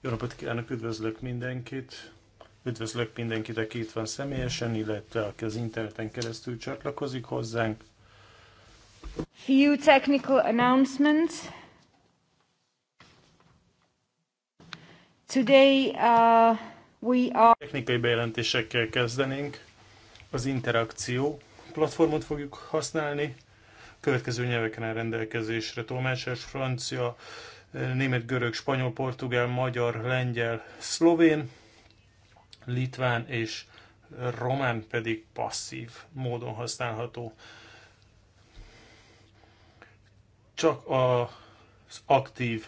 Jó napot kívánok, üdvözlök mindenkit! Üdvözlök mindenkit, aki itt van személyesen, illetve aki az interneten keresztül csatlakozik hozzánk. Few technical announcements. Today uh, we are... Technikai bejelentésekkel kezdenénk. Az interakció platformot fogjuk használni. Következő nyelveken áll rendelkezésre tolmácsás francia, német, görög, spanyol, portugál, magyar, lengyel, szlovén, litván és román pedig passzív módon használható. Csak az aktív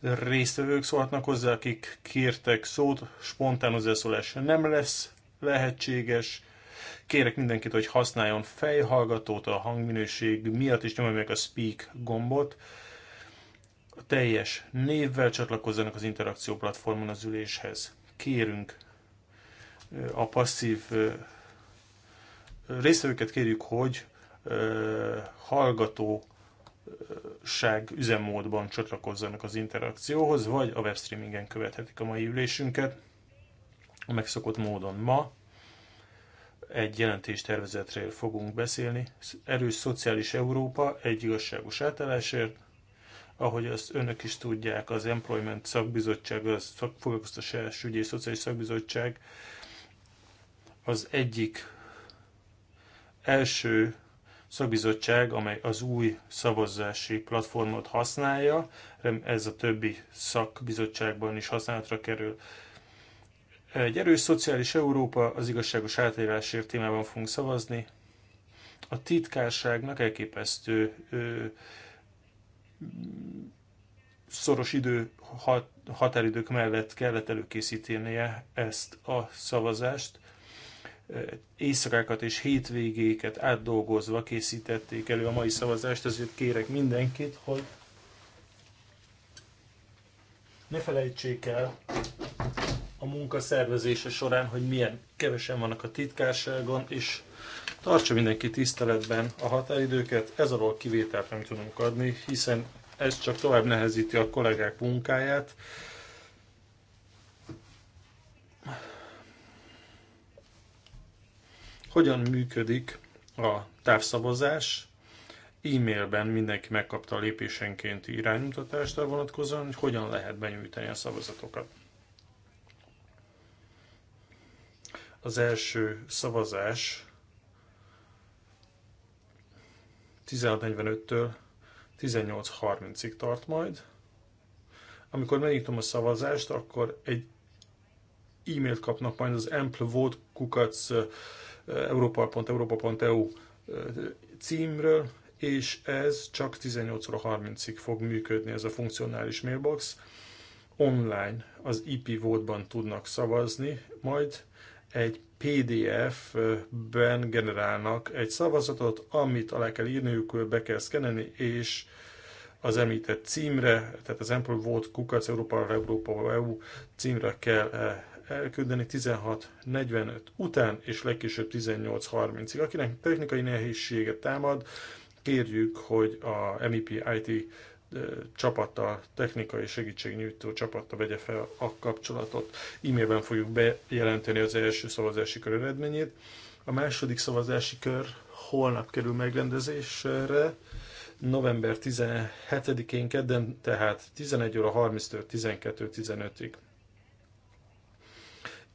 résztvevők szólhatnak hozzá, akik kértek szót, spontán hozzászólás nem lesz lehetséges. Kérek mindenkit, hogy használjon fejhallgatót a hangminőség miatt, és nyomja meg a speak gombot teljes névvel csatlakozzanak az interakció platformon az üléshez. Kérünk a passzív résztvevőket kérjük, hogy hallgatóság üzemmódban csatlakozzanak az interakcióhoz, vagy a webstreamingen követhetik a mai ülésünket a megszokott módon. Ma egy jelentéstervezetről fogunk beszélni. Erős szociális Európa egy igazságos átállásért, ahogy azt önök is tudják, az Employment Szakbizottság, a Foglalkoztatás Ügyi Szociális Szakbizottság az egyik első szakbizottság, amely az új szavazási platformot használja, ez a többi szakbizottságban is használatra kerül. Egy erős szociális Európa az igazságos átélésért témában fogunk szavazni. A titkárságnak elképesztő ö, szoros idő, hat, határidők mellett kellett előkészítenie ezt a szavazást. Éjszakákat és hétvégéket átdolgozva készítették elő a mai szavazást, ezért kérek mindenkit, hogy ne felejtsék el a munka szervezése során, hogy milyen kevesen vannak a titkárságon, és tartsa mindenki tiszteletben a határidőket, ez arról kivételt nem tudunk adni, hiszen ez csak tovább nehezíti a kollégák munkáját. Hogyan működik a távszavazás? E-mailben mindenki megkapta a lépésenkénti iránymutatást a vonatkozóan, hogy hogyan lehet benyújtani a szavazatokat. Az első szavazás 1645-től 18.30-ig tart majd. Amikor megnyitom a szavazást, akkor egy e-mailt kapnak majd az amplevótkukac.europa.europa.eu címről, és ez csak 1830 ig fog működni ez a funkcionális mailbox. Online az IP vote tudnak szavazni, majd egy PDF-ben generálnak egy szavazatot, amit alá kell írniuk, be kell szkenelni, és az említett címre, tehát az Ample Vote Kukac Európa, Európa, EU címre kell eh, elküldeni 16.45 után, és legkésőbb 18.30-ig. Akinek technikai nehézséget támad, kérjük, hogy a MEP IT csapattal, technikai segítségnyújtó csapattal vegye fel a kapcsolatot. E-mailben fogjuk bejelenteni az első szavazási kör eredményét. A második szavazási kör holnap kerül megrendezésre, november 17-én kedden, tehát 11 óra 30-től 12-15-ig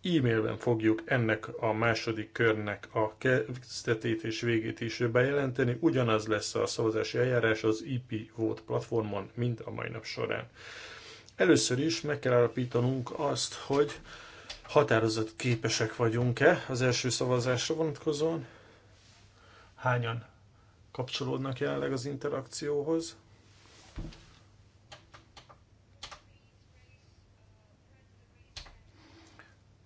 e-mailben fogjuk ennek a második körnek a kezdetét és végét is bejelenteni. Ugyanaz lesz a szavazási eljárás az IP Vote platformon, mint a mai nap során. Először is meg kell állapítanunk azt, hogy határozat képesek vagyunk-e az első szavazásra vonatkozóan. Hányan kapcsolódnak jelenleg az interakcióhoz?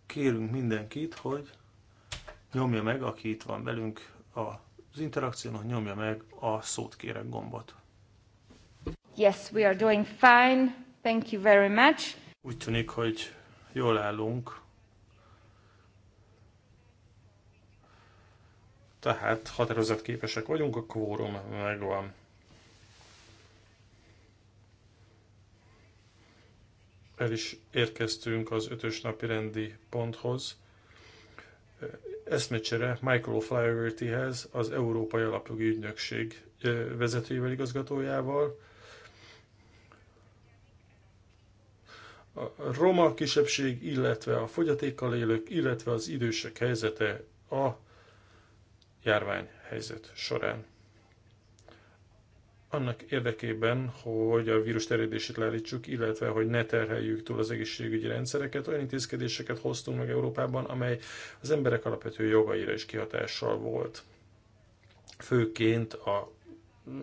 kérünk mindenkit, hogy nyomja meg, aki itt van velünk az interakción, hogy nyomja meg a szót kérek gombot. Yes, we are doing fine. Thank you very much. Úgy tűnik, hogy jól állunk. Tehát képesek vagyunk, a kvórum megvan. el is érkeztünk az ötös napi rendi ponthoz. Eszmecsere Michael O'Flahertyhez, az Európai Alapjogi Ügynökség vezetőjével, igazgatójával. A roma kisebbség, illetve a fogyatékkal élők, illetve az idősek helyzete a járvány helyzet során annak érdekében, hogy a vírus terjedését leállítsuk, illetve hogy ne terheljük túl az egészségügyi rendszereket, olyan intézkedéseket hoztunk meg Európában, amely az emberek alapvető jogaira is kihatással volt. Főként a mm,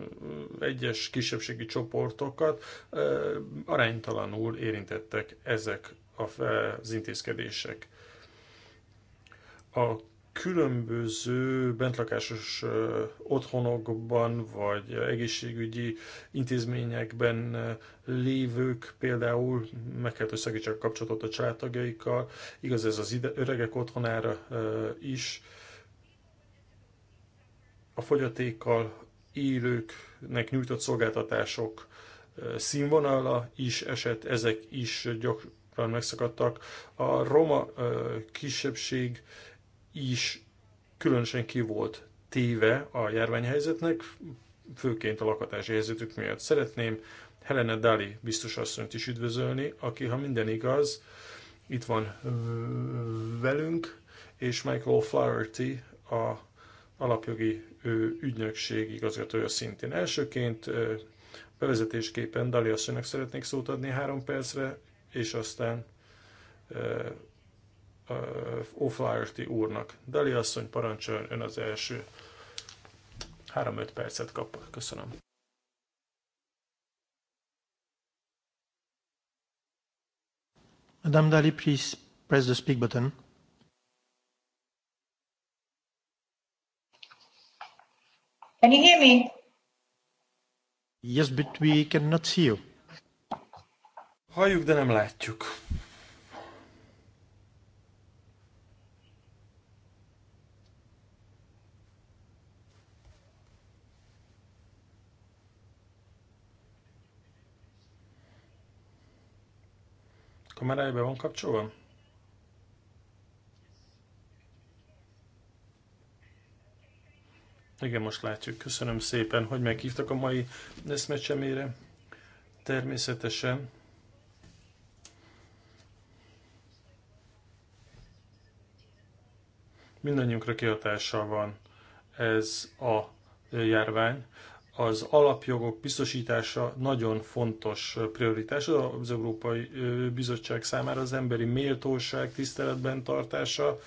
egyes kisebbségi csoportokat aránytalanul érintettek ezek az intézkedések. A különböző bentlakásos otthonokban vagy egészségügyi intézményekben lévők például meg kell, hogy szakítsák a kapcsolatot a családtagjaikkal, igaz ez az ide, öregek otthonára is, a fogyatékkal élőknek nyújtott szolgáltatások színvonala is esett, ezek is gyakran megszakadtak. A roma kisebbség is különösen ki volt téve a járványhelyzetnek, főként a lakatási helyzetük miatt. Szeretném Helena Dali biztos asszonyt is üdvözölni, aki, ha minden igaz, itt van velünk, és Michael Flaherty, a alapjogi ügynökség igazgatója szintén. Elsőként bevezetésképpen Dali asszonynak szeretnék szót adni három percre, és aztán O'Flaherty úrnak. Deli asszony, parancsoljon, ön az első. 3-5 percet kap. Köszönöm. Madame Dali, please press the speak button. Can you hear me? Yes, but we cannot see you. Halljuk, de nem látjuk. Kamerája be van kapcsolva? Igen, most látjuk. Köszönöm szépen, hogy meghívtak a mai neszmecsemére. Természetesen mindannyiunkra kihatással van ez a járvány az alapjogok biztosítása nagyon fontos prioritás az Európai Bizottság számára, az emberi méltóság tiszteletben tartása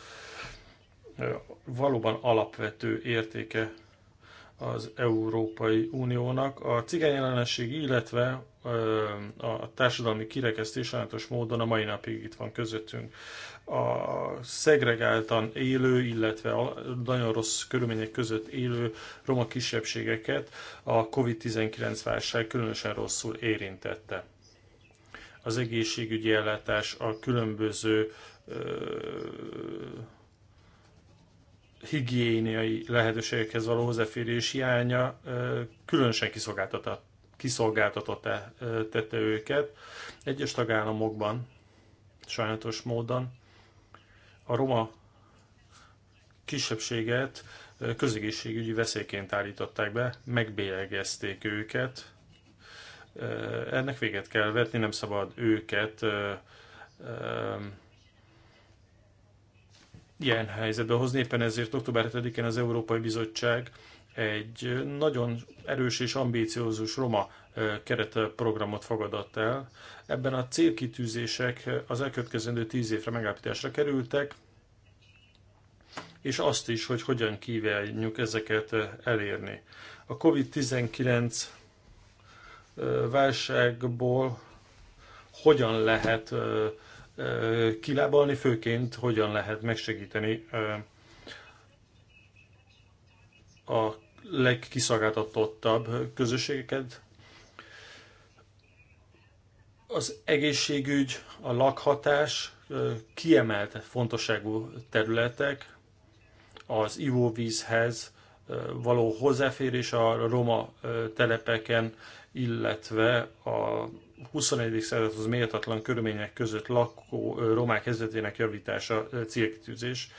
valóban alapvető értéke az Európai Uniónak. A cigány ellenesség, illetve a társadalmi kirekesztés sajnos módon a mai napig itt van közöttünk a szegregáltan élő, illetve a nagyon rossz körülmények között élő roma kisebbségeket a COVID-19 válság különösen rosszul érintette. Az egészségügyi ellátás a különböző higiéniai lehetőségekhez való hozzáférés hiánya ö, különösen kiszolgáltatott kiszolgáltatott tette őket. Egyes tagállamokban sajnálatos módon a roma kisebbséget közegészségügyi veszélyként állították be, megbélyegezték őket. Ennek véget kell vetni, nem szabad őket ilyen helyzetbe hozni. Éppen ezért október 7-én az Európai Bizottság egy nagyon erős és ambíciózus roma keretprogramot fogadott el. Ebben a célkitűzések az elkövetkezendő tíz évre megállapításra kerültek, és azt is, hogy hogyan kívánjuk ezeket elérni. A COVID-19 válságból hogyan lehet kilábalni, főként hogyan lehet megsegíteni a legkiszolgáltatottabb közösségeket, az egészségügy, a lakhatás kiemelt fontosságú területek, az ivóvízhez való hozzáférés a roma telepeken, illetve a 21. századhoz méltatlan körülmények között lakó romák helyzetének javítása célkitűzés.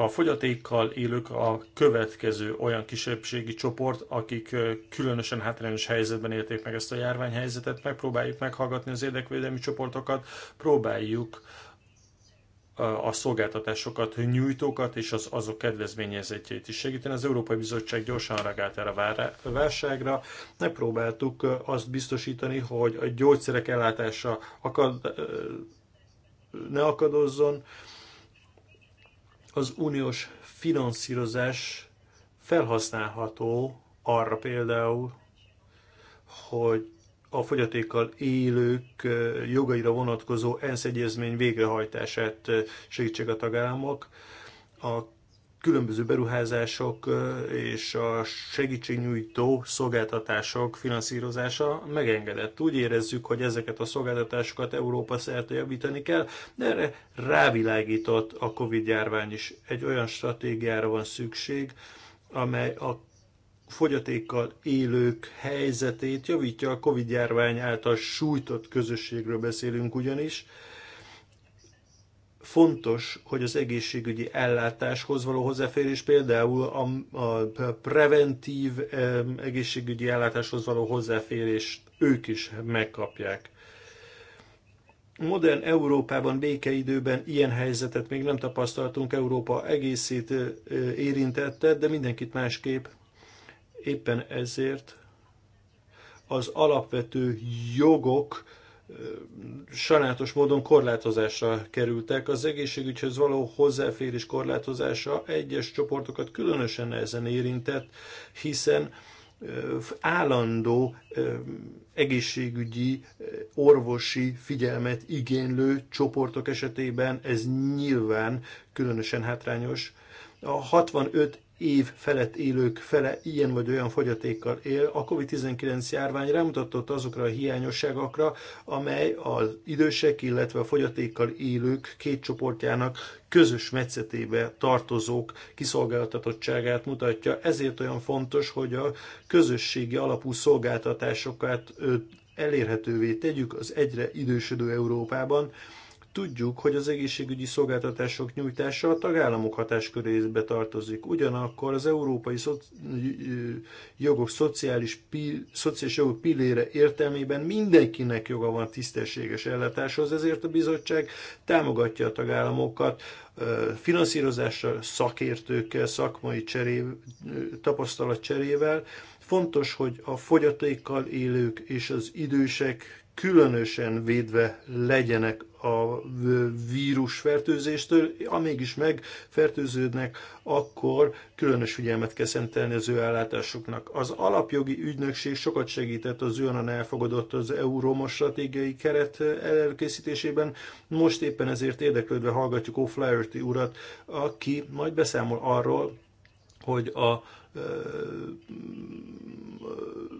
A fogyatékkal élők a következő olyan kisebbségi csoport, akik különösen hátrányos helyzetben élték meg ezt a járványhelyzetet. Megpróbáljuk meghallgatni az érdekvédelmi csoportokat, próbáljuk a szolgáltatásokat, nyújtókat és az, azok kedvezményezetjeit is segíteni. Az Európai Bizottság gyorsan reagált erre a válságra. Megpróbáltuk azt biztosítani, hogy a gyógyszerek ellátása akad, ne akadozzon, az uniós finanszírozás felhasználható arra például, hogy a fogyatékkal élők jogaira vonatkozó ENSZ egyezmény végrehajtását segítsék a tagállamok. A különböző beruházások és a segítségnyújtó szolgáltatások finanszírozása megengedett. Úgy érezzük, hogy ezeket a szolgáltatásokat Európa szerte javítani kell, de erre rávilágított a Covid-járvány is. Egy olyan stratégiára van szükség, amely a fogyatékkal élők helyzetét javítja. A Covid-járvány által sújtott közösségről beszélünk ugyanis, fontos, hogy az egészségügyi ellátáshoz való hozzáférés, például a, a preventív egészségügyi ellátáshoz való hozzáférést ők is megkapják. Modern Európában békeidőben ilyen helyzetet még nem tapasztaltunk, Európa egészét érintette, de mindenkit másképp. Éppen ezért az alapvető jogok sajnálatos módon korlátozásra kerültek. Az egészségügyhöz való hozzáférés korlátozása egyes csoportokat különösen nehezen érintett, hiszen állandó egészségügyi, orvosi figyelmet igénylő csoportok esetében ez nyilván különösen hátrányos. A 65 év felett élők fele ilyen vagy olyan fogyatékkal él. A COVID-19 járvány rámutatott azokra a hiányosságokra, amely az idősek, illetve a fogyatékkal élők két csoportjának közös metszetébe tartozók kiszolgáltatottságát mutatja. Ezért olyan fontos, hogy a közösségi alapú szolgáltatásokat elérhetővé tegyük az egyre idősödő Európában Tudjuk, hogy az egészségügyi szolgáltatások nyújtása a tagállamok hatáskörébe tartozik, ugyanakkor az európai szoci... jogok szociális, pil... szociális jogok pillére értelmében mindenkinek joga van tisztességes ellátáshoz, ezért a bizottság támogatja a tagállamokat finanszírozással, szakértőkkel, szakmai cseré, tapasztalat cserével. Fontos, hogy a fogyatékkal élők és az idősek különösen védve legyenek a vírusfertőzéstől, amíg is megfertőződnek, akkor különös figyelmet kell szentelni az ő ellátásuknak. Az alapjogi ügynökség sokat segített az olyan elfogadott az Euróma stratégiai keret előkészítésében. Most éppen ezért érdeklődve hallgatjuk O'Flaherty urat, aki majd beszámol arról, hogy a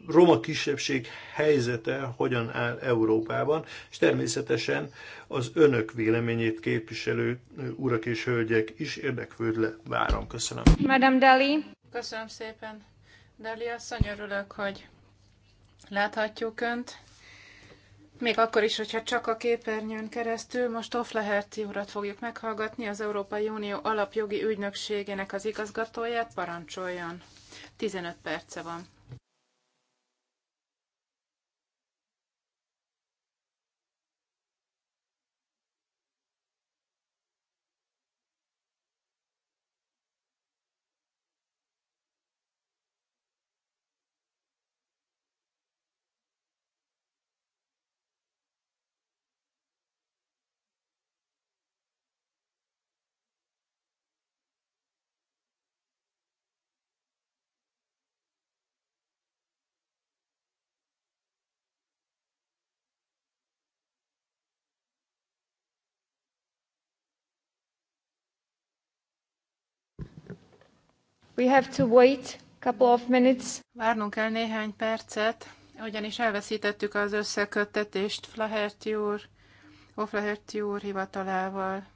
roma kisebbség helyzete hogyan áll Európában, és természetesen az önök véleményét képviselő urak és hölgyek is érdeklődve várom. Köszönöm. Madame Dali. Köszönöm szépen. Dali azt örülök, hogy láthatjuk Önt még akkor is, hogyha csak a képernyőn keresztül, most Offleherti urat fogjuk meghallgatni, az Európai Unió alapjogi ügynökségének az igazgatóját parancsoljon. 15 perce van. We have to wait a couple of minutes. Várnunk kell néhány percet, ugyanis elveszítettük az összeköttetést Flaherty úr, O'Flaherty úr hivatalával.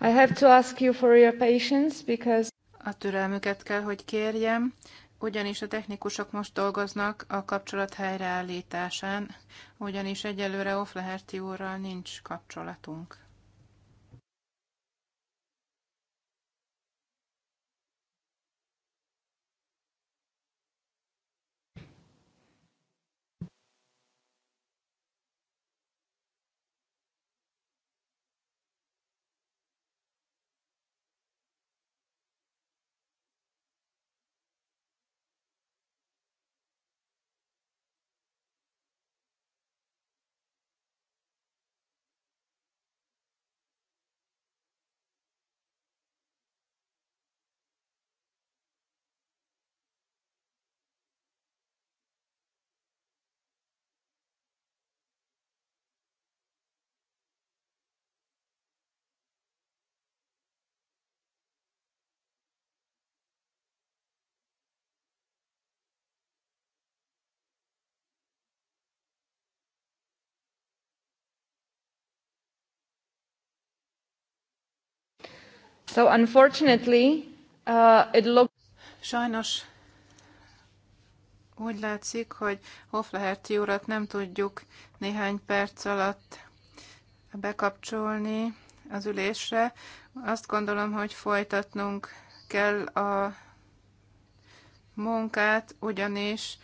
I have to ask you for your patience because a türelmüket kell, hogy kérjem, ugyanis a technikusok most dolgoznak a kapcsolat helyreállításán, ugyanis egyelőre Offleherty úrral nincs kapcsolatunk. So unfortunately, uh, it Sajnos úgy látszik, hogy Hoflaherti urat nem tudjuk néhány perc alatt bekapcsolni az ülésre. Azt gondolom, hogy folytatnunk kell a munkát, ugyanis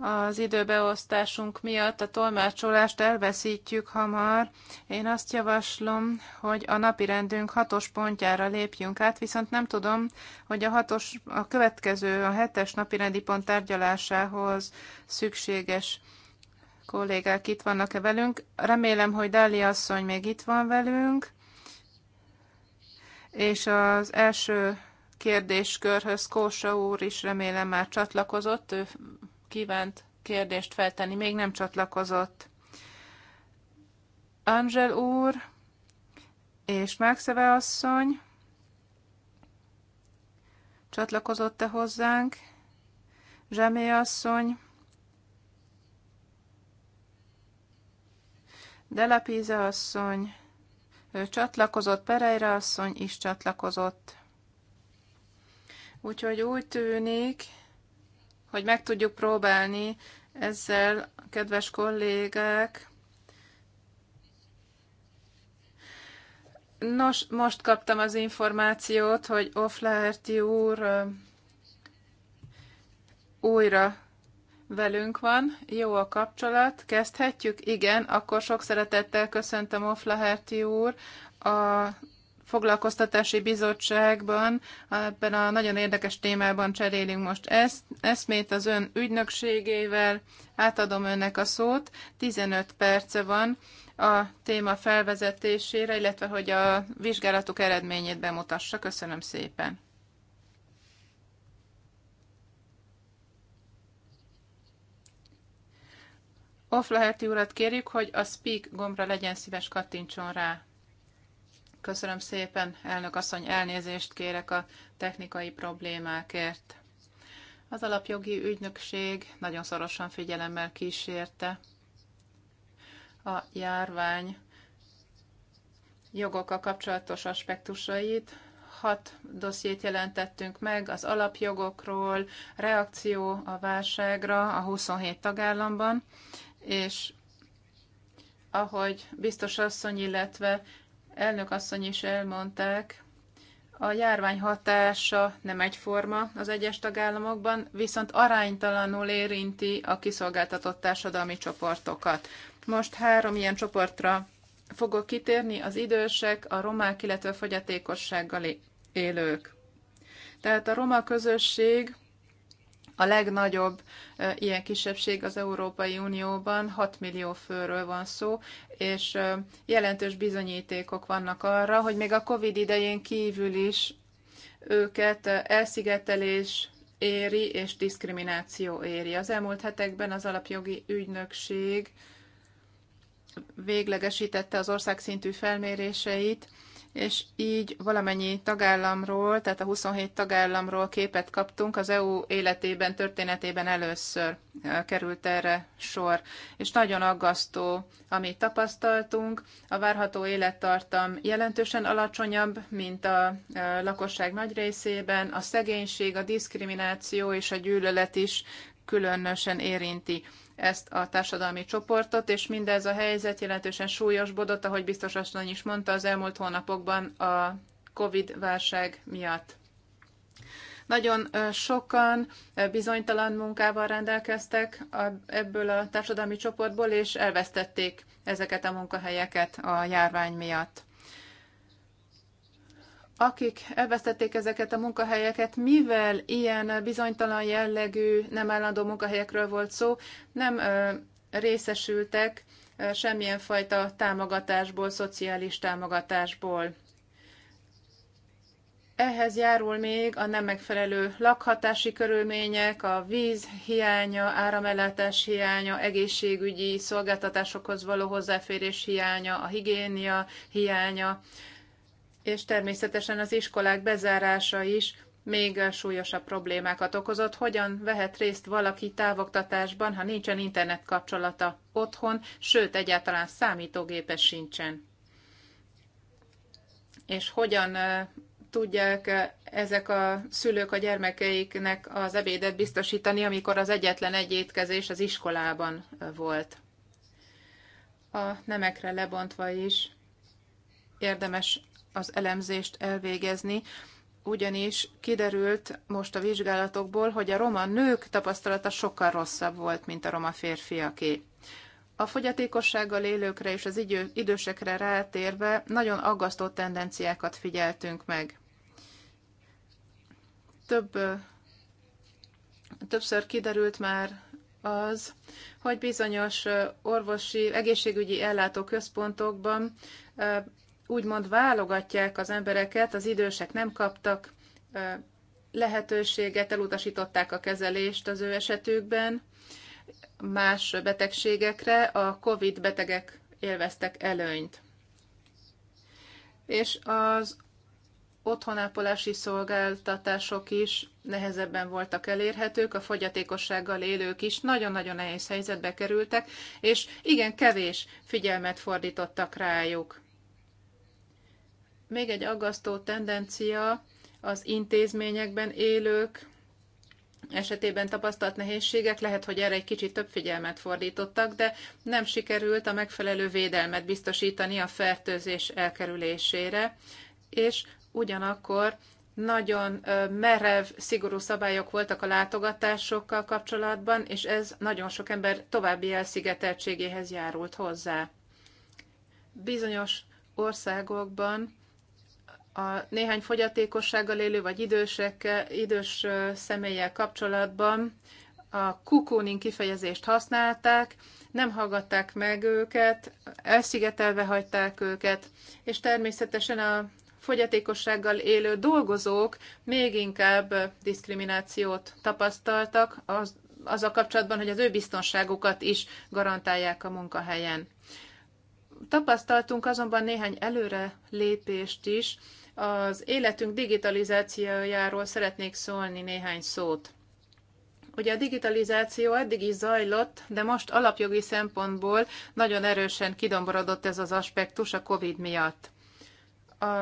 az időbeosztásunk miatt a tolmácsolást elveszítjük hamar. Én azt javaslom, hogy a napi rendünk hatos pontjára lépjünk át, viszont nem tudom, hogy a, hatos, a következő, a hetes napi rendi pont tárgyalásához szükséges kollégák itt vannak-e velünk. Remélem, hogy Dáli asszony még itt van velünk, és az első kérdéskörhöz Kósa úr is remélem már csatlakozott, ő kívánt kérdést feltenni, még nem csatlakozott. Angel úr és Maxeve asszony csatlakozott-e hozzánk? Zsemé asszony, Delapíze asszony, ő csatlakozott, Pereira asszony is csatlakozott. Úgyhogy úgy tűnik, hogy meg tudjuk próbálni ezzel, kedves kollégák. Nos, most kaptam az információt, hogy Offlaherty úr újra velünk van, jó a kapcsolat, kezdhetjük? Igen, akkor sok szeretettel köszöntöm Offlaherty úr, a foglalkoztatási bizottságban, ebben a nagyon érdekes témában cserélünk most ezt, eszmét az ön ügynökségével, átadom önnek a szót, 15 perce van a téma felvezetésére, illetve hogy a vizsgálatuk eredményét bemutassa. Köszönöm szépen. lehet urat kérjük, hogy a speak gombra legyen szíves kattintson rá. Köszönöm szépen, elnök asszony, elnézést kérek a technikai problémákért. Az alapjogi ügynökség nagyon szorosan figyelemmel kísérte a járvány jogokkal kapcsolatos aspektusait. Hat dossziét jelentettünk meg az alapjogokról, reakció a válságra a 27 tagállamban, és ahogy biztos asszony, illetve elnök asszony is elmondták, a járvány hatása nem egyforma az egyes tagállamokban, viszont aránytalanul érinti a kiszolgáltatott társadalmi csoportokat. Most három ilyen csoportra fogok kitérni, az idősek, a romák, illetve a fogyatékossággal élők. Tehát a roma közösség a legnagyobb ilyen kisebbség az Európai Unióban, 6 millió főről van szó, és jelentős bizonyítékok vannak arra, hogy még a COVID idején kívül is őket elszigetelés éri és diszkrimináció éri. Az elmúlt hetekben az alapjogi ügynökség véglegesítette az országszintű felméréseit, és így valamennyi tagállamról, tehát a 27 tagállamról képet kaptunk, az EU életében, történetében először került erre sor. És nagyon aggasztó, amit tapasztaltunk. A várható élettartam jelentősen alacsonyabb, mint a lakosság nagy részében. A szegénység, a diszkrimináció és a gyűlölet is különösen érinti ezt a társadalmi csoportot, és mindez a helyzet jelentősen súlyosbodott, ahogy biztos asszony is mondta, az elmúlt hónapokban a COVID-válság miatt. Nagyon sokan bizonytalan munkával rendelkeztek ebből a társadalmi csoportból, és elvesztették ezeket a munkahelyeket a járvány miatt akik elvesztették ezeket a munkahelyeket, mivel ilyen bizonytalan jellegű, nem állandó munkahelyekről volt szó, nem részesültek semmilyen fajta támogatásból, szociális támogatásból. Ehhez járul még a nem megfelelő lakhatási körülmények, a víz hiánya, áramellátás hiánya, egészségügyi szolgáltatásokhoz való hozzáférés hiánya, a higiénia hiánya, és természetesen az iskolák bezárása is még súlyosabb problémákat okozott. Hogyan vehet részt valaki távoktatásban, ha nincsen internet kapcsolata otthon, sőt, egyáltalán számítógépes sincsen? És hogyan tudják ezek a szülők a gyermekeiknek az ebédet biztosítani, amikor az egyetlen egy étkezés az iskolában volt? A nemekre lebontva is érdemes az elemzést elvégezni, ugyanis kiderült most a vizsgálatokból, hogy a roma nők tapasztalata sokkal rosszabb volt, mint a roma férfiaké. A fogyatékossággal élőkre és az idősekre rátérve nagyon aggasztó tendenciákat figyeltünk meg. Több, többször kiderült már az, hogy bizonyos orvosi, egészségügyi ellátó központokban úgymond válogatják az embereket, az idősek nem kaptak lehetőséget, elutasították a kezelést az ő esetükben, más betegségekre a COVID betegek élveztek előnyt. És az otthonápolási szolgáltatások is nehezebben voltak elérhetők, a fogyatékossággal élők is nagyon-nagyon nehéz helyzetbe kerültek, és igen kevés figyelmet fordítottak rájuk. Még egy aggasztó tendencia az intézményekben élők esetében tapasztalt nehézségek, lehet, hogy erre egy kicsit több figyelmet fordítottak, de nem sikerült a megfelelő védelmet biztosítani a fertőzés elkerülésére, és ugyanakkor nagyon merev, szigorú szabályok voltak a látogatásokkal kapcsolatban, és ez nagyon sok ember további elszigeteltségéhez járult hozzá. Bizonyos országokban a néhány fogyatékossággal élő vagy idősek, idős személlyel kapcsolatban a kukunin kifejezést használták, nem hallgatták meg őket, elszigetelve hagyták őket, és természetesen a fogyatékossággal élő dolgozók még inkább diszkriminációt tapasztaltak az, az a kapcsolatban, hogy az ő biztonságukat is garantálják a munkahelyen. Tapasztaltunk azonban néhány előre lépést is, az életünk digitalizációjáról szeretnék szólni néhány szót. Ugye a digitalizáció eddig is zajlott, de most alapjogi szempontból nagyon erősen kidomborodott ez az aspektus a COVID miatt. A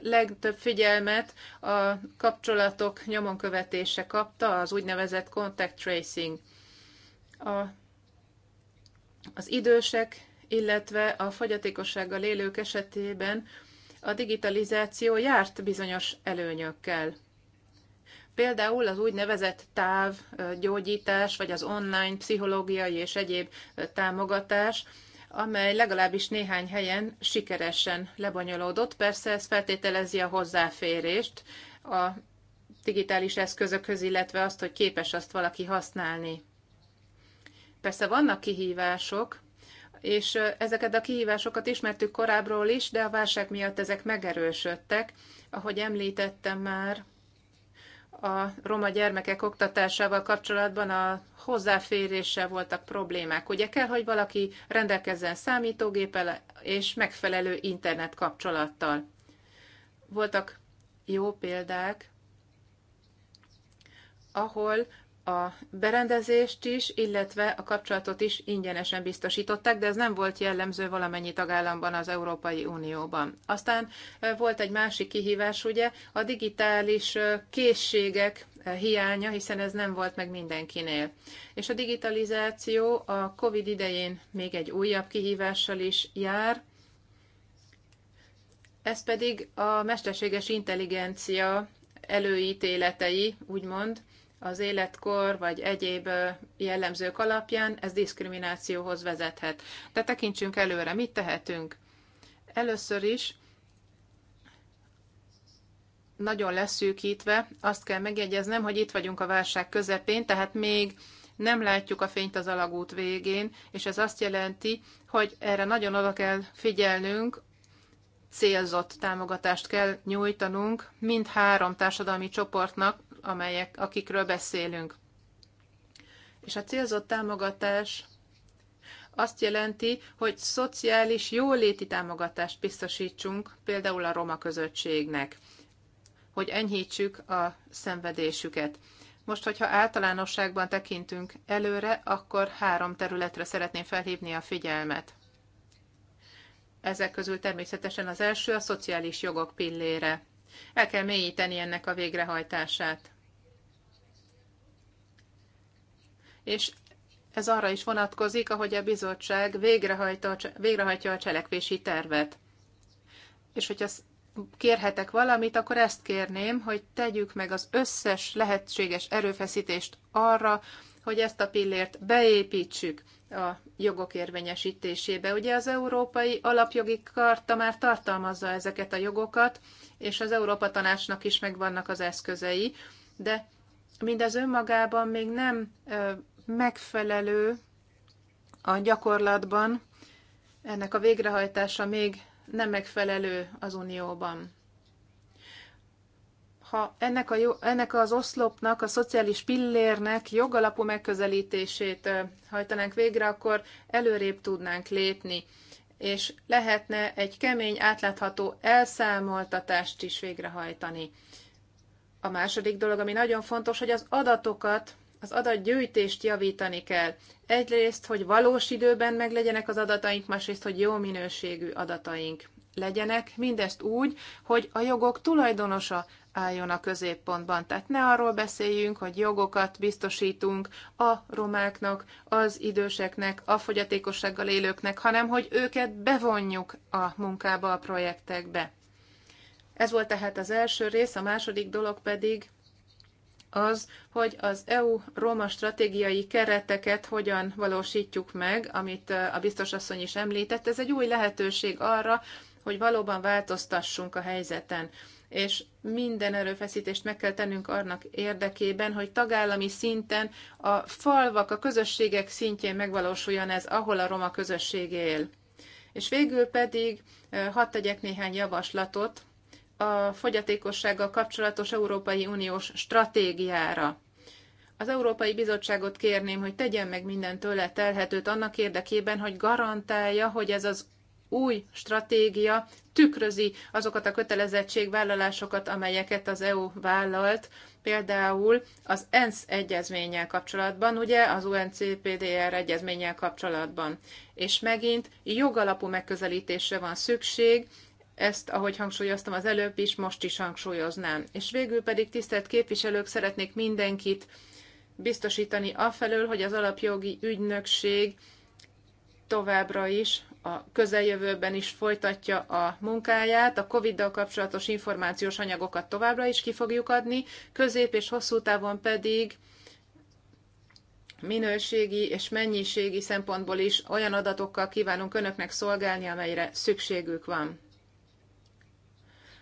legtöbb figyelmet a kapcsolatok nyomon követése kapta, az úgynevezett contact tracing. A, az idősek, illetve a fogyatékossággal élők esetében a digitalizáció járt bizonyos előnyökkel. Például az úgynevezett távgyógyítás, vagy az online pszichológiai és egyéb támogatás, amely legalábbis néhány helyen sikeresen lebonyolódott. Persze ez feltételezi a hozzáférést a digitális eszközökhöz, illetve azt, hogy képes azt valaki használni. Persze vannak kihívások, és ezeket a kihívásokat ismertük korábbról is, de a válság miatt ezek megerősödtek. Ahogy említettem már, a roma gyermekek oktatásával kapcsolatban a hozzáféréssel voltak problémák. Ugye kell, hogy valaki rendelkezzen számítógéppel és megfelelő internet kapcsolattal. Voltak jó példák, ahol a berendezést is, illetve a kapcsolatot is ingyenesen biztosították, de ez nem volt jellemző valamennyi tagállamban az Európai Unióban. Aztán volt egy másik kihívás, ugye, a digitális készségek hiánya, hiszen ez nem volt meg mindenkinél. És a digitalizáció a COVID idején még egy újabb kihívással is jár, ez pedig a mesterséges intelligencia előítéletei, úgymond, az életkor vagy egyéb jellemzők alapján, ez diszkriminációhoz vezethet. De tekintsünk előre, mit tehetünk? Először is nagyon leszűkítve azt kell megjegyeznem, hogy itt vagyunk a válság közepén, tehát még nem látjuk a fényt az alagút végén, és ez azt jelenti, hogy erre nagyon oda kell figyelnünk, célzott támogatást kell nyújtanunk mind három társadalmi csoportnak, amelyek, akikről beszélünk. És a célzott támogatás azt jelenti, hogy szociális jóléti támogatást biztosítsunk például a roma közösségnek, hogy enyhítsük a szenvedésüket. Most, hogyha általánosságban tekintünk előre, akkor három területre szeretném felhívni a figyelmet. Ezek közül természetesen az első a szociális jogok pillére. El kell mélyíteni ennek a végrehajtását. és ez arra is vonatkozik, ahogy a bizottság végrehajtja a cselekvési tervet. És hogyha kérhetek valamit, akkor ezt kérném, hogy tegyük meg az összes lehetséges erőfeszítést arra, hogy ezt a pillért beépítsük a jogok érvényesítésébe. Ugye az Európai Alapjogi Karta már tartalmazza ezeket a jogokat, és az Európa Tanácsnak is megvannak az eszközei, de mindez önmagában még nem megfelelő a gyakorlatban, ennek a végrehajtása még nem megfelelő az Unióban. Ha ennek, a jó, ennek az oszlopnak, a szociális pillérnek jogalapú megközelítését hajtanánk végre, akkor előrébb tudnánk lépni, és lehetne egy kemény, átlátható elszámoltatást is végrehajtani. A második dolog, ami nagyon fontos, hogy az adatokat az adatgyűjtést javítani kell. Egyrészt, hogy valós időben meglegyenek az adataink, másrészt, hogy jó minőségű adataink legyenek, mindezt úgy, hogy a jogok tulajdonosa álljon a középpontban. Tehát ne arról beszéljünk, hogy jogokat biztosítunk a romáknak, az időseknek, a fogyatékossággal élőknek, hanem hogy őket bevonjuk a munkába, a projektekbe. Ez volt tehát az első rész, a második dolog pedig az, hogy az EU Róma stratégiai kereteket hogyan valósítjuk meg, amit a biztosasszony is említett. Ez egy új lehetőség arra, hogy valóban változtassunk a helyzeten és minden erőfeszítést meg kell tennünk annak érdekében, hogy tagállami szinten a falvak, a közösségek szintjén megvalósuljon ez, ahol a roma közösség él. És végül pedig hadd tegyek néhány javaslatot, a fogyatékossággal kapcsolatos Európai Uniós stratégiára. Az Európai Bizottságot kérném, hogy tegyen meg minden tőle telhetőt annak érdekében, hogy garantálja, hogy ez az új stratégia tükrözi azokat a kötelezettségvállalásokat, amelyeket az EU vállalt, például az ENSZ egyezménnyel kapcsolatban, ugye az UNCPDR egyezménnyel kapcsolatban. És megint jogalapú megközelítésre van szükség, ezt, ahogy hangsúlyoztam az előbb is, most is hangsúlyoznám. És végül pedig, tisztelt képviselők, szeretnék mindenkit biztosítani afelől, hogy az alapjogi ügynökség továbbra is a közeljövőben is folytatja a munkáját. A COVID-dal kapcsolatos információs anyagokat továbbra is ki fogjuk adni, közép és hosszú távon pedig minőségi és mennyiségi szempontból is olyan adatokkal kívánunk önöknek szolgálni, amelyre szükségük van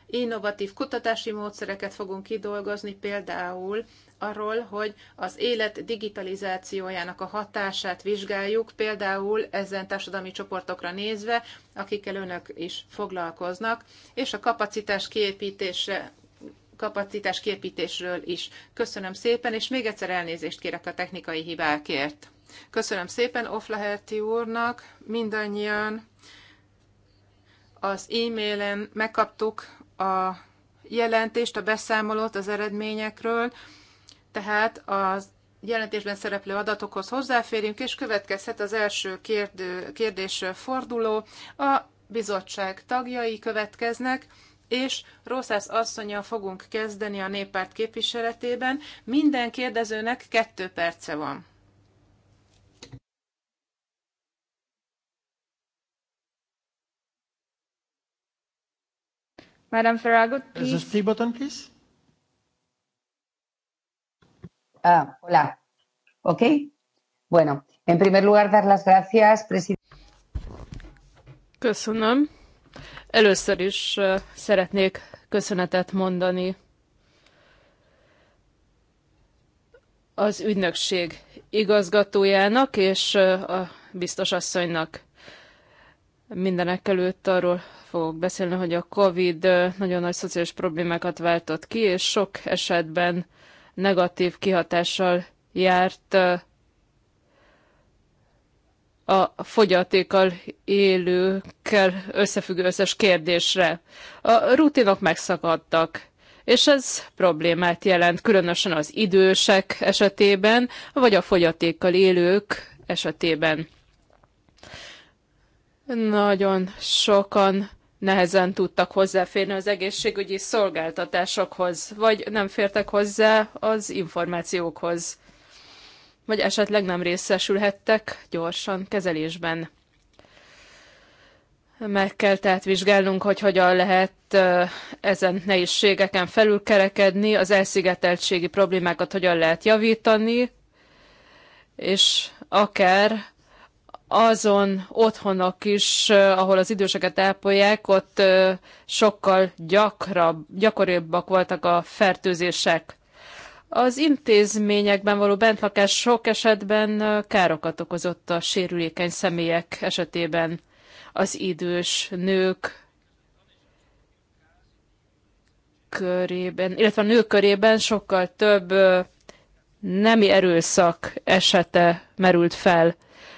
innovatív kutatási módszereket fogunk kidolgozni, például arról, hogy az élet digitalizációjának a hatását vizsgáljuk, például ezen társadalmi csoportokra nézve, akikkel önök is foglalkoznak, és a kapacitás kiépítésre kapacitás képítésről is. Köszönöm szépen, és még egyszer elnézést kérek a technikai hibákért. Köszönöm szépen Oflaherti úrnak, mindannyian az e-mailen megkaptuk a jelentést, a beszámolót az eredményekről, tehát az jelentésben szereplő adatokhoz hozzáférünk, és következhet az első kérdő, kérdés forduló. A bizottság tagjai következnek, és Rószász asszonyjal fogunk kezdeni a néppárt képviseletében. Minden kérdezőnek kettő perce van. Madam Ferragut, please. Press the speak button, please. Ah, hola. Ok. Bueno, en primer lugar, dar las gracias, presidente. Köszönöm. Először is uh, szeretnék köszönetet mondani az ügynökség igazgatójának és uh, a biztos asszonynak mindenek előtt arról fogok beszélni, hogy a COVID nagyon nagy szociális problémákat váltott ki, és sok esetben negatív kihatással járt a fogyatékkal élőkkel összefüggő összes kérdésre. A rutinok megszakadtak, és ez problémát jelent, különösen az idősek esetében, vagy a fogyatékkal élők esetében. Nagyon sokan nehezen tudtak hozzáférni az egészségügyi szolgáltatásokhoz, vagy nem fértek hozzá az információkhoz, vagy esetleg nem részesülhettek gyorsan kezelésben. Meg kell tehát vizsgálnunk, hogy hogyan lehet ezen nehézségeken felülkerekedni, az elszigeteltségi problémákat hogyan lehet javítani, és akár azon otthonok is, ahol az időseket ápolják, ott sokkal gyakrabb, gyakoribbak voltak a fertőzések. Az intézményekben való bentlakás sok esetben károkat okozott a sérülékeny személyek esetében. Az idős nők körében, illetve a nők körében sokkal több nemi erőszak esete merült fel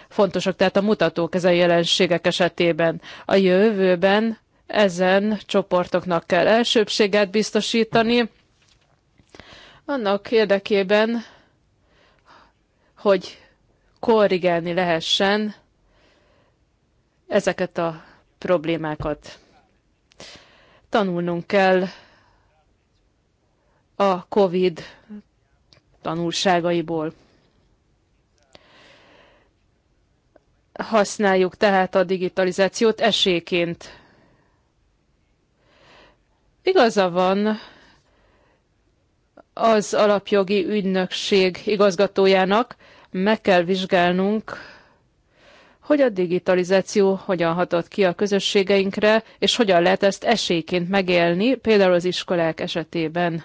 fontosak, tehát a mutatók ezen jelenségek esetében. A jövőben ezen csoportoknak kell elsőbséget biztosítani, annak érdekében, hogy korrigálni lehessen ezeket a problémákat. Tanulnunk kell a COVID tanulságaiból. Használjuk tehát a digitalizációt esélyként. Igaza van az alapjogi ügynökség igazgatójának, meg kell vizsgálnunk, hogy a digitalizáció hogyan hatott ki a közösségeinkre, és hogyan lehet ezt esélyként megélni, például az iskolák esetében.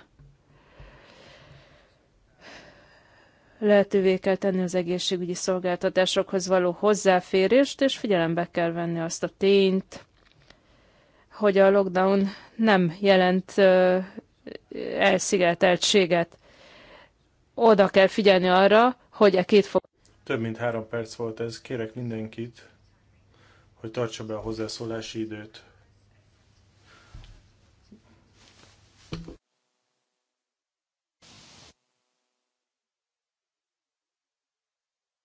lehetővé kell tenni az egészségügyi szolgáltatásokhoz való hozzáférést, és figyelembe kell venni azt a tényt, hogy a lockdown nem jelent elszigeteltséget. Oda kell figyelni arra, hogy a e két fog... Több mint három perc volt ez. Kérek mindenkit, hogy tartsa be a hozzászólási időt.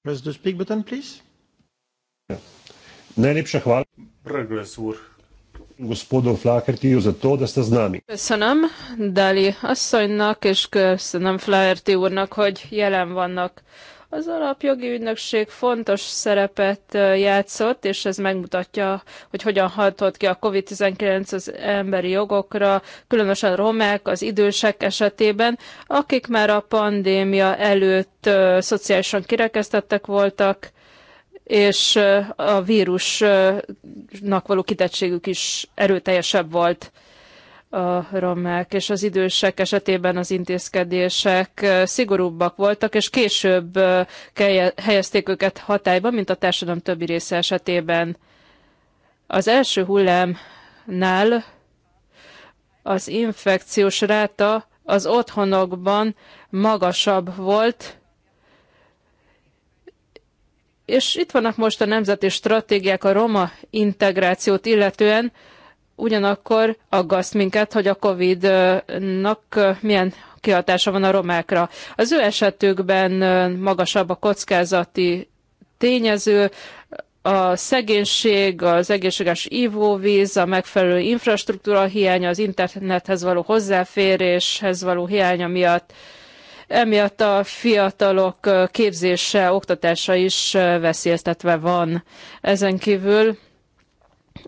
Press the speak button, please. Najlepša hvala. Brglez úr. Gospodu Flahertiju za to, da ste z nami. Köszönöm Dali asszonynak, és köszönöm Flaherty úrnak, hogy jelen vannak. Az alapjogi ügynökség fontos szerepet játszott, és ez megmutatja, hogy hogyan hatott ki a COVID-19 az emberi jogokra, különösen romák, az idősek esetében, akik már a pandémia előtt szociálisan kirekesztettek voltak, és a vírusnak való kitettségük is erőteljesebb volt a romák és az idősek esetében az intézkedések szigorúbbak voltak, és később helyezték őket hatályba, mint a társadalom többi része esetében. Az első hullámnál az infekciós ráta az otthonokban magasabb volt, és itt vannak most a nemzeti stratégiák a roma integrációt illetően, Ugyanakkor aggaszt minket, hogy a COVID-nak milyen kihatása van a romákra. Az ő esetükben magasabb a kockázati tényező, a szegénység, az egészséges ivóvíz, a megfelelő infrastruktúra hiánya, az internethez való hozzáféréshez való hiánya miatt, emiatt a fiatalok képzése, oktatása is veszélyeztetve van. Ezen kívül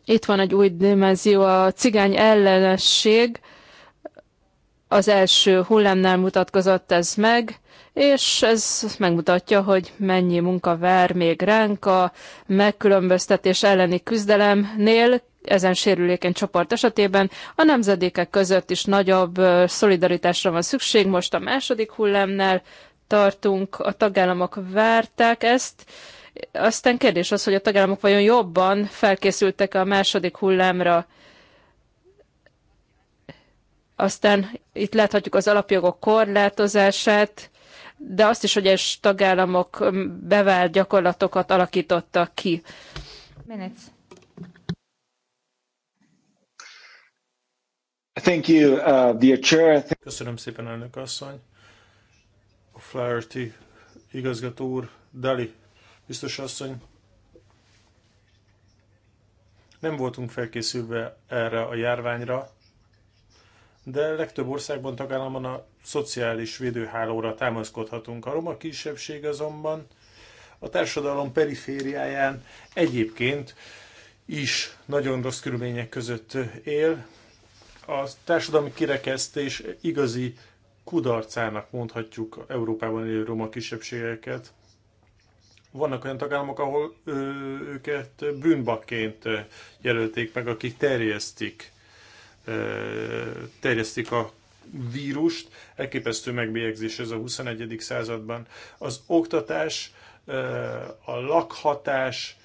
itt van egy új dimenzió, a cigány ellenesség az első hullámnál mutatkozott ez meg, és ez megmutatja, hogy mennyi munka vár még ránk a megkülönböztetés elleni küzdelemnél, ezen sérülékeny csoport esetében a nemzedékek között is nagyobb szolidaritásra van szükség. Most a második hullámnál tartunk, a tagállamok várták ezt, aztán kérdés az, hogy a tagállamok vajon jobban felkészültek a második hullámra. Aztán itt láthatjuk az alapjogok korlátozását, de azt is, hogy egyes tagállamok bevált gyakorlatokat alakítottak ki. Minutes. Thank you, uh, dear chair. Köszönöm szépen, elnök asszony. Flaherty igazgató úr, Dali biztos asszony. Nem voltunk felkészülve erre a járványra, de legtöbb országban, tagállamban a szociális védőhálóra támaszkodhatunk. A roma kisebbség azonban a társadalom perifériáján egyébként is nagyon rossz körülmények között él. A társadalmi kirekesztés igazi kudarcának mondhatjuk Európában élő roma kisebbségeket. Vannak olyan tagállamok, ahol őket bűnbakként jelölték meg, akik terjesztik, terjesztik a vírust. Elképesztő megbélyegzés ez a 21. században. Az oktatás, a lakhatás,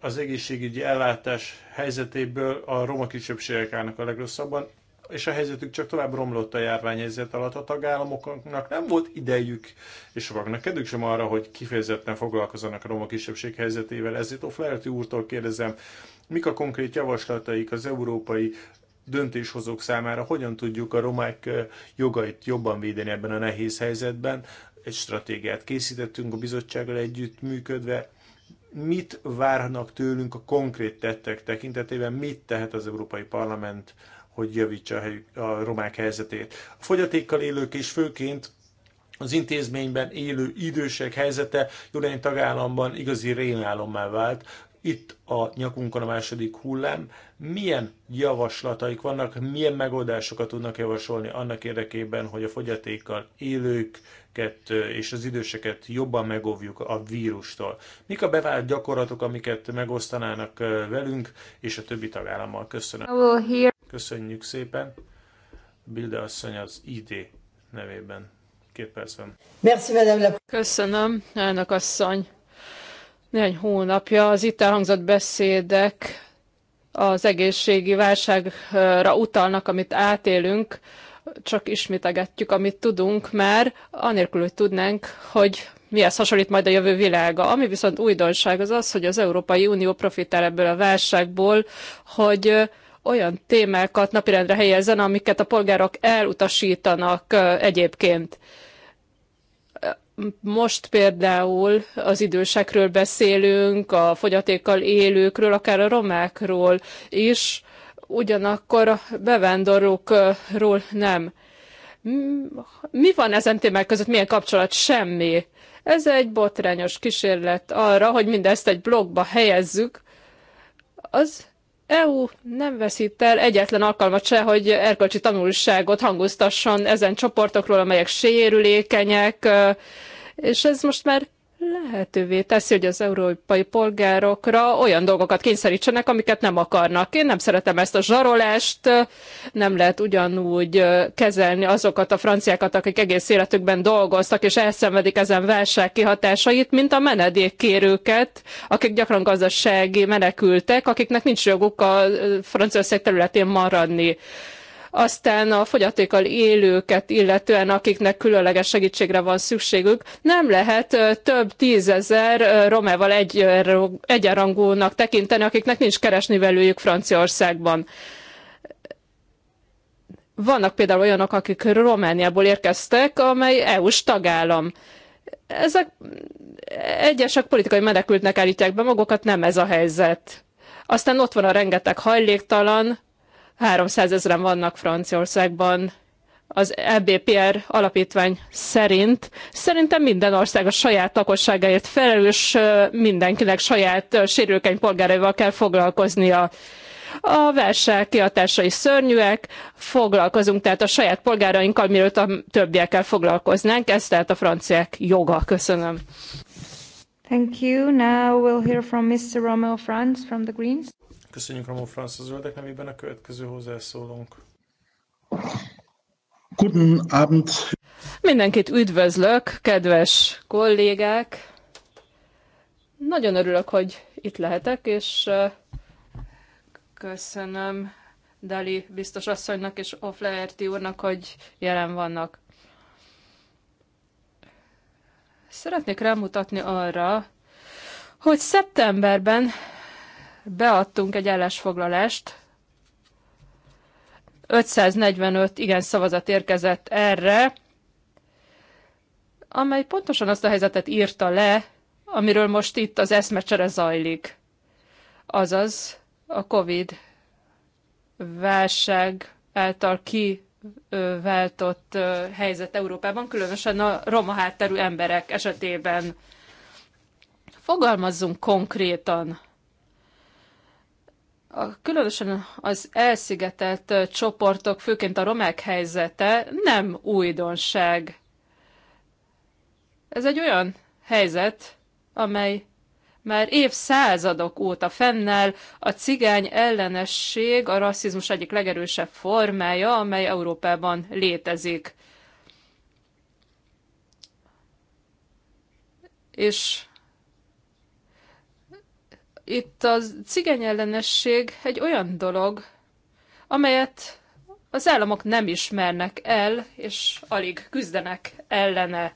az egészségügyi ellátás helyzetéből a roma kisebbségek állnak a legrosszabban és a helyzetük csak tovább romlott a járványhelyzet alatt. A tagállamoknak nem volt idejük, és sokaknak kedvük sem arra, hogy kifejezetten foglalkozzanak a roma kisebbség helyzetével. Ezért O'Flaherty úrtól kérdezem, mik a konkrét javaslataik az európai döntéshozók számára, hogyan tudjuk a romák jogait jobban védeni ebben a nehéz helyzetben. Egy stratégiát készítettünk a bizottsággal működve. Mit várnak tőlünk a konkrét tettek tekintetében, mit tehet az Európai Parlament hogy javítsa a, hely, romák helyzetét. A fogyatékkal élők és főként az intézményben élő idősek helyzete Jordán tagállamban igazi rémálommá vált. Itt a nyakunkon a második hullám. Milyen javaslataik vannak, milyen megoldásokat tudnak javasolni annak érdekében, hogy a fogyatékkal élőket és az időseket jobban megóvjuk a vírustól? Mik a bevált gyakorlatok, amiket megosztanának velünk és a többi tagállammal? Köszönöm. Köszönjük szépen. Bilde asszony az ID nevében. Két percben. Merci, madame. Köszönöm, elnök asszony. Néhány hónapja az itt elhangzott beszédek az egészségi válságra utalnak, amit átélünk, csak ismitegetjük, amit tudunk már, anélkül, hogy tudnánk, hogy mihez hasonlít majd a jövő világa. Ami viszont újdonság az az, hogy az Európai Unió profitál ebből a válságból, hogy olyan témákat napirendre helyezzen, amiket a polgárok elutasítanak egyébként. Most például az idősekről beszélünk, a fogyatékkal élőkről, akár a romákról is, ugyanakkor a bevándorlókról nem. Mi van ezen témák között? Milyen kapcsolat? Semmi. Ez egy botrányos kísérlet arra, hogy mindezt egy blogba helyezzük. Az EU nem veszít el egyetlen alkalmat se, hogy erkölcsi tanulságot hangoztasson ezen csoportokról, amelyek sérülékenyek, és ez most már lehetővé teszi, hogy az európai polgárokra olyan dolgokat kényszerítsenek, amiket nem akarnak. Én nem szeretem ezt a zsarolást, nem lehet ugyanúgy kezelni azokat a franciákat, akik egész életükben dolgoztak és elszenvedik ezen válság kihatásait, mint a menedékkérőket, akik gyakran gazdasági menekültek, akiknek nincs joguk a Franciaország területén maradni. Aztán a fogyatékkal élőket illetően, akiknek különleges segítségre van szükségük, nem lehet több tízezer romával egyenrangúnak tekinteni, akiknek nincs keresnivelőjük Franciaországban. Vannak például olyanok, akik Romániából érkeztek, amely EU-s tagállam. Ezek egyesek politikai menekültnek állítják be magukat, nem ez a helyzet. Aztán ott van a rengeteg hajléktalan, 300 ezeren vannak Franciaországban, az EBPR alapítvány szerint. Szerintem minden ország a saját lakosságáért felelős, mindenkinek saját sérülékeny polgáraival kell foglalkoznia. A válság kiadásai szörnyűek, foglalkozunk tehát a saját polgárainkkal, mielőtt a többiekkel foglalkoznánk. Ez tehát a franciák joga. Köszönöm. Thank you. Now we'll hear from Mr. Romeo Franz from the Greens. Köszönjük Ramon Franz a zöldek nevében a következő hozzászólónk. Guten Abend. Mindenkit üdvözlök, kedves kollégák! Nagyon örülök, hogy itt lehetek, és köszönöm Dali biztos asszonynak és Oflaherty úrnak, hogy jelen vannak. Szeretnék rámutatni arra, hogy szeptemberben beadtunk egy állásfoglalást, 545 igen szavazat érkezett erre, amely pontosan azt a helyzetet írta le, amiről most itt az eszmecsere zajlik. Azaz a COVID válság által kiváltott helyzet Európában, különösen a roma hátterű emberek esetében. Fogalmazzunk konkrétan a, különösen az elszigetelt csoportok, főként a romák helyzete nem újdonság. Ez egy olyan helyzet, amely már évszázadok óta fennáll a cigány ellenesség, a rasszizmus egyik legerősebb formája, amely Európában létezik. És itt a cigány egy olyan dolog, amelyet az államok nem ismernek el, és alig küzdenek ellene.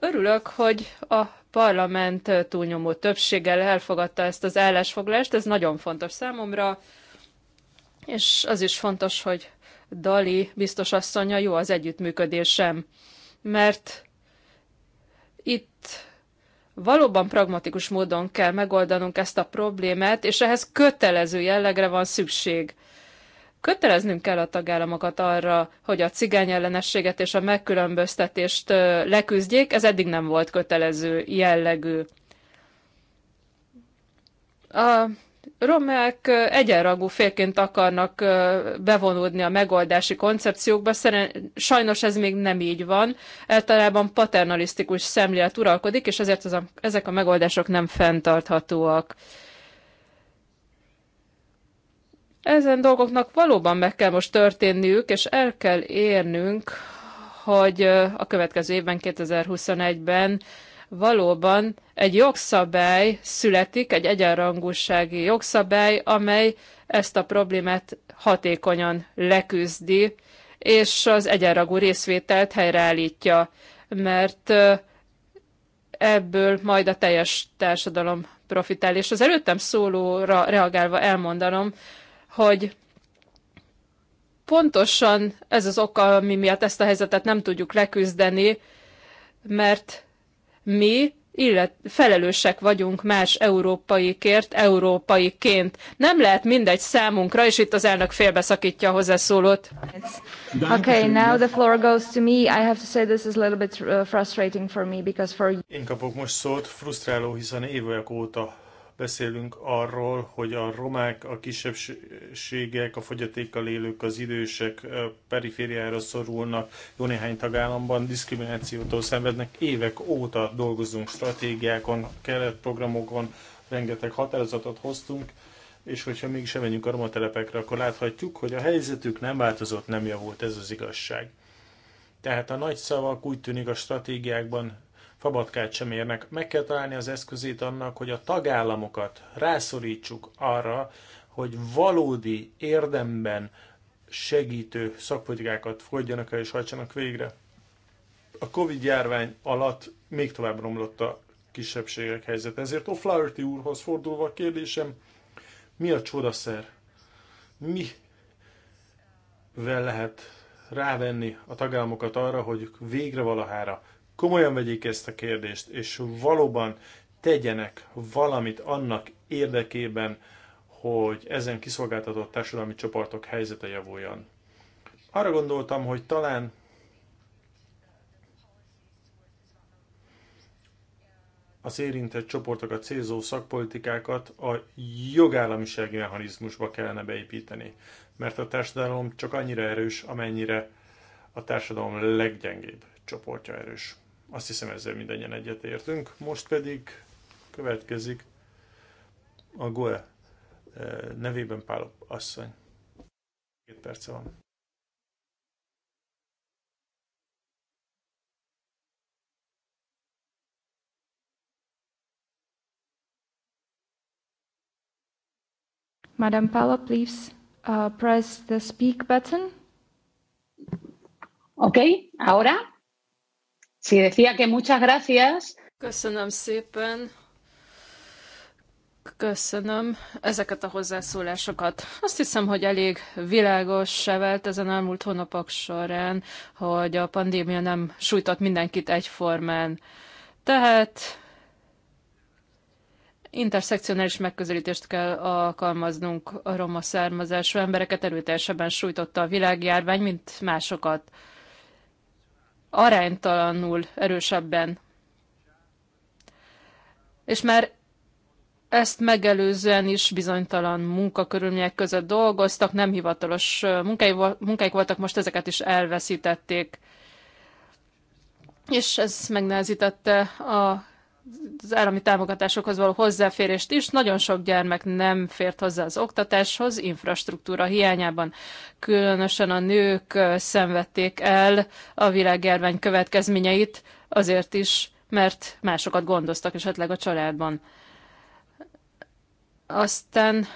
Örülök, hogy a parlament túlnyomó többséggel elfogadta ezt az állásfoglalást, ez nagyon fontos számomra, és az is fontos, hogy Dali biztos asszonya jó az együttműködésem, mert itt Valóban pragmatikus módon kell megoldanunk ezt a problémát, és ehhez kötelező jellegre van szükség. Köteleznünk kell a tagállamokat arra, hogy a cigány és a megkülönböztetést leküzdjék, ez eddig nem volt kötelező jellegű. A romák egyenrangú félként akarnak bevonódni a megoldási koncepciókba, sajnos ez még nem így van. Általában paternalisztikus szemlélet uralkodik, és ezért az a, ezek a megoldások nem fenntarthatóak. Ezen dolgoknak valóban meg kell most történniük, és el kell érnünk, hogy a következő évben, 2021-ben valóban egy jogszabály születik, egy egyenrangúsági jogszabály, amely ezt a problémát hatékonyan leküzdi, és az egyenragú részvételt helyreállítja, mert ebből majd a teljes társadalom profitál. És az előttem szólóra reagálva elmondanom, hogy pontosan ez az oka, ami miatt ezt a helyzetet nem tudjuk leküzdeni, mert mi illet, felelősek vagyunk más európaikért, európaiként. Nem lehet mindegy számunkra, és itt az elnök félbeszakítja a hozzászólót. Okay, now the floor goes to me. I have to say this is a little bit uh, frustrating for me, because for... Én kapok most szót, frusztráló, hiszen évek óta beszélünk arról, hogy a romák, a kisebbségek, a fogyatékkal élők, az idősek perifériára szorulnak, jó néhány tagállamban diszkriminációtól szenvednek. Évek óta dolgozunk stratégiákon, keretprogramokon, rengeteg határozatot hoztunk, és hogyha mégis menjünk a roma telepekre, akkor láthatjuk, hogy a helyzetük nem változott, nem javult, ez az igazság. Tehát a nagy szavak úgy tűnik a stratégiákban fabatkát sem érnek. Meg kell találni az eszközét annak, hogy a tagállamokat rászorítsuk arra, hogy valódi érdemben segítő szakpolitikákat fogadjanak el és hajtsanak végre. A Covid-járvány alatt még tovább romlott a kisebbségek helyzet. Ezért O'Flaherty úrhoz fordulva a kérdésem, mi a csodaszer? Mi vel lehet rávenni a tagállamokat arra, hogy végre valahára komolyan vegyék ezt a kérdést, és valóban tegyenek valamit annak érdekében, hogy ezen kiszolgáltatott társadalmi csoportok helyzete javuljon. Arra gondoltam, hogy talán az érintett csoportokat célzó szakpolitikákat a jogállamisági mechanizmusba kellene beépíteni, mert a társadalom csak annyira erős, amennyire a társadalom leggyengébb csoportja erős. Azt hiszem ezzel mindannyian egyetértünk. Most pedig következik a GOE eh, nevében Pál asszony. Két perce van. Madam Paula, please uh, press the speak button. Okay, ahora. Sí, decía que muchas gracias. Köszönöm szépen. Köszönöm ezeket a hozzászólásokat. Azt hiszem, hogy elég világos se vált ezen elmúlt hónapok során, hogy a pandémia nem sújtott mindenkit egyformán. Tehát interszekcionális megközelítést kell alkalmaznunk a roma származású embereket erőteljesebben sújtotta a világjárvány, mint másokat aránytalanul erősebben. És már ezt megelőzően is bizonytalan munkakörülmények között dolgoztak, nem hivatalos munkáik voltak, most ezeket is elveszítették. És ez megnehezítette a az állami támogatásokhoz való hozzáférést is. Nagyon sok gyermek nem fért hozzá az oktatáshoz, infrastruktúra hiányában. Különösen a nők szenvedték el a világjárvány következményeit, azért is, mert másokat gondoztak esetleg a családban. Aztán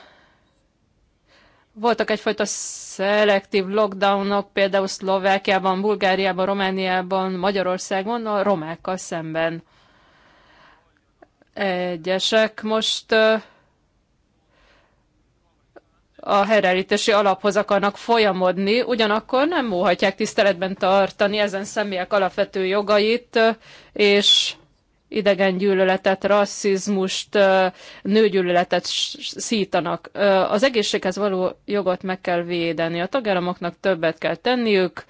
voltak egyfajta szelektív lockdownok, például Szlovákiában, Bulgáriában, Romániában, Magyarországon a romákkal szemben egyesek most a helyreállítási alaphoz akarnak folyamodni, ugyanakkor nem óhatják tiszteletben tartani ezen személyek alapvető jogait, és idegen gyűlöletet, rasszizmust, nőgyűlöletet szítanak. Az egészséghez való jogot meg kell védeni, a tagállamoknak többet kell tenniük,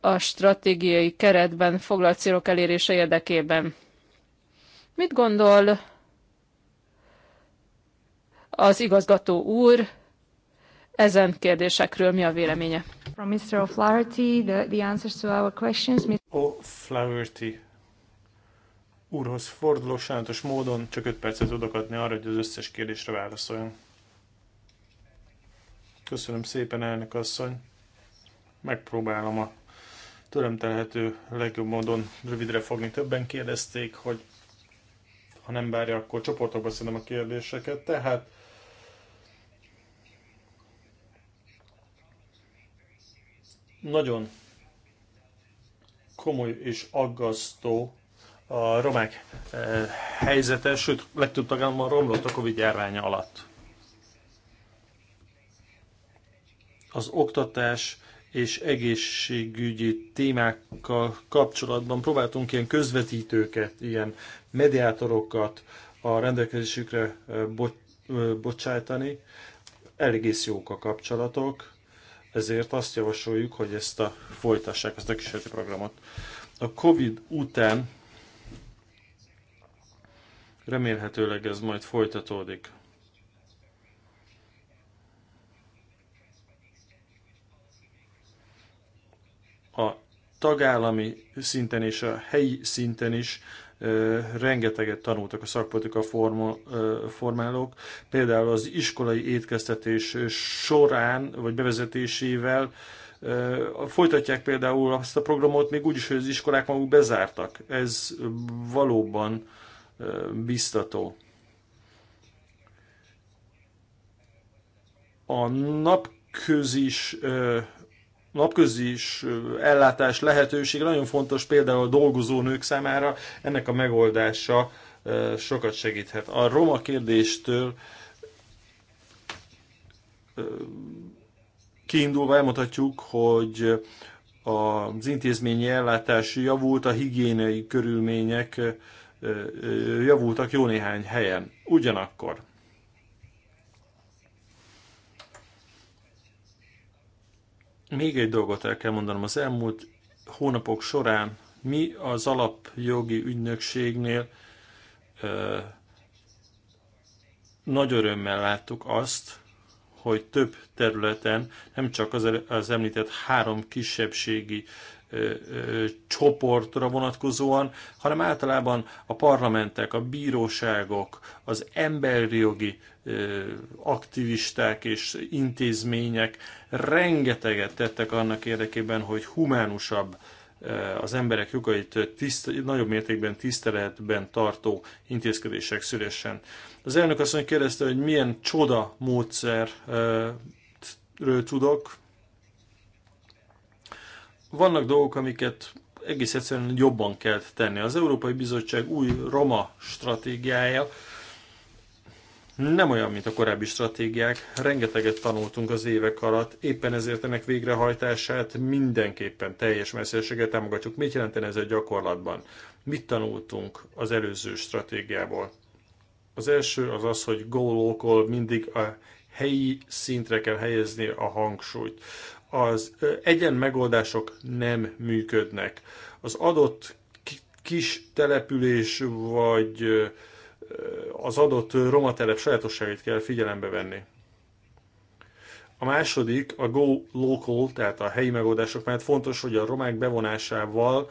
a stratégiai keretben foglalt célok elérése érdekében. Mit gondol az igazgató úr ezen kérdésekről? Mi a véleménye? From Mr. O'Flaherty, the, the answers to our questions. O'Flaherty úrhoz forduló sajnálatos módon csak 5 percet tudok adni arra, hogy az összes kérdésre válaszoljon. Köszönöm szépen, elnök asszony. Megpróbálom a tőlem telhető legjobb módon rövidre fogni. Többen kérdezték, hogy ha nem bárja, akkor csoportokba szedem a kérdéseket. Tehát nagyon komoly és aggasztó a romák eh, helyzete, sőt, legtöbb tagállamban romlott a Covid járványa alatt. Az oktatás és egészségügyi témákkal kapcsolatban próbáltunk ilyen közvetítőket, ilyen mediátorokat a rendelkezésükre bo- bocsájtani. is jók a kapcsolatok, ezért azt javasoljuk, hogy ezt a folytassák, ezt a kísérleti programot. A Covid után remélhetőleg ez majd folytatódik. A tagállami szinten és a helyi szinten is rengeteget tanultak a szakpolitika forma, formálók. Például az iskolai étkeztetés során, vagy bevezetésével folytatják például azt a programot, még úgy is, hogy az iskolák maguk bezártak. Ez valóban biztató. A is napközi is ellátás lehetőség nagyon fontos például a dolgozó nők számára, ennek a megoldása sokat segíthet. A roma kérdéstől kiindulva elmondhatjuk, hogy az intézményi ellátás javult, a higiéniai körülmények javultak jó néhány helyen. Ugyanakkor Még egy dolgot el kell mondanom. Az elmúlt hónapok során mi az alapjogi ügynökségnél ö, nagy örömmel láttuk azt, hogy több területen, nem csak az, az említett három kisebbségi csoportra vonatkozóan, hanem általában a parlamentek, a bíróságok, az emberi jogi aktivisták és intézmények rengeteget tettek annak érdekében, hogy humánusabb az emberek jogait tiszt, nagyobb mértékben tiszteletben tartó intézkedések szülessen. Az elnök azt mondja, kérdezte, hogy milyen csoda módszer tudok, vannak dolgok, amiket egész egyszerűen jobban kell tenni. Az Európai Bizottság új roma stratégiája nem olyan, mint a korábbi stratégiák. Rengeteget tanultunk az évek alatt, éppen ezért ennek végrehajtását mindenképpen teljes messzességgel támogatjuk. Mit jelentene ez a gyakorlatban? Mit tanultunk az előző stratégiából? Az első az az, hogy go local, mindig a helyi szintre kell helyezni a hangsúlyt az egyen megoldások nem működnek. Az adott kis település vagy az adott roma telep sajátosságait kell figyelembe venni. A második, a Go Local, tehát a helyi megoldások, mert fontos, hogy a romák bevonásával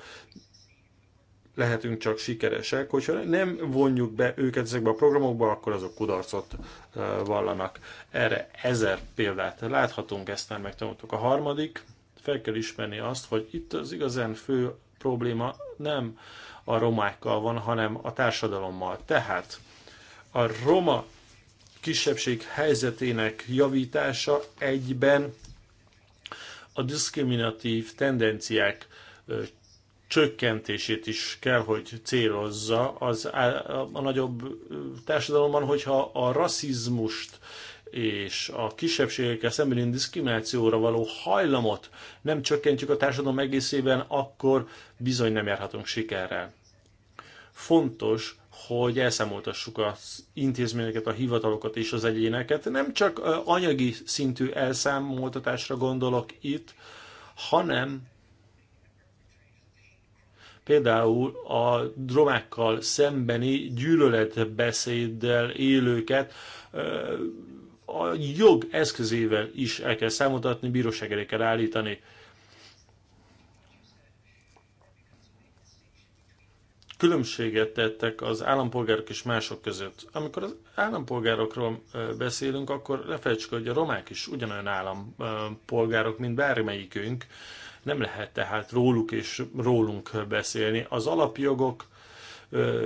lehetünk csak sikeresek. Hogyha nem vonjuk be őket ezekbe a programokba, akkor azok kudarcot vallanak. Erre ezer példát láthatunk, ezt már megtanultuk. A harmadik, fel kell ismerni azt, hogy itt az igazán fő probléma nem a romákkal van, hanem a társadalommal. Tehát a roma kisebbség helyzetének javítása egyben a diszkriminatív tendenciák csökkentését is kell, hogy célozza az a, a nagyobb társadalomban, hogyha a rasszizmust és a kisebbségekkel szembeni diszkriminációra való hajlamot nem csökkentjük a társadalom egészében, akkor bizony nem járhatunk sikerrel. Fontos, hogy elszámoltassuk az intézményeket, a hivatalokat és az egyéneket. Nem csak anyagi szintű elszámoltatásra gondolok itt, hanem például a romákkal szembeni gyűlöletbeszéddel élőket a jog eszközével is el kell számoltatni, bíróság elé kell állítani. Különbséget tettek az állampolgárok és mások között. Amikor az állampolgárokról beszélünk, akkor lefejtsük, hogy a romák is ugyanolyan állampolgárok, mint bármelyikünk nem lehet tehát róluk és rólunk beszélni. Az alapjogok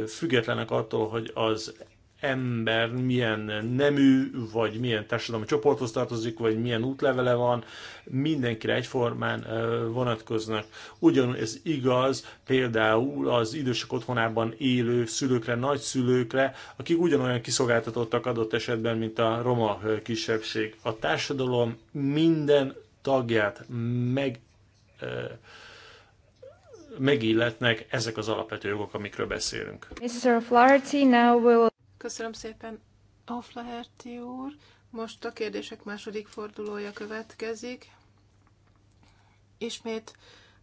függetlenek attól, hogy az ember milyen nemű, vagy milyen társadalmi csoporthoz tartozik, vagy milyen útlevele van, mindenkire egyformán vonatkoznak. Ugyanúgy ez igaz például az idősek otthonában élő szülőkre, nagyszülőkre, akik ugyanolyan kiszolgáltatottak adott esetben, mint a roma kisebbség. A társadalom minden tagját meg megilletnek ezek az alapvető jogok, amikről beszélünk. Mr. Flaherty, now will... Köszönöm szépen, O'Flaherty úr. Most a kérdések második fordulója következik. Ismét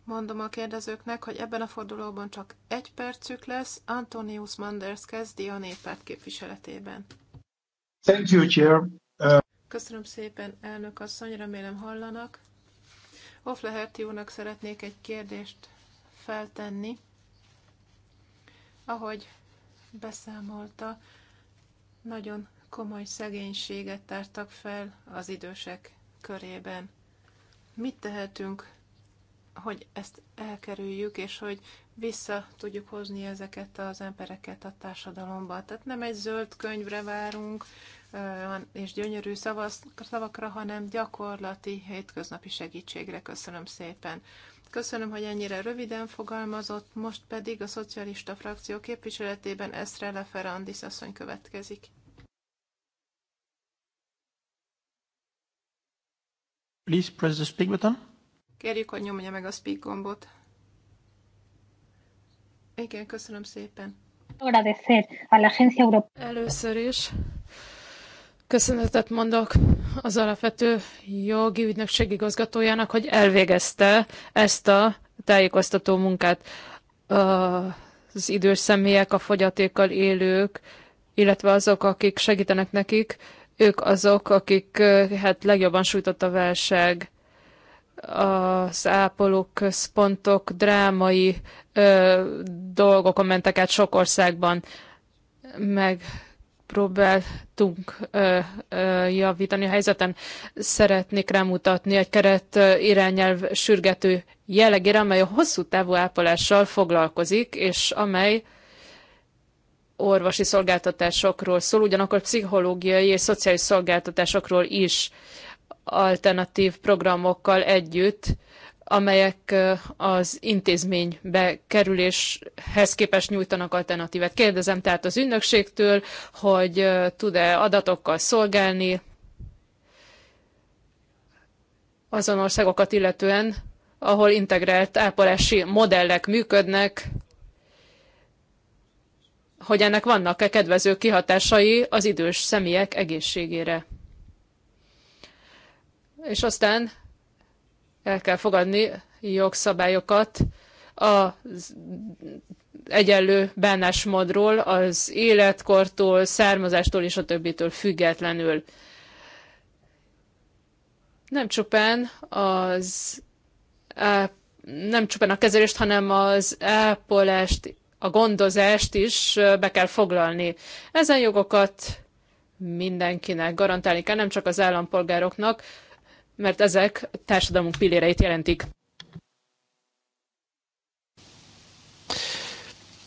mondom a kérdezőknek, hogy ebben a fordulóban csak egy percük lesz. Antonius Manders kezdi a néppárt képviseletében. Thank you, Chair. Uh... Köszönöm szépen, elnök asszony, remélem hallanak. Ofleherty úrnak szeretnék egy kérdést feltenni. Ahogy beszámolta, nagyon komoly szegénységet tártak fel az idősek körében. Mit tehetünk hogy ezt elkerüljük, és hogy vissza tudjuk hozni ezeket az embereket a társadalomba. Tehát nem egy zöld könyvre várunk, és gyönyörű szavakra, hanem gyakorlati, hétköznapi segítségre. Köszönöm szépen. Köszönöm, hogy ennyire röviden fogalmazott, most pedig a szocialista frakció képviseletében Eszre Ferrandis asszony következik. Please press the speak button. Kérjük, hogy nyomja meg a speak gombot. Igen, köszönöm szépen. Először is köszönetet mondok az alapvető jogi ügynökség igazgatójának, hogy elvégezte ezt a tájékoztató munkát. Az idős személyek, a fogyatékkal élők, illetve azok, akik segítenek nekik, ők azok, akik eh, hát legjobban sújtott a válság az ápolóközpontok drámai ö, dolgokon mentek át sok országban. Megpróbáltunk ö, ö, javítani a helyzeten. Szeretnék rámutatni egy keret irányelv sürgető jellegére, amely a hosszú távú ápolással foglalkozik, és amely orvosi szolgáltatásokról szól, ugyanakkor pszichológiai és szociális szolgáltatásokról is alternatív programokkal együtt, amelyek az intézménybe kerüléshez képest nyújtanak alternatívet. Kérdezem tehát az ünnökségtől, hogy tud-e adatokkal szolgálni azon országokat illetően, ahol integrált ápolási modellek működnek, hogy ennek vannak-e kedvező kihatásai az idős személyek egészségére és aztán el kell fogadni jogszabályokat az egyenlő bánásmódról, az életkortól, származástól és a többitől függetlenül. Nem csupán az nem csupán a kezelést, hanem az ápolást, a gondozást is be kell foglalni. Ezen jogokat mindenkinek garantálni kell, nem csak az állampolgároknak, mert ezek társadalmunk pilléreit jelentik.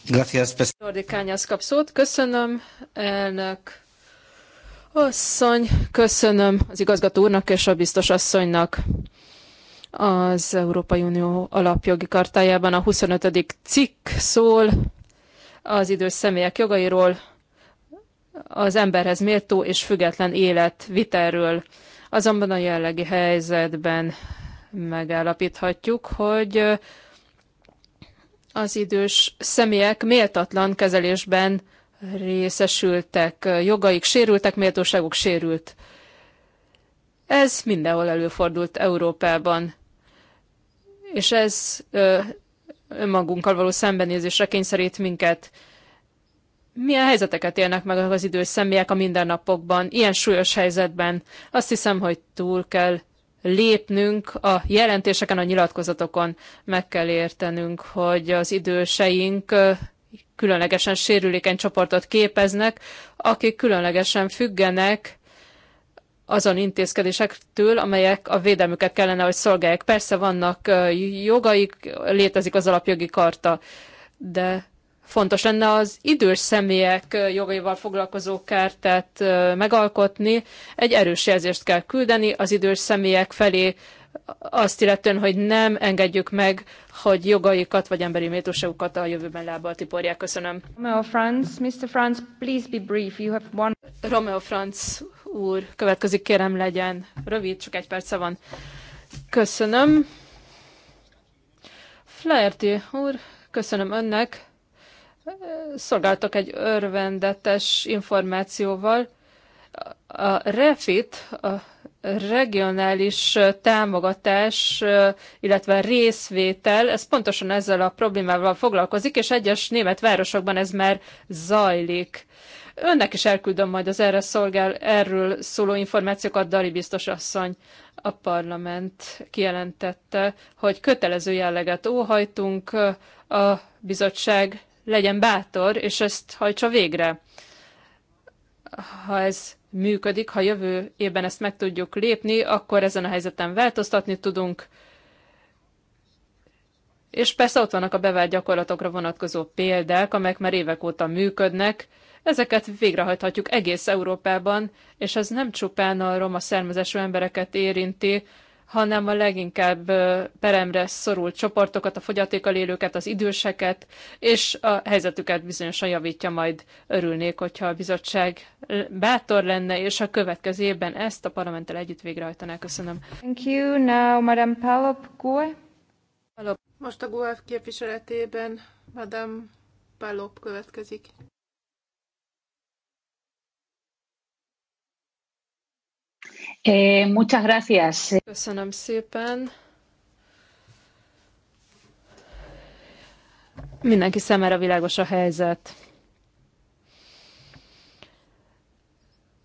Gracias. Kányász kap Köszönöm, elnök asszony, köszönöm az igazgató úrnak és a biztos asszonynak az Európai Unió alapjogi kartájában a 25. cikk szól az idős személyek jogairól, az emberhez méltó és független élet viterről. Azonban a jellegi helyzetben megállapíthatjuk, hogy az idős személyek méltatlan kezelésben részesültek, jogaik sérültek, méltóságuk sérült. Ez mindenhol előfordult Európában, és ez önmagunkkal való szembenézésre kényszerít minket milyen helyzeteket élnek meg az idős személyek a mindennapokban, ilyen súlyos helyzetben. Azt hiszem, hogy túl kell lépnünk a jelentéseken, a nyilatkozatokon. Meg kell értenünk, hogy az időseink különlegesen sérülékeny csoportot képeznek, akik különlegesen függenek azon intézkedésektől, amelyek a védelmüket kellene, hogy szolgálják. Persze vannak jogaik, létezik az alapjogi karta, de fontos lenne az idős személyek jogaival foglalkozó kártát megalkotni. Egy erős jelzést kell küldeni az idős személyek felé, azt illetően, hogy nem engedjük meg, hogy jogaikat vagy emberi méltóságukat a jövőben lábbal tiporják. Köszönöm. Romeo Franz, Mr. Franz, please be brief. You have one... Romeo Franz úr, következik, kérem legyen rövid, csak egy perce van. Köszönöm. Flaherty úr, köszönöm önnek szolgáltak egy örvendetes információval. A REFIT, a regionális támogatás, illetve részvétel, ez pontosan ezzel a problémával foglalkozik, és egyes német városokban ez már zajlik. Önnek is elküldöm majd az erre szolgál, erről szóló információkat, Dali biztos asszony. A parlament kijelentette, hogy kötelező jelleget óhajtunk, a bizottság legyen bátor, és ezt hajtsa végre. Ha ez működik, ha jövő évben ezt meg tudjuk lépni, akkor ezen a helyzeten változtatni tudunk. És persze ott vannak a bevált gyakorlatokra vonatkozó példák, amelyek már évek óta működnek. Ezeket végrehajthatjuk egész Európában, és ez nem csupán a roma származású embereket érinti, hanem a leginkább peremre szorult csoportokat, a fogyatékkal élőket, az időseket, és a helyzetüket bizonyosan javítja majd. Örülnék, hogyha a bizottság bátor lenne, és a következő évben ezt a parlamenttel együtt végrehajtaná. Köszönöm. Thank you. Now, Madame Palop Palop. Most a GUEF képviseletében Madame Palop következik. Eh, muchas gracias. Köszönöm szépen. Mindenki szemére világos a helyzet.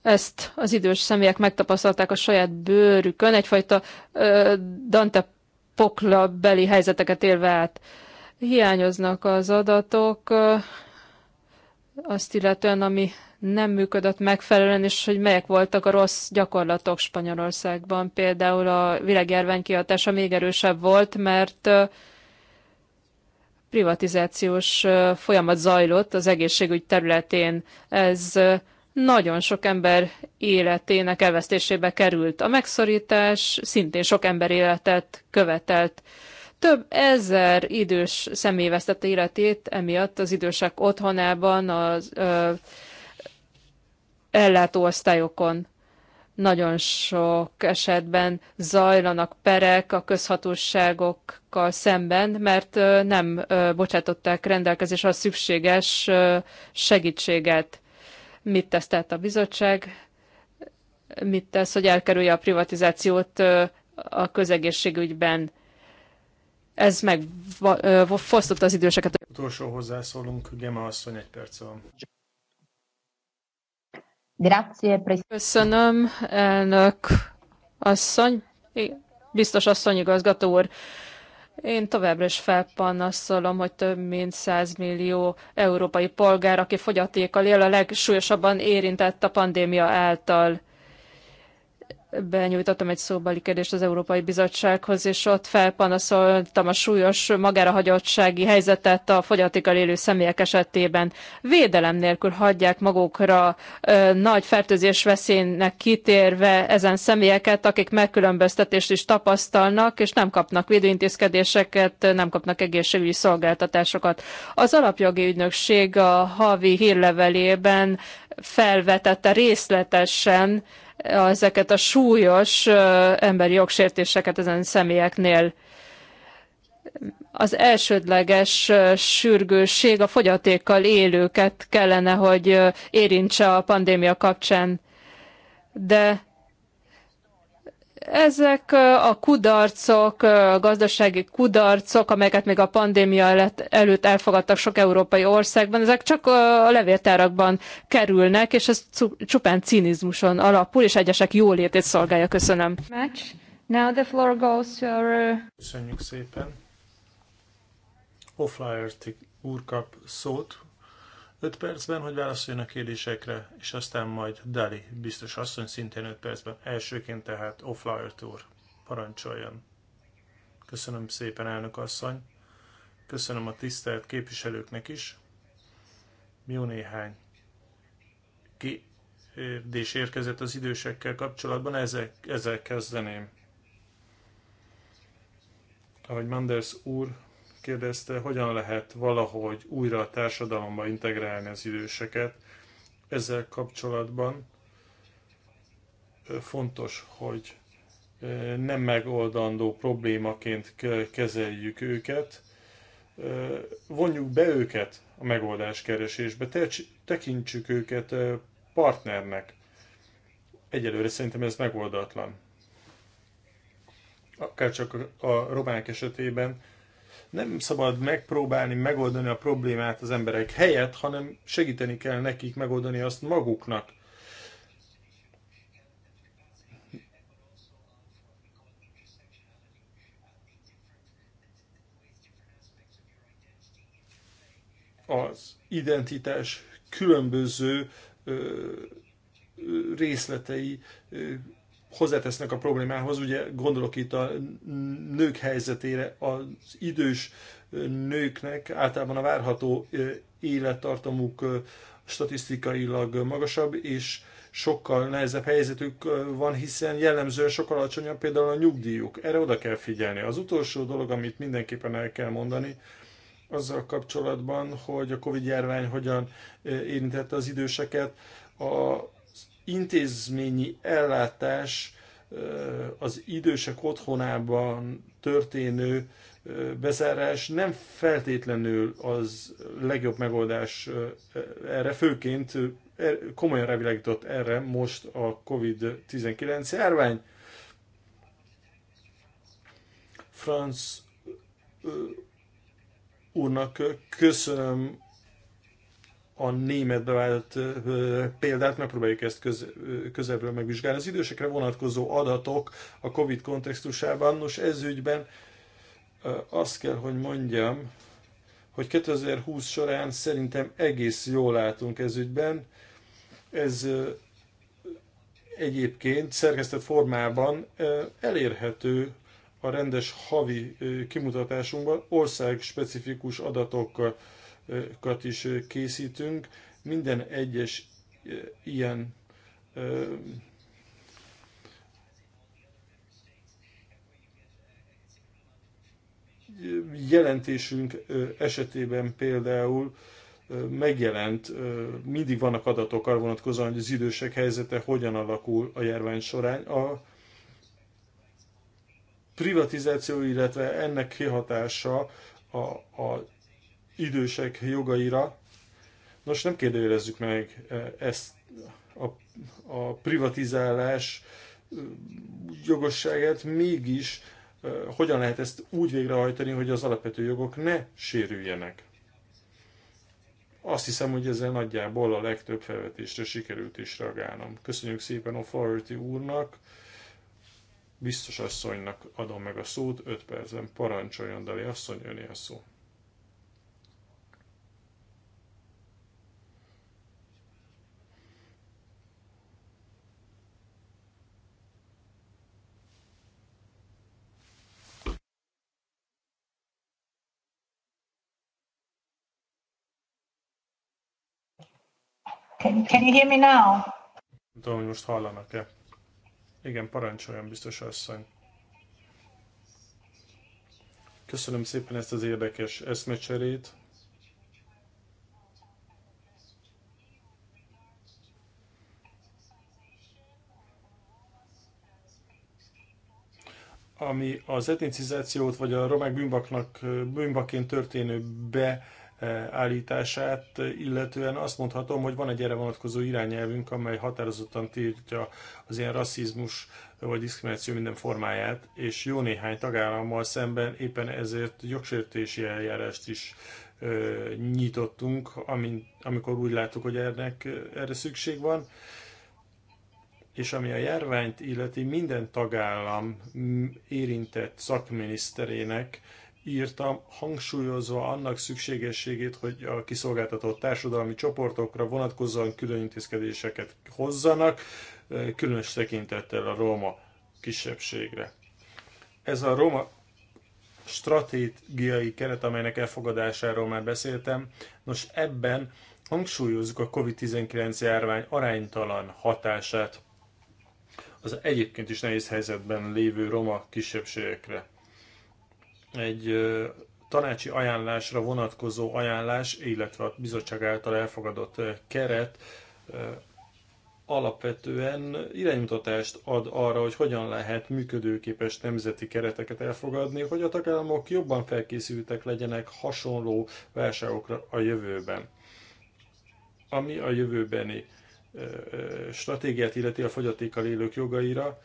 Ezt az idős személyek megtapasztalták a saját bőrükön, egyfajta uh, Dante pokla beli helyzeteket élve át. Hiányoznak az adatok. Uh, azt illetően, ami nem működött megfelelően, és hogy melyek voltak a rossz gyakorlatok Spanyolországban. Például a világjárvány kihatása még erősebb volt, mert privatizációs folyamat zajlott az egészségügy területén. Ez nagyon sok ember életének elvesztésébe került. A megszorítás szintén sok ember életet követelt több ezer idős személy vesztette életét, emiatt az idősek otthonában, az ö, ellátóosztályokon. Nagyon sok esetben zajlanak perek a közhatóságokkal szemben, mert nem bocsátották rendelkezésre a szükséges segítséget. Mit tesz tehát a bizottság? Mit tesz, hogy elkerülje a privatizációt a közegészségügyben? ez meg fosztotta az időseket. Utolsó hozzászólunk, Gemma asszony, egy perc van. Köszönöm, elnök asszony, biztos asszony igazgató úr. Én továbbra is felpanaszolom, hogy több mint 100 millió európai polgár, aki fogyatékkal él, a legsúlyosabban érintett a pandémia által benyújtottam egy szóbeli kérdést az Európai Bizottsághoz, és ott felpanaszoltam a súlyos magára hagyottsági helyzetet a fogyatékkal élő személyek esetében. Védelem nélkül hagyják magukra ö, nagy fertőzés veszélynek kitérve ezen személyeket, akik megkülönböztetést is tapasztalnak, és nem kapnak védőintézkedéseket, nem kapnak egészségügyi szolgáltatásokat. Az alapjogi ügynökség a havi hírlevelében felvetette részletesen, ezeket a súlyos emberi jogsértéseket ezen személyeknél. Az elsődleges sürgőség a fogyatékkal élőket kellene, hogy érintse a pandémia kapcsán. De ezek a kudarcok, a gazdasági kudarcok, amelyeket még a pandémia előtt elfogadtak sok európai országban, ezek csak a levéltárakban kerülnek, és ez csupán cinizmuson alapul, és egyesek jólétét szolgálja. Köszönöm. Now the floor goes to our... Köszönjük szépen. Offlyer úr kap szót, 5 percben, hogy válaszoljon a kérdésekre, és aztán majd Dali, biztos asszony, szintén 5 percben. Elsőként tehát Offlyer Tour. Parancsoljon. Köszönöm szépen, elnök asszony. Köszönöm a tisztelt képviselőknek is. Jó néhány kérdés érkezett az idősekkel kapcsolatban, ezzel, ezzel kezdeném. Ahogy Manders úr kérdezte, hogyan lehet valahogy újra a társadalomba integrálni az időseket. Ezzel kapcsolatban fontos, hogy nem megoldandó problémaként kezeljük őket, vonjuk be őket a megoldás keresésbe, tekintsük őket partnernek. Egyelőre szerintem ez megoldatlan. Akár csak a románk esetében nem szabad megpróbálni megoldani a problémát az emberek helyett, hanem segíteni kell nekik megoldani azt maguknak. Az identitás különböző ö, részletei ö, hozzátesznek a problémához. Ugye gondolok itt a nők helyzetére, az idős nőknek általában a várható élettartamuk statisztikailag magasabb, és sokkal nehezebb helyzetük van, hiszen jellemzően sokkal alacsonyabb például a nyugdíjuk. Erre oda kell figyelni. Az utolsó dolog, amit mindenképpen el kell mondani, azzal kapcsolatban, hogy a Covid járvány hogyan érintette az időseket, a intézményi ellátás az idősek otthonában történő bezárás nem feltétlenül az legjobb megoldás erre, főként er, komolyan rávilágított erre most a COVID-19 járvány. Franz úrnak köszönöm a német bevált példát, megpróbáljuk ezt köz, közelről megvizsgálni. Az idősekre vonatkozó adatok a COVID kontextusában, nos ez ügyben azt kell, hogy mondjam, hogy 2020 során szerintem egész jól látunk ez ügyben. Ez egyébként szerkesztett formában elérhető a rendes havi kimutatásunkban országspecifikus adatokkal is készítünk. Minden egyes ilyen jelentésünk esetében például megjelent, mindig vannak adatok arra vonatkozóan, hogy az idősek helyzete hogyan alakul a járvány során. A privatizáció, illetve ennek kihatása a, a idősek jogaira. Nos, nem kérdőjelezzük meg e, ezt a, a privatizálás jogosságát, mégis hogyan lehet ezt úgy végrehajtani, hogy az alapvető jogok ne sérüljenek. Azt hiszem, hogy ezzel nagyjából a legtöbb felvetésre sikerült is reagálnom. Köszönjük szépen Authority úrnak, biztos asszonynak adom meg a szót, 5 percben parancsoljon, Dali asszony, öné a szó. Can, can you hear me now? Nem tudom, hogy most hallanak-e. Igen, parancsoljon, biztos asszony. Köszönöm szépen ezt az érdekes eszmecserét. ami az etnicizációt vagy a romák bűnbaknak, bűnbaként történő be Eh, állítását, illetően azt mondhatom, hogy van egy erre vonatkozó irányelvünk, amely határozottan tiltja az ilyen rasszizmus vagy diszkrimináció minden formáját, és jó néhány tagállammal szemben éppen ezért jogsértési eljárást is eh, nyitottunk, amikor úgy láttuk, hogy ennek, eh, erre szükség van. És ami a járványt illeti, minden tagállam mm, érintett szakminiszterének írtam, hangsúlyozva annak szükségességét, hogy a kiszolgáltatott társadalmi csoportokra vonatkozóan külön intézkedéseket hozzanak, különös tekintettel a roma kisebbségre. Ez a roma stratégiai keret, amelynek elfogadásáról már beszéltem, nos ebben hangsúlyozzuk a COVID-19 járvány aránytalan hatását az egyébként is nehéz helyzetben lévő roma kisebbségekre egy tanácsi ajánlásra vonatkozó ajánlás, illetve a bizottság által elfogadott keret alapvetően iránymutatást ad arra, hogy hogyan lehet működőképes nemzeti kereteket elfogadni, hogy a tagállamok jobban felkészültek legyenek hasonló válságokra a jövőben. Ami a jövőbeni stratégiát illeti a fogyatékkal élők jogaira,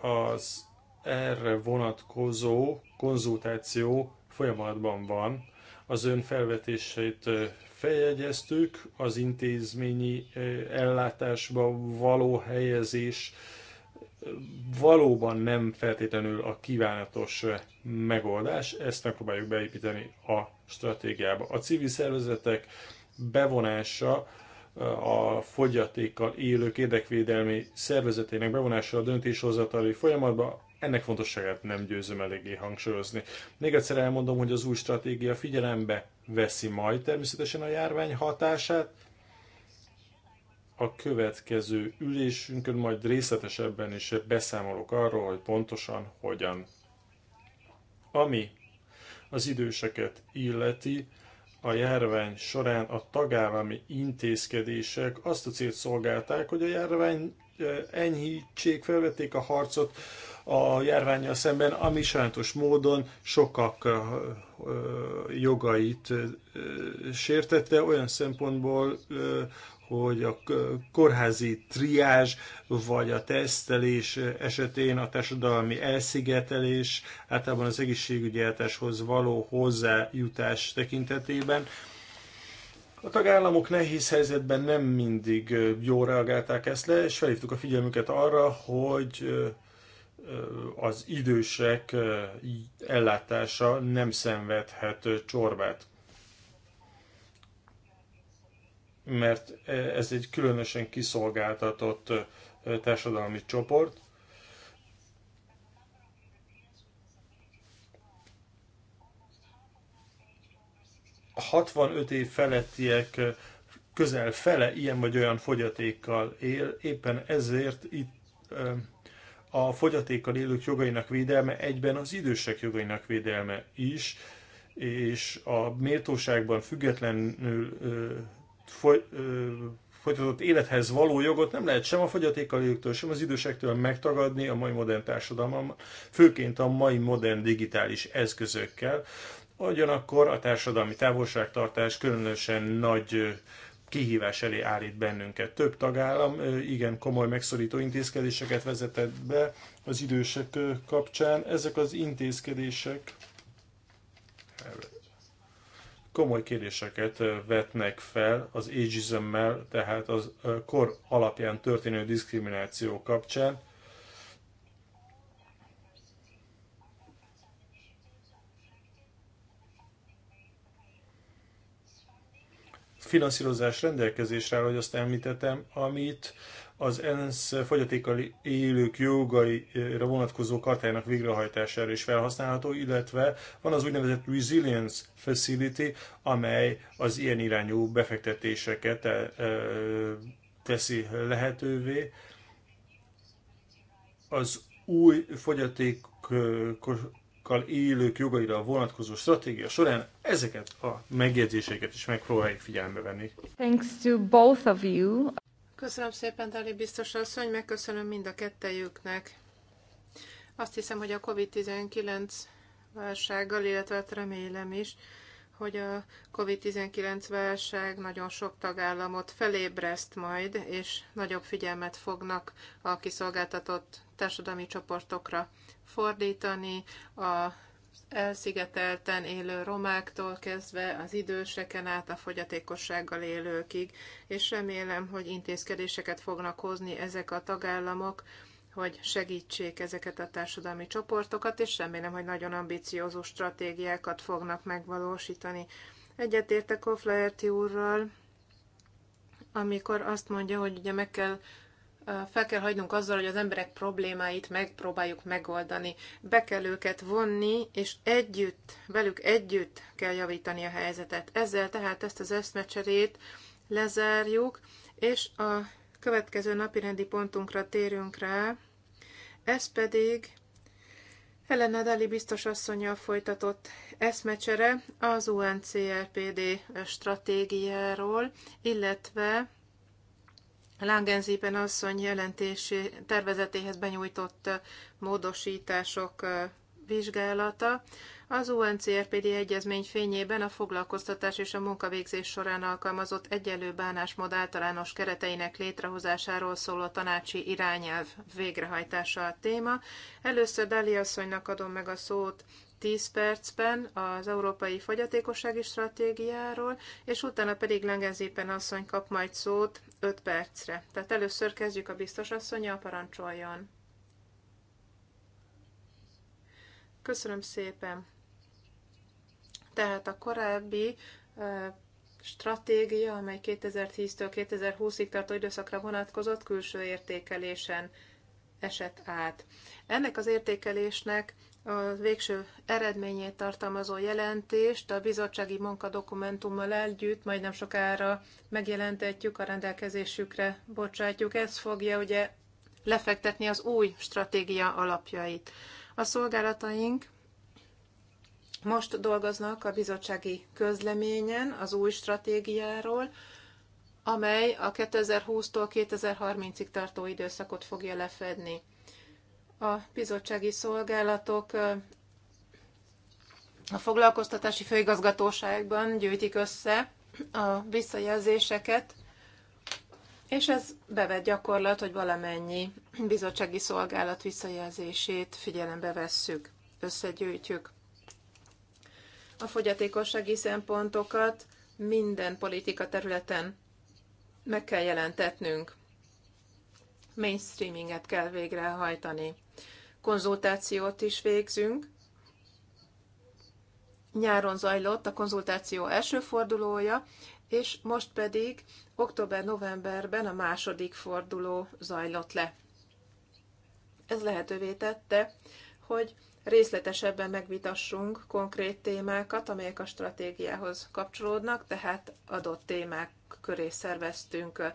az erre vonatkozó konzultáció folyamatban van. Az ön felvetéseit feljegyeztük, az intézményi ellátásba való helyezés valóban nem feltétlenül a kívánatos megoldás, ezt megpróbáljuk beépíteni a stratégiába. A civil szervezetek bevonása a fogyatékkal élők érdekvédelmi szervezetének bevonása a döntéshozatali folyamatba ennek fontosságát nem győzöm eléggé hangsúlyozni. Még egyszer elmondom, hogy az új stratégia figyelembe veszi majd természetesen a járvány hatását. A következő ülésünkön majd részletesebben is beszámolok arról, hogy pontosan hogyan. Ami az időseket illeti, a járvány során a tagállami intézkedések azt a célt szolgálták, hogy a járvány eh, enyhítsék, felvették a harcot a járványjal szemben, ami sajátos módon sokak jogait sértette olyan szempontból, hogy a kórházi triázs vagy a tesztelés esetén a társadalmi elszigetelés, általában az egészségügyi ellátáshoz való hozzájutás tekintetében. A tagállamok nehéz helyzetben nem mindig jól reagálták ezt le, és felhívtuk a figyelmüket arra, hogy az idősek ellátása nem szenvedhet csorbát. Mert ez egy különösen kiszolgáltatott társadalmi csoport, A 65 év felettiek közel fele ilyen vagy olyan fogyatékkal él, éppen ezért itt a fogyatékkal élők jogainak védelme egyben az idősek jogainak védelme is, és a méltóságban függetlenül ö, foly, ö, folytatott élethez való jogot nem lehet sem a fogyatékkal élőktől, sem az idősektől megtagadni a mai modern társadalmam, főként a mai modern digitális eszközökkel. Ugyanakkor a társadalmi távolságtartás különösen nagy kihívás elé állít bennünket. Több tagállam igen komoly megszorító intézkedéseket vezetett be az idősek kapcsán. Ezek az intézkedések komoly kérdéseket vetnek fel az ageism tehát az kor alapján történő diszkrimináció kapcsán. finanszírozás rendelkezésre áll, hogy azt említettem, amit az ENSZ fogyatékkal élők jogaira vonatkozó kartájának végrehajtására is felhasználható, illetve van az úgynevezett Resilience Facility, amely az ilyen irányú befektetéseket eh, teszi lehetővé. Az új fogyaték fogyatékkal élők jogaira vonatkozó stratégia során ezeket a megjegyzéseket is megpróbáljuk figyelembe venni. Thanks to both of you. Köszönöm szépen, Dali biztos asszony, megköszönöm mind a kettejüknek. Azt hiszem, hogy a COVID-19 válsággal, illetve hát remélem is, hogy a COVID-19 válság nagyon sok tagállamot felébreszt majd, és nagyobb figyelmet fognak a kiszolgáltatott társadalmi csoportokra fordítani, a elszigetelten élő romáktól kezdve az időseken át a fogyatékossággal élőkig, és remélem, hogy intézkedéseket fognak hozni ezek a tagállamok, hogy segítsék ezeket a társadalmi csoportokat, és remélem, hogy nagyon ambiciózus stratégiákat fognak megvalósítani. Egyetértek Oflaherty úrral, amikor azt mondja, hogy ugye meg kell fel kell hagynunk azzal, hogy az emberek problémáit megpróbáljuk megoldani. Be kell őket vonni, és együtt, velük együtt kell javítani a helyzetet. Ezzel tehát ezt az eszmecserét lezárjuk, és a következő napirendi pontunkra térünk rá. Ez pedig Helena Dali biztos asszonyjal folytatott eszmecsere az UNCRPD stratégiáról, illetve Langenzipen asszony jelentési tervezetéhez benyújtott módosítások vizsgálata. Az UNCRPD egyezmény fényében a foglalkoztatás és a munkavégzés során alkalmazott egyenlő bánásmód általános kereteinek létrehozásáról szóló tanácsi irányelv végrehajtása a téma. Először Dali asszonynak adom meg a szót 10 percben az Európai Fogyatékossági Stratégiáról, és utána pedig Langenzépen asszony kap majd szót 5 percre. Tehát először kezdjük a biztos asszonya, parancsoljon. Köszönöm szépen. Tehát a korábbi stratégia, amely 2010-től 2020-ig tartó időszakra vonatkozott, külső értékelésen esett át. Ennek az értékelésnek a végső eredményét tartalmazó jelentést a bizottsági munkadokumentummal együtt majdnem sokára megjelentetjük, a rendelkezésükre bocsátjuk. Ez fogja ugye lefektetni az új stratégia alapjait. A szolgálataink most dolgoznak a bizottsági közleményen az új stratégiáról, amely a 2020-tól 2030-ig tartó időszakot fogja lefedni a bizottsági szolgálatok a foglalkoztatási főigazgatóságban gyűjtik össze a visszajelzéseket, és ez bevett gyakorlat, hogy valamennyi bizottsági szolgálat visszajelzését figyelembe vesszük, összegyűjtjük. A fogyatékossági szempontokat minden politika területen meg kell jelentetnünk. Mainstreaminget kell végrehajtani konzultációt is végzünk. Nyáron zajlott a konzultáció első fordulója, és most pedig október-novemberben a második forduló zajlott le. Ez lehetővé tette, hogy részletesebben megvitassunk konkrét témákat, amelyek a stratégiához kapcsolódnak, tehát adott témák köré szerveztünk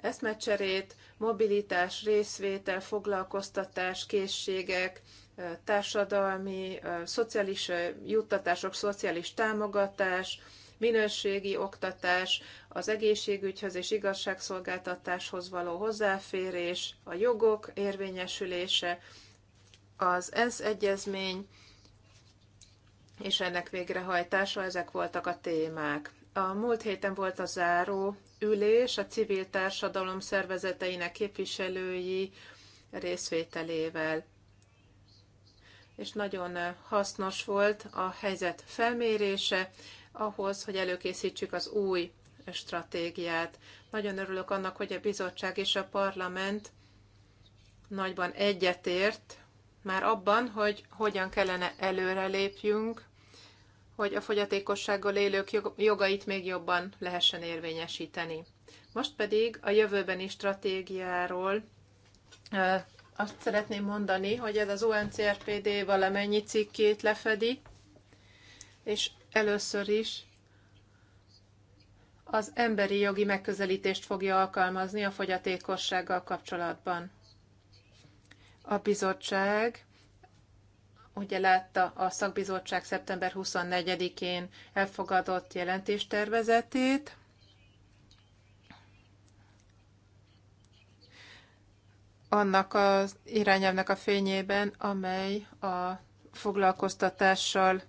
eszmecserét, mobilitás, részvétel, foglalkoztatás, készségek, társadalmi, szociális juttatások, szociális támogatás, minőségi oktatás, az egészségügyhöz és igazságszolgáltatáshoz való hozzáférés, a jogok érvényesülése, az ENSZ egyezmény és ennek végrehajtása, ezek voltak a témák. A múlt héten volt a záró ülés a civil társadalom szervezeteinek képviselői részvételével. És nagyon hasznos volt a helyzet felmérése ahhoz, hogy előkészítsük az új stratégiát. Nagyon örülök annak, hogy a bizottság és a parlament nagyban egyetért már abban, hogy hogyan kellene előrelépjünk hogy a fogyatékossággal élők jogait még jobban lehessen érvényesíteni. Most pedig a jövőbeni stratégiáról azt szeretném mondani, hogy ez az UNCRPD valamennyi cikkét lefedi, és először is az emberi jogi megközelítést fogja alkalmazni a fogyatékossággal kapcsolatban. A bizottság ugye látta a szakbizottság szeptember 24-én elfogadott jelentéstervezetét. Annak az irányelvnek a fényében, amely a foglalkoztatással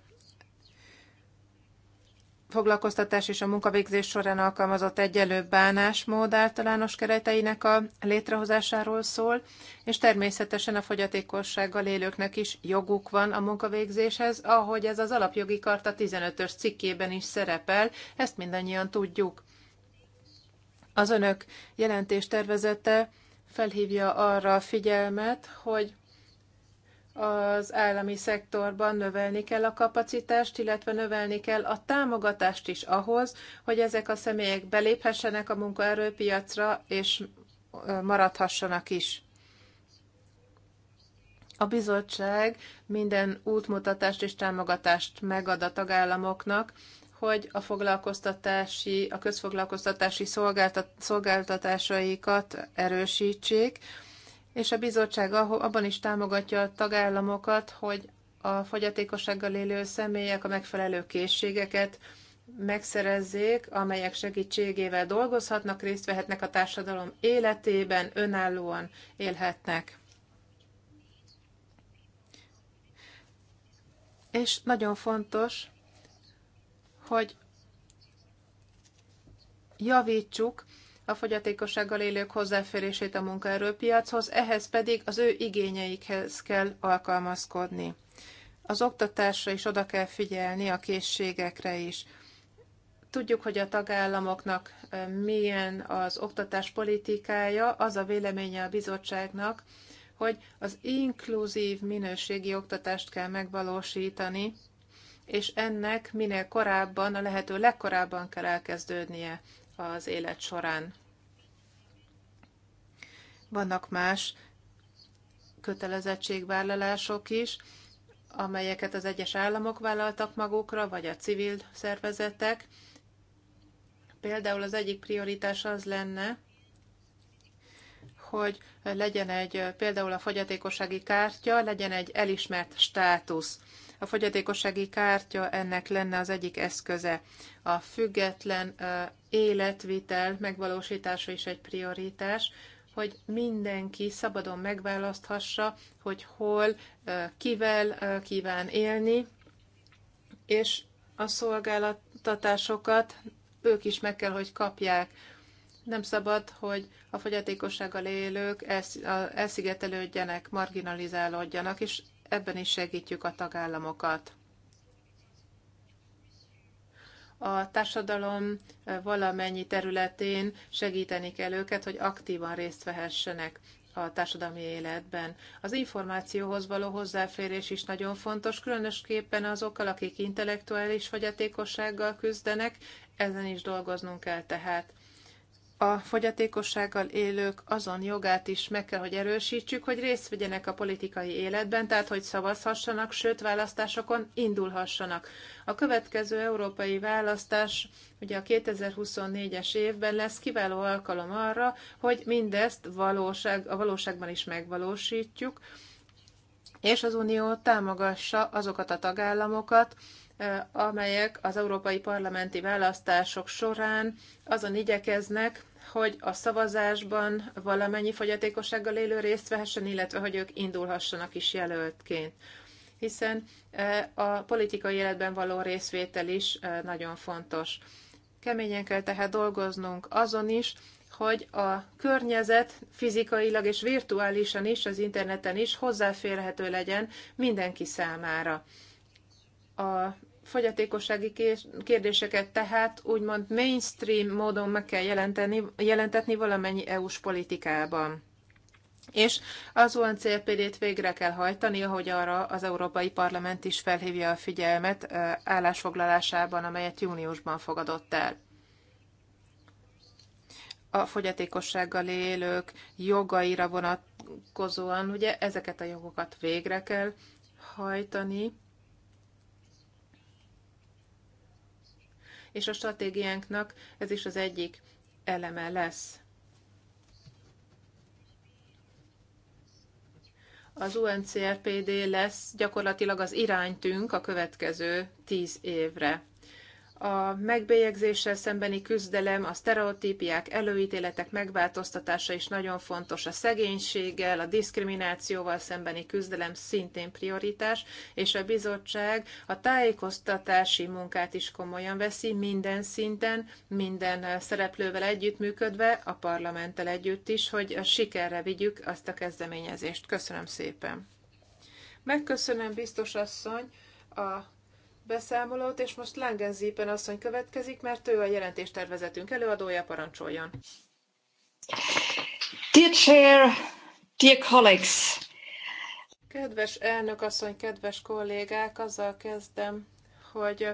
foglalkoztatás és a munkavégzés során alkalmazott egyelő bánásmód általános kereteinek a létrehozásáról szól, és természetesen a fogyatékossággal élőknek is joguk van a munkavégzéshez, ahogy ez az alapjogi karta 15-ös cikkében is szerepel, ezt mindannyian tudjuk. Az önök jelentés tervezete felhívja arra a figyelmet, hogy az állami szektorban növelni kell a kapacitást, illetve növelni kell a támogatást is ahhoz, hogy ezek a személyek beléphessenek a munkaerőpiacra, és maradhassanak is. A bizottság minden útmutatást és támogatást megad a tagállamoknak, hogy a foglalkoztatási, a közfoglalkoztatási szolgáltat, szolgáltatásaikat erősítsék, és a bizottság abban is támogatja a tagállamokat, hogy a fogyatékossággal élő személyek a megfelelő készségeket megszerezzék, amelyek segítségével dolgozhatnak, részt vehetnek a társadalom életében, önállóan élhetnek. És nagyon fontos, hogy javítsuk a fogyatékossággal élők hozzáférését a munkaerőpiachoz, ehhez pedig az ő igényeikhez kell alkalmazkodni. Az oktatásra is oda kell figyelni, a készségekre is. Tudjuk, hogy a tagállamoknak milyen az oktatás politikája, az a véleménye a bizottságnak, hogy az inkluzív minőségi oktatást kell megvalósítani, és ennek minél korábban, a lehető legkorábban kell elkezdődnie az élet során. Vannak más kötelezettségvállalások is, amelyeket az egyes államok vállaltak magukra, vagy a civil szervezetek. Például az egyik prioritás az lenne, hogy legyen egy, például a fogyatékossági kártya, legyen egy elismert státusz. A fogyatékossági kártya ennek lenne az egyik eszköze. A független életvitel megvalósítása is egy prioritás, hogy mindenki szabadon megválaszthassa, hogy hol, kivel kíván élni, és a szolgáltatásokat ők is meg kell, hogy kapják. Nem szabad, hogy a fogyatékossággal élők elszigetelődjenek, marginalizálódjanak, és ebben is segítjük a tagállamokat a társadalom valamennyi területén segíteni kell őket, hogy aktívan részt vehessenek a társadalmi életben. Az információhoz való hozzáférés is nagyon fontos, különösképpen azokkal, akik intellektuális fogyatékossággal küzdenek, ezen is dolgoznunk kell tehát a fogyatékossággal élők azon jogát is meg kell, hogy erősítsük, hogy részt vegyenek a politikai életben, tehát hogy szavazhassanak, sőt választásokon indulhassanak. A következő európai választás ugye a 2024-es évben lesz kiváló alkalom arra, hogy mindezt valóság, a valóságban is megvalósítjuk, és az Unió támogassa azokat a tagállamokat, eh, amelyek az európai parlamenti választások során azon igyekeznek, hogy a szavazásban valamennyi fogyatékossággal élő részt vehessen, illetve hogy ők indulhassanak is jelöltként. Hiszen e, a politikai életben való részvétel is e, nagyon fontos. Keményen kell tehát dolgoznunk azon is, hogy a környezet fizikailag és virtuálisan is, az interneten is hozzáférhető legyen mindenki számára. A fogyatékossági kérdéseket tehát úgymond mainstream módon meg kell jelenteni, jelentetni valamennyi EU-s politikában. És az UNCLPD-t végre kell hajtani, ahogy arra az Európai Parlament is felhívja a figyelmet állásfoglalásában, amelyet júniusban fogadott el a fogyatékossággal élők jogaira vonatkozóan, ugye ezeket a jogokat végre kell hajtani, és a stratégiánknak ez is az egyik eleme lesz. Az UNCRPD lesz gyakorlatilag az iránytünk a következő tíz évre a megbélyegzéssel szembeni küzdelem, a sztereotípiák, előítéletek megváltoztatása is nagyon fontos, a szegénységgel, a diszkriminációval szembeni küzdelem szintén prioritás, és a bizottság a tájékoztatási munkát is komolyan veszi minden szinten, minden szereplővel együttműködve, a parlamenttel együtt is, hogy a sikerre vigyük azt a kezdeményezést. Köszönöm szépen! Megköszönöm, biztos asszony, a beszámolót, és most Langenzépen asszony következik, mert ő a jelentéstervezetünk előadója, parancsoljon. Dear Chair, dear colleagues. Kedves elnök asszony, kedves kollégák, azzal kezdem, hogy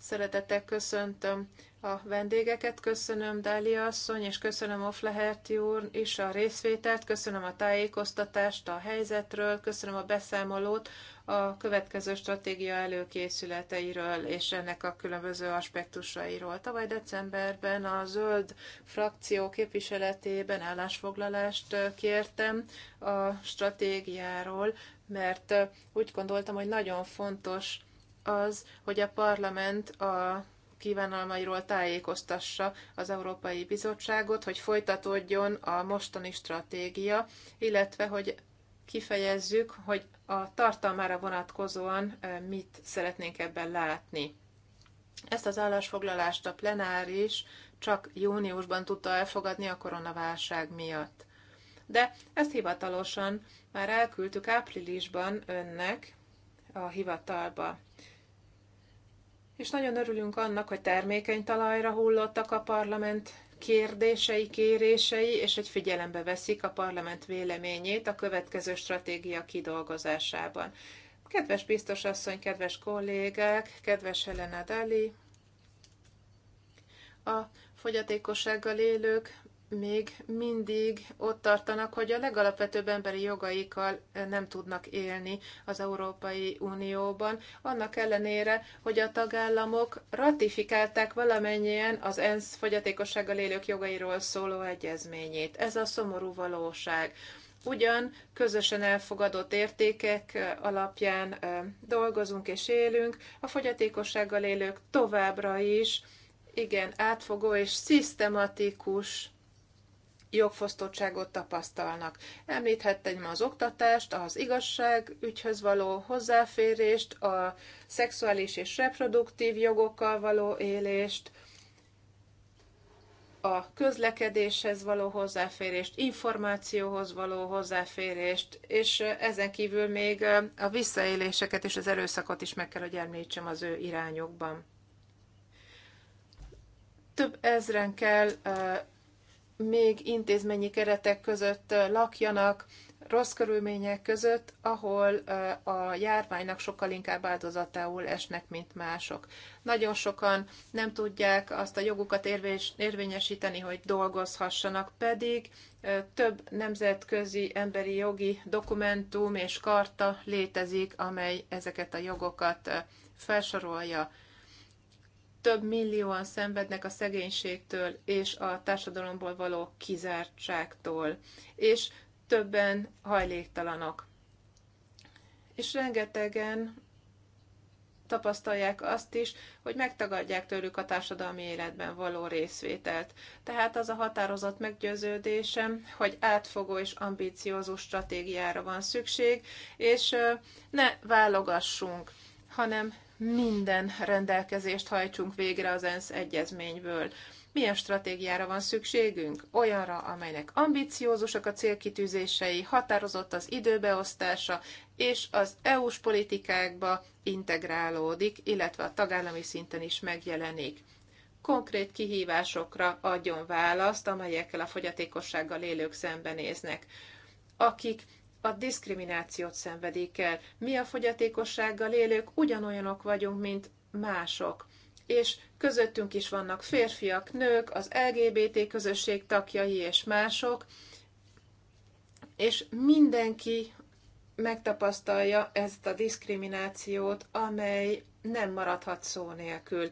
szeretettel köszöntöm a vendégeket, köszönöm Dália asszony, és köszönöm Ofleherti úr is a részvételt, köszönöm a tájékoztatást a helyzetről, köszönöm a beszámolót, a következő stratégia előkészületeiről és ennek a különböző aspektusairól. Tavaly decemberben a zöld frakció képviseletében állásfoglalást kértem a stratégiáról, mert úgy gondoltam, hogy nagyon fontos az, hogy a parlament a kívánalmairól tájékoztassa az Európai Bizottságot, hogy folytatódjon a mostani stratégia, illetve hogy kifejezzük, hogy a tartalmára vonatkozóan mit szeretnénk ebben látni. Ezt az állásfoglalást a plenáris csak júniusban tudta elfogadni a koronaválság miatt. De ezt hivatalosan már elküldtük áprilisban önnek a hivatalba. És nagyon örülünk annak, hogy termékeny talajra hullottak a parlament kérdései, kérései, és egy figyelembe veszik a parlament véleményét a következő stratégia kidolgozásában. Kedves biztos asszony, kedves kollégák, kedves Helena Dali, a fogyatékossággal élők még mindig ott tartanak, hogy a legalapvetőbb emberi jogaikkal eh, nem tudnak élni az Európai Unióban, annak ellenére, hogy a tagállamok ratifikálták valamennyien az ENSZ fogyatékossággal élők jogairól szóló egyezményét. Ez a szomorú valóság. Ugyan közösen elfogadott értékek eh, alapján eh, dolgozunk és élünk, a fogyatékossággal élők továbbra is igen átfogó és szisztematikus jogfosztottságot tapasztalnak. Említhettem az oktatást, az igazság ügyhöz való hozzáférést, a szexuális és reproduktív jogokkal való élést, a közlekedéshez való hozzáférést, információhoz való hozzáférést, és ezen kívül még a visszaéléseket és az erőszakot is meg kell, hogy említsem az ő irányokban. Több ezren kell még intézményi keretek között lakjanak, rossz körülmények között, ahol a járványnak sokkal inkább áldozatául esnek, mint mások. Nagyon sokan nem tudják azt a jogukat érvényesíteni, hogy dolgozhassanak, pedig több nemzetközi emberi jogi dokumentum és karta létezik, amely ezeket a jogokat felsorolja több millióan szenvednek a szegénységtől és a társadalomból való kizártságtól, és többen hajléktalanok. És rengetegen tapasztalják azt is, hogy megtagadják tőlük a társadalmi életben való részvételt. Tehát az a határozott meggyőződésem, hogy átfogó és ambíciózus stratégiára van szükség, és ne válogassunk, hanem minden rendelkezést hajtsunk végre az ENSZ egyezményből. Milyen stratégiára van szükségünk? Olyanra, amelynek ambiciózusak a célkitűzései, határozott az időbeosztása, és az EU-s politikákba integrálódik, illetve a tagállami szinten is megjelenik. Konkrét kihívásokra adjon választ, amelyekkel a fogyatékossággal élők szembenéznek, akik a diszkriminációt szenvedik el. Mi a fogyatékossággal élők ugyanolyanok vagyunk, mint mások. És közöttünk is vannak férfiak, nők, az LGBT közösség tagjai és mások, és mindenki megtapasztalja ezt a diszkriminációt, amely nem maradhat szó nélkül.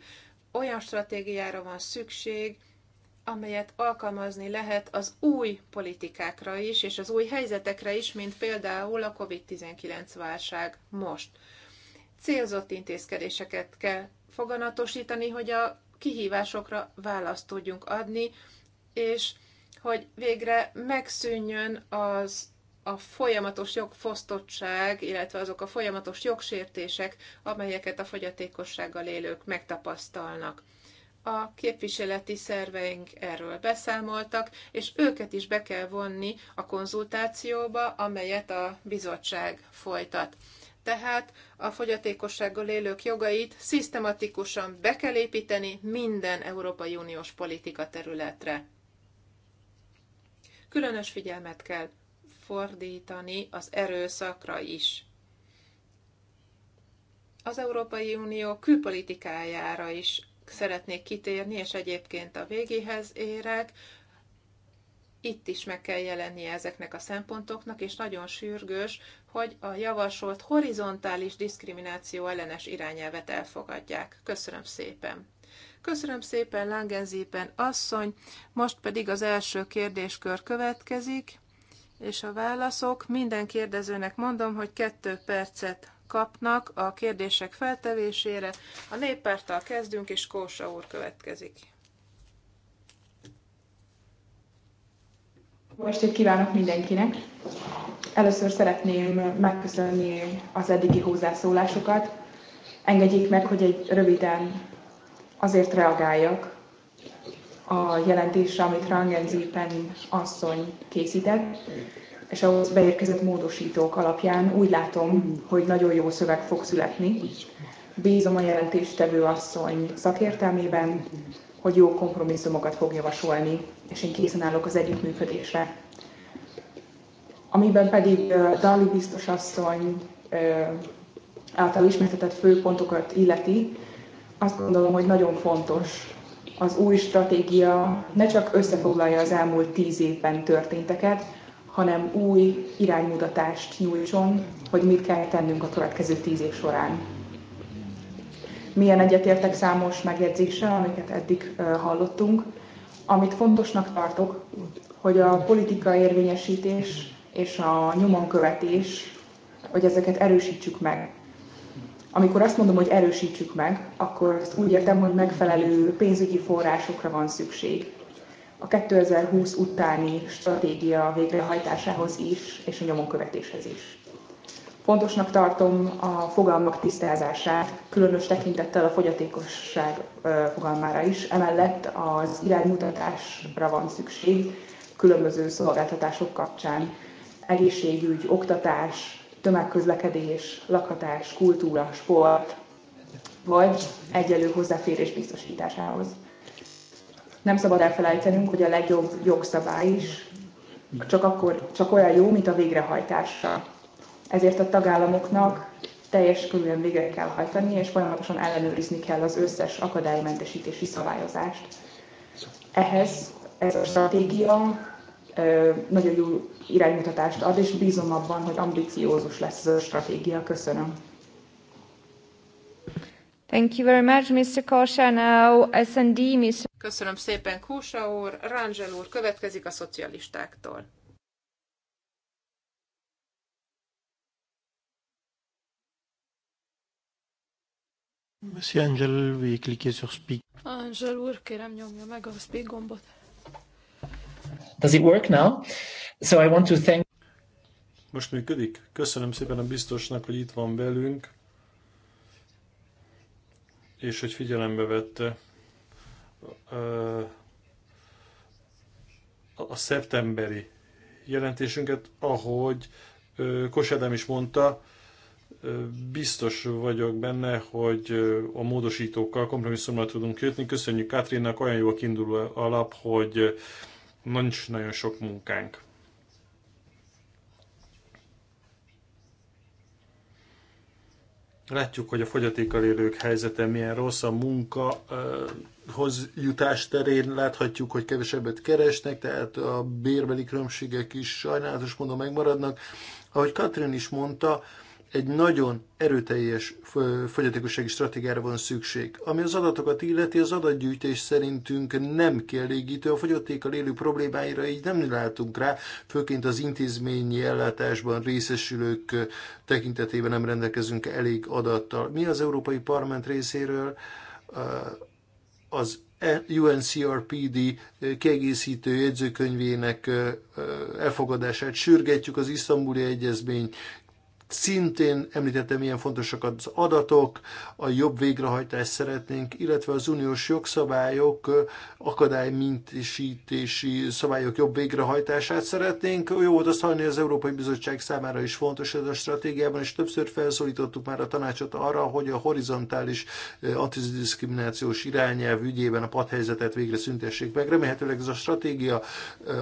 Olyan stratégiára van szükség, amelyet alkalmazni lehet az új politikákra is, és az új helyzetekre is, mint például a COVID-19 válság most. Célzott intézkedéseket kell foganatosítani, hogy a kihívásokra választ tudjunk adni, és hogy végre megszűnjön az a folyamatos jogfosztottság, illetve azok a folyamatos jogsértések, amelyeket a fogyatékossággal élők megtapasztalnak a képviseleti szerveink erről beszámoltak, és őket is be kell vonni a konzultációba, amelyet a bizottság folytat. Tehát a fogyatékossággal élők jogait szisztematikusan be kell építeni minden Európai Uniós politika területre. Különös figyelmet kell fordítani az erőszakra is. Az Európai Unió külpolitikájára is szeretnék kitérni, és egyébként a végéhez érek. Itt is meg kell jelennie ezeknek a szempontoknak, és nagyon sürgős, hogy a javasolt horizontális diszkrimináció ellenes irányelvet elfogadják. Köszönöm szépen! Köszönöm szépen, Langenzépen asszony, most pedig az első kérdéskör következik, és a válaszok. Minden kérdezőnek mondom, hogy kettő percet kapnak a kérdések feltevésére. A néppárttal kezdünk, és Kósa úr következik. egy kívánok mindenkinek! Először szeretném megköszönni az eddigi hozzászólásokat. Engedjék meg, hogy egy röviden azért reagáljak a jelentésre, amit Rangenzi Penny asszony készített és ahhoz beérkezett módosítók alapján úgy látom, hogy nagyon jó szöveg fog születni. Bízom a jelentéstevő asszony szakértelmében, hogy jó kompromisszumokat fog javasolni, és én készen állok az együttműködésre. Amiben pedig Dali biztos asszony által ismertetett főpontokat illeti, azt gondolom, hogy nagyon fontos az új stratégia ne csak összefoglalja az elmúlt tíz évben történteket, hanem új iránymutatást nyújtson, hogy mit kell tennünk a következő tíz év során. Milyen egyetértek számos megjegyzéssel, amiket eddig hallottunk. Amit fontosnak tartok, hogy a politika érvényesítés és a nyomonkövetés, hogy ezeket erősítsük meg. Amikor azt mondom, hogy erősítsük meg, akkor azt úgy értem, hogy megfelelő pénzügyi forrásokra van szükség a 2020 utáni stratégia végrehajtásához is, és a nyomonkövetéshez is. Fontosnak tartom a fogalmak tisztázását, különös tekintettel a fogyatékosság fogalmára is. Emellett az iránymutatásra van szükség különböző szolgáltatások kapcsán. Egészségügy, oktatás, tömegközlekedés, lakhatás, kultúra, sport, vagy egyelő hozzáférés biztosításához nem szabad elfelejtenünk, hogy a legjobb jogszabály is csak, akkor, csak olyan jó, mint a végrehajtása. Ezért a tagállamoknak teljes körülön végre kell hajtani, és folyamatosan ellenőrizni kell az összes akadálymentesítési szabályozást. Ehhez ez a stratégia nagyon jó iránymutatást ad, és bízom abban, hogy ambiciózus lesz ez a stratégia. Köszönöm. Thank you very much, Mr. Kosha. Now, S&D, Mr. Köszönöm szépen Kósa úr, Rangel úr, következik a szocialistáktól. Monsieur Angel, veuillez cliquer sur speak. Angel úr, kérem nyomja meg a speak gombot. Does it work now? So I want to thank... Most működik? Köszönöm szépen a biztosnak, hogy itt van velünk, és hogy figyelembe vette a szeptemberi jelentésünket, ahogy Kosedem is mondta, biztos vagyok benne, hogy a módosítókkal kompromisszumra tudunk jutni. Köszönjük Katrinnak, olyan jó a kiinduló alap, hogy nincs nagyon sok munkánk. Látjuk, hogy a fogyatékkal élők helyzete milyen rossz a munka, hoz jutás terén láthatjuk, hogy kevesebbet keresnek, tehát a bérbeli különbségek is sajnálatos módon megmaradnak. Ahogy Katrin is mondta, egy nagyon erőteljes fogyatékossági stratégiára van szükség. Ami az adatokat illeti, az adatgyűjtés szerintünk nem kielégítő, a fogyatékkal élő problémáira így nem látunk rá, főként az intézményi ellátásban részesülők tekintetében nem rendelkezünk elég adattal. Mi az Európai Parlament részéről az UNCRPD kiegészítő jegyzőkönyvének elfogadását sürgetjük az isztambuli egyezmény Szintén említettem, milyen fontosak az adatok, a jobb végrehajtást szeretnénk, illetve az uniós jogszabályok akadálymintisítési szabályok jobb végrehajtását szeretnénk. Jó volt azt hallani, az Európai Bizottság számára is fontos ez a stratégiában, és többször felszólítottuk már a tanácsot arra, hogy a horizontális antidiszkriminációs irányelv ügyében a padhelyzetet végre szüntessék meg. Remélhetőleg ez a stratégia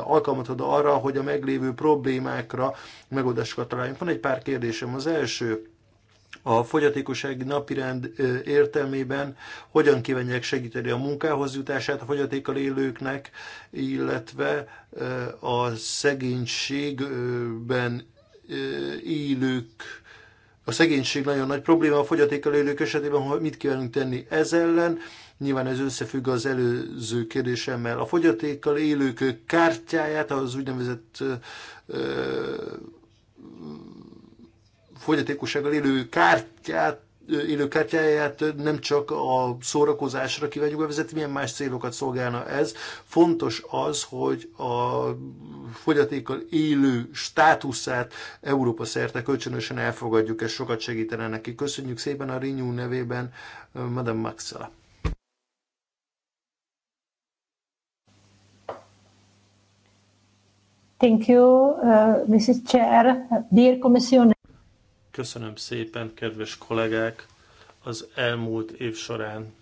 alkalmat ad arra, hogy a meglévő problémákra megoldásokat találjunk. Van egy pár kérdés kérdésem az első. A fogyatékossági napirend értelmében hogyan kívánják segíteni a munkához jutását a fogyatékkal élőknek, illetve a szegénységben élők a szegénység nagyon nagy probléma a fogyatékkal élők esetében, hogy mit kívánunk tenni ez ellen. Nyilván ez összefügg az előző kérdésemmel. A fogyatékkal élők kártyáját, az úgynevezett fogyatékossággal élő kártyát élőkártyáját nem csak a szórakozásra kívánjuk bevezetni, milyen más célokat szolgálna ez. Fontos az, hogy a fogyatékkal élő státuszát Európa szerte kölcsönösen elfogadjuk, és sokat segítene neki. Köszönjük szépen a Renew nevében, uh, Madame Maxela. Thank you, uh, Mrs. Chair, dear Commissioner. Köszönöm szépen, kedves kollégák! Az elmúlt év során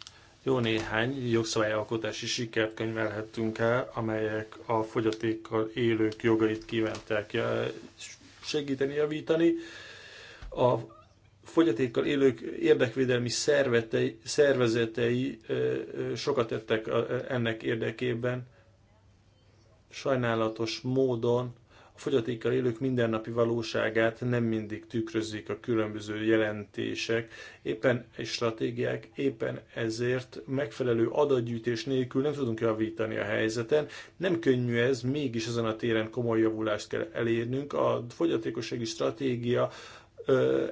jó néhány jogszabályalkotási sikert könyvelhettünk el, amelyek a fogyatékkal élők jogait kívánták segíteni, javítani. A fogyatékkal élők érdekvédelmi szervetei, szervezetei sokat tettek ennek érdekében. Sajnálatos módon a fogyatékkal élők mindennapi valóságát nem mindig tükrözik a különböző jelentések, éppen és stratégiák, éppen ezért megfelelő adatgyűjtés nélkül nem tudunk javítani a helyzeten. Nem könnyű ez, mégis ezen a téren komoly javulást kell elérnünk. A fogyatékossági stratégia ö,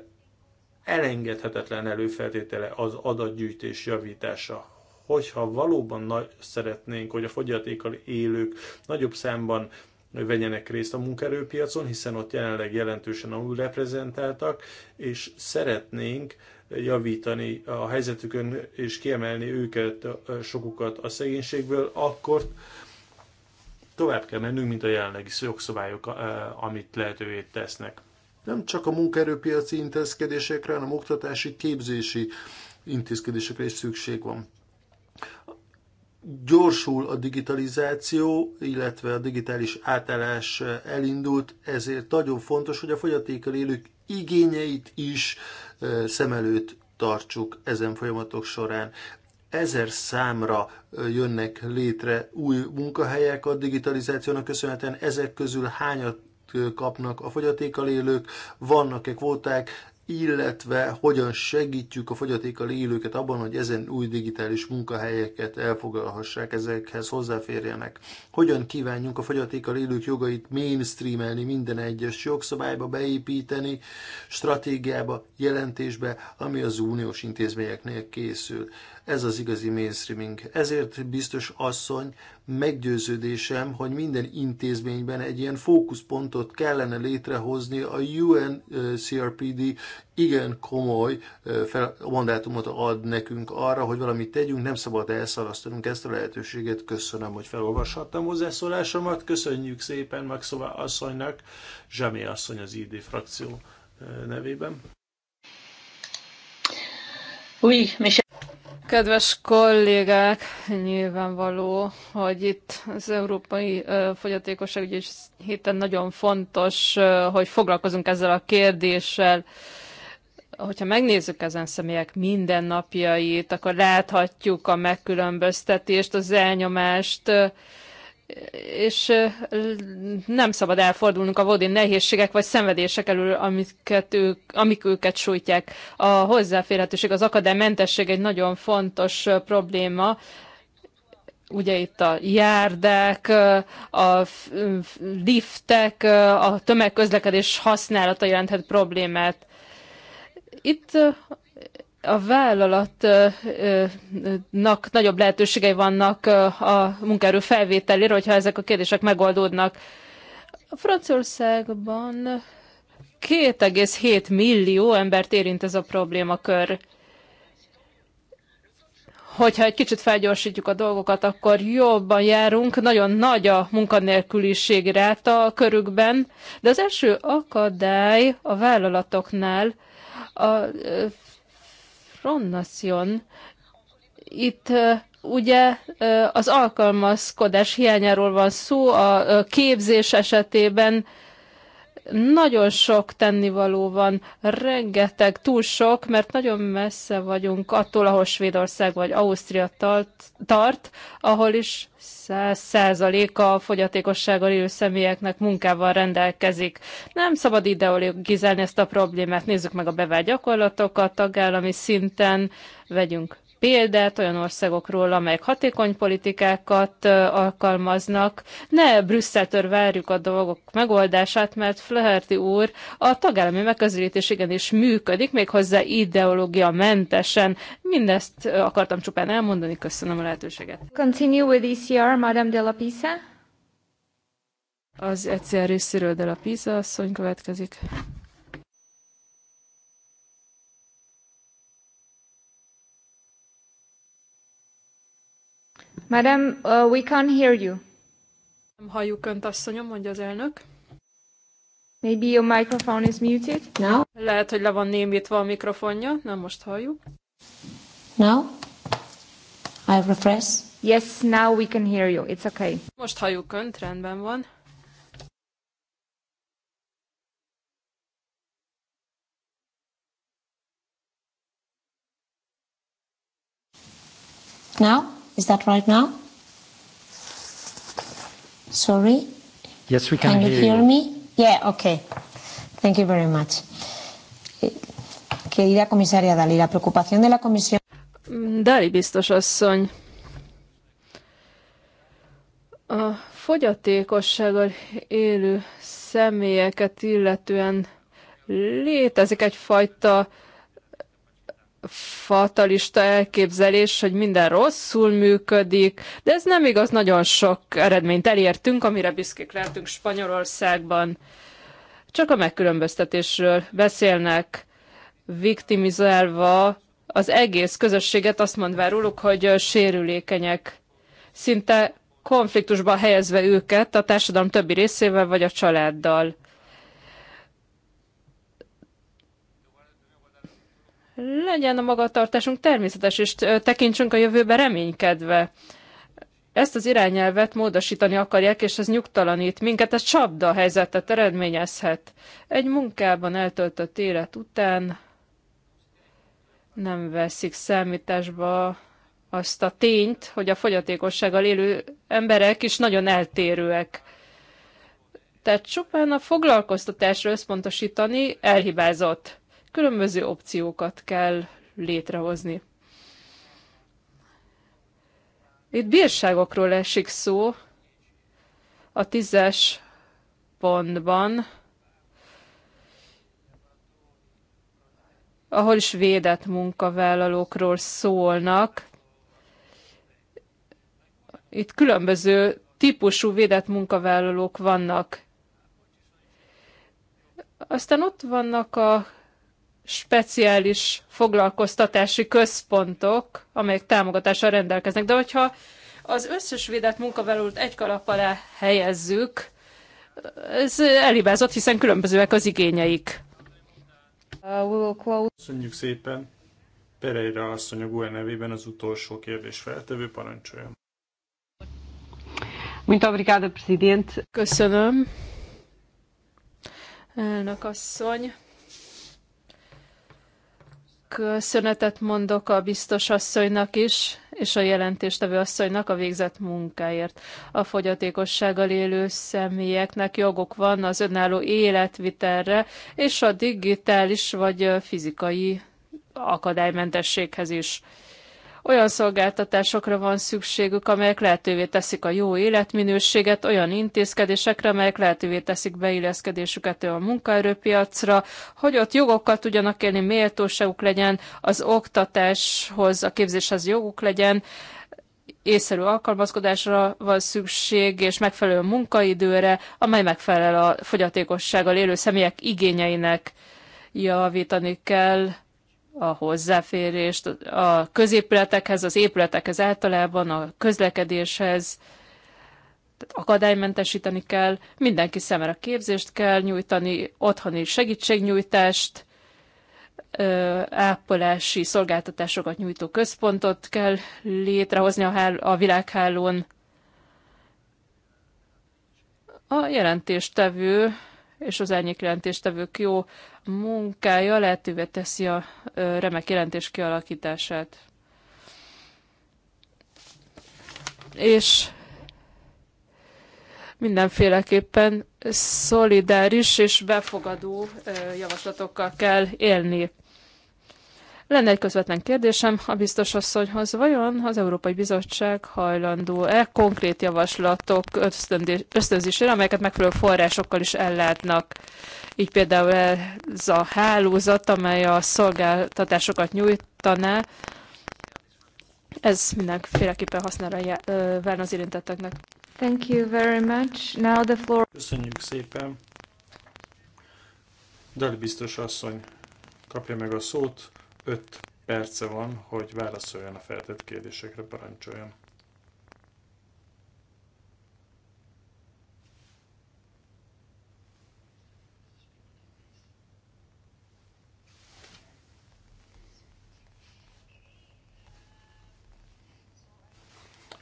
elengedhetetlen előfeltétele az adatgyűjtés javítása hogyha valóban nagy, szeretnénk, hogy a fogyatékkal élők nagyobb számban vegyenek részt a munkaerőpiacon, hiszen ott jelenleg jelentősen alul reprezentáltak, és szeretnénk javítani a helyzetükön és kiemelni őket, sokukat a szegénységből, akkor tovább kell mennünk, mint a jelenlegi jogszabályok, amit lehetővé tesznek. Nem csak a munkaerőpiaci intézkedésekre, hanem oktatási, képzési intézkedésekre is szükség van gyorsul a digitalizáció, illetve a digitális átállás elindult, ezért nagyon fontos, hogy a fogyatékkal élők igényeit is szem előtt tartsuk ezen folyamatok során. Ezer számra jönnek létre új munkahelyek a digitalizációnak köszönhetően, ezek közül hányat kapnak a fogyatékkal élők, vannak-e kvóták, illetve hogyan segítjük a fogyatékkal élőket abban, hogy ezen új digitális munkahelyeket elfogalhassák, ezekhez hozzáférjenek. Hogyan kívánjunk a fogyatékkal élők jogait mainstreamelni, minden egyes jogszabályba beépíteni, stratégiába, jelentésbe, ami az uniós intézményeknél készül. Ez az igazi mainstreaming. Ezért biztos asszony meggyőződésem, hogy minden intézményben egy ilyen fókuszpontot kellene létrehozni a UNCRPD igen komoly mandátumot ad nekünk arra, hogy valamit tegyünk, nem szabad elszalasztanunk ezt a lehetőséget. Köszönöm, hogy felolvashattam hozzászólásomat. Köszönjük szépen Maxová asszonynak, Zsemé asszony az ID frakció nevében. Oui, mes Kedves kollégák, nyilvánvaló, hogy itt az Európai Fogyatékosság és héten nagyon fontos, hogy foglalkozunk ezzel a kérdéssel. Hogyha megnézzük ezen személyek mindennapjait, akkor láthatjuk a megkülönböztetést, az elnyomást, és nem szabad elfordulnunk a vodin nehézségek vagy szenvedések elől, amiket ők, amik őket sújtják. A hozzáférhetőség, az akadálymentesség egy nagyon fontos probléma, ugye itt a járdák, a liftek, a tömegközlekedés használata jelenthet problémát. Itt a vállalatnak nagyobb lehetőségei vannak a munkaerő felvételére, hogyha ezek a kérdések megoldódnak. A Franciaországban 2,7 millió embert érint ez a problémakör. Hogyha egy kicsit felgyorsítjuk a dolgokat, akkor jobban járunk. Nagyon nagy a munkanélküliség ráta a körükben, de az első akadály a vállalatoknál a Front itt ugye az alkalmazkodás hiányáról van szó, a képzés esetében nagyon sok tennivaló van, rengeteg, túl sok, mert nagyon messze vagyunk attól, ahol Svédország vagy Ausztria tart, tart ahol is száz százaléka a fogyatékossággal élő személyeknek munkával rendelkezik. Nem szabad ideologizálni ezt a problémát, nézzük meg a bevált gyakorlatokat tagállami szinten, vegyünk példát olyan országokról, amelyek hatékony politikákat alkalmaznak. Ne Brüsszeltől várjuk a dolgok megoldását, mert Flaherty úr a tagállami megközelítés igenis működik, méghozzá ideológia mentesen. Mindezt akartam csupán elmondani, köszönöm a lehetőséget. Continue with ECR, Madame de la Pisa. Az ECR részéről de la Pisa asszony következik. Madam, uh, we can't hear you. Nem halljuk Önt, asszonyom, mondja az elnök. Maybe your microphone is muted. No. Lehet, hogy le van némítva a mikrofonja, nem most halljuk. No. I refresh. Yes, now we can hear you. It's okay. Most halljuk Önt, rendben van. Now? Is that right now? Sorry? Yes, we can, can hear you. Can you hear me? Yeah, okay. Thank you very much. Querida comisaria Dali, la preocupación de la comisión... Dali biztos asszony, a fogyatékossággal élő személyeket illetően létezik egyfajta fatalista elképzelés, hogy minden rosszul működik, de ez nem igaz, nagyon sok eredményt elértünk, amire büszkék lehetünk Spanyolországban. Csak a megkülönböztetésről beszélnek, viktimizálva az egész közösséget, azt mondvá róluk, hogy sérülékenyek. Szinte konfliktusba helyezve őket a társadalom többi részével vagy a családdal. legyen a magatartásunk természetes, és tekintsünk a jövőbe reménykedve. Ezt az irányelvet módosítani akarják, és ez nyugtalanít minket, ez csapda helyzetet eredményezhet. Egy munkában eltöltött élet után nem veszik számításba azt a tényt, hogy a fogyatékossággal élő emberek is nagyon eltérőek. Tehát csupán a foglalkoztatásra összpontosítani elhibázott. Különböző opciókat kell létrehozni. Itt bírságokról esik szó a tízes pontban, ahol is védett munkavállalókról szólnak. Itt különböző típusú védett munkavállalók vannak. Aztán ott vannak a speciális foglalkoztatási központok, amelyek támogatással rendelkeznek. De hogyha az összes védett munkavállalót egy kalap alá helyezzük, ez elibázott, hiszen különbözőek az igényeik. Köszönjük szépen. Pereira asszony a GUE nevében az utolsó kérdés feltevő parancsoljon. Mint obrigada, presidente. Köszönöm. Elnök asszony köszönetet mondok a biztos asszonynak is, és a jelentéstevő asszonynak a végzett munkáért. A fogyatékossággal élő személyeknek jogok van az önálló életvitelre, és a digitális vagy fizikai akadálymentességhez is. Olyan szolgáltatásokra van szükségük, amelyek lehetővé teszik a jó életminőséget, olyan intézkedésekre, amelyek lehetővé teszik beilleszkedésüket a munkaerőpiacra, hogy ott jogokkal tudjanak élni, méltóságuk legyen, az oktatáshoz, a képzéshez joguk legyen, észszerű alkalmazkodásra van szükség, és megfelelő munkaidőre, amely megfelel a fogyatékossággal élő személyek igényeinek javítani kell a hozzáférést a középületekhez, az épületekhez általában, a közlekedéshez, tehát akadálymentesíteni kell, mindenki szemre képzést kell nyújtani, otthoni segítségnyújtást, ápolási szolgáltatásokat nyújtó központot kell létrehozni a, hál- a világhálón. A jelentéstevő és az elnyék jelentéstevők jó munkája lehetővé teszi a remek jelentés kialakítását. És mindenféleképpen szolidáris és befogadó javaslatokkal kell élni. Lenne egy közvetlen kérdésem a biztos asszonyhoz, vajon az Európai Bizottság hajlandó-e konkrét javaslatok ösztönzésére, amelyeket megfelelő forrásokkal is ellátnak? Így például ez a hálózat, amely a szolgáltatásokat nyújtaná, ez mindenféleképpen használra válna az érintetteknek. Thank you very much. Now the floor... Köszönjük szépen. Dali biztos asszony kapja meg a szót. 5 perce van, hogy válaszoljon a feltett kérdésekre, parancsoljon.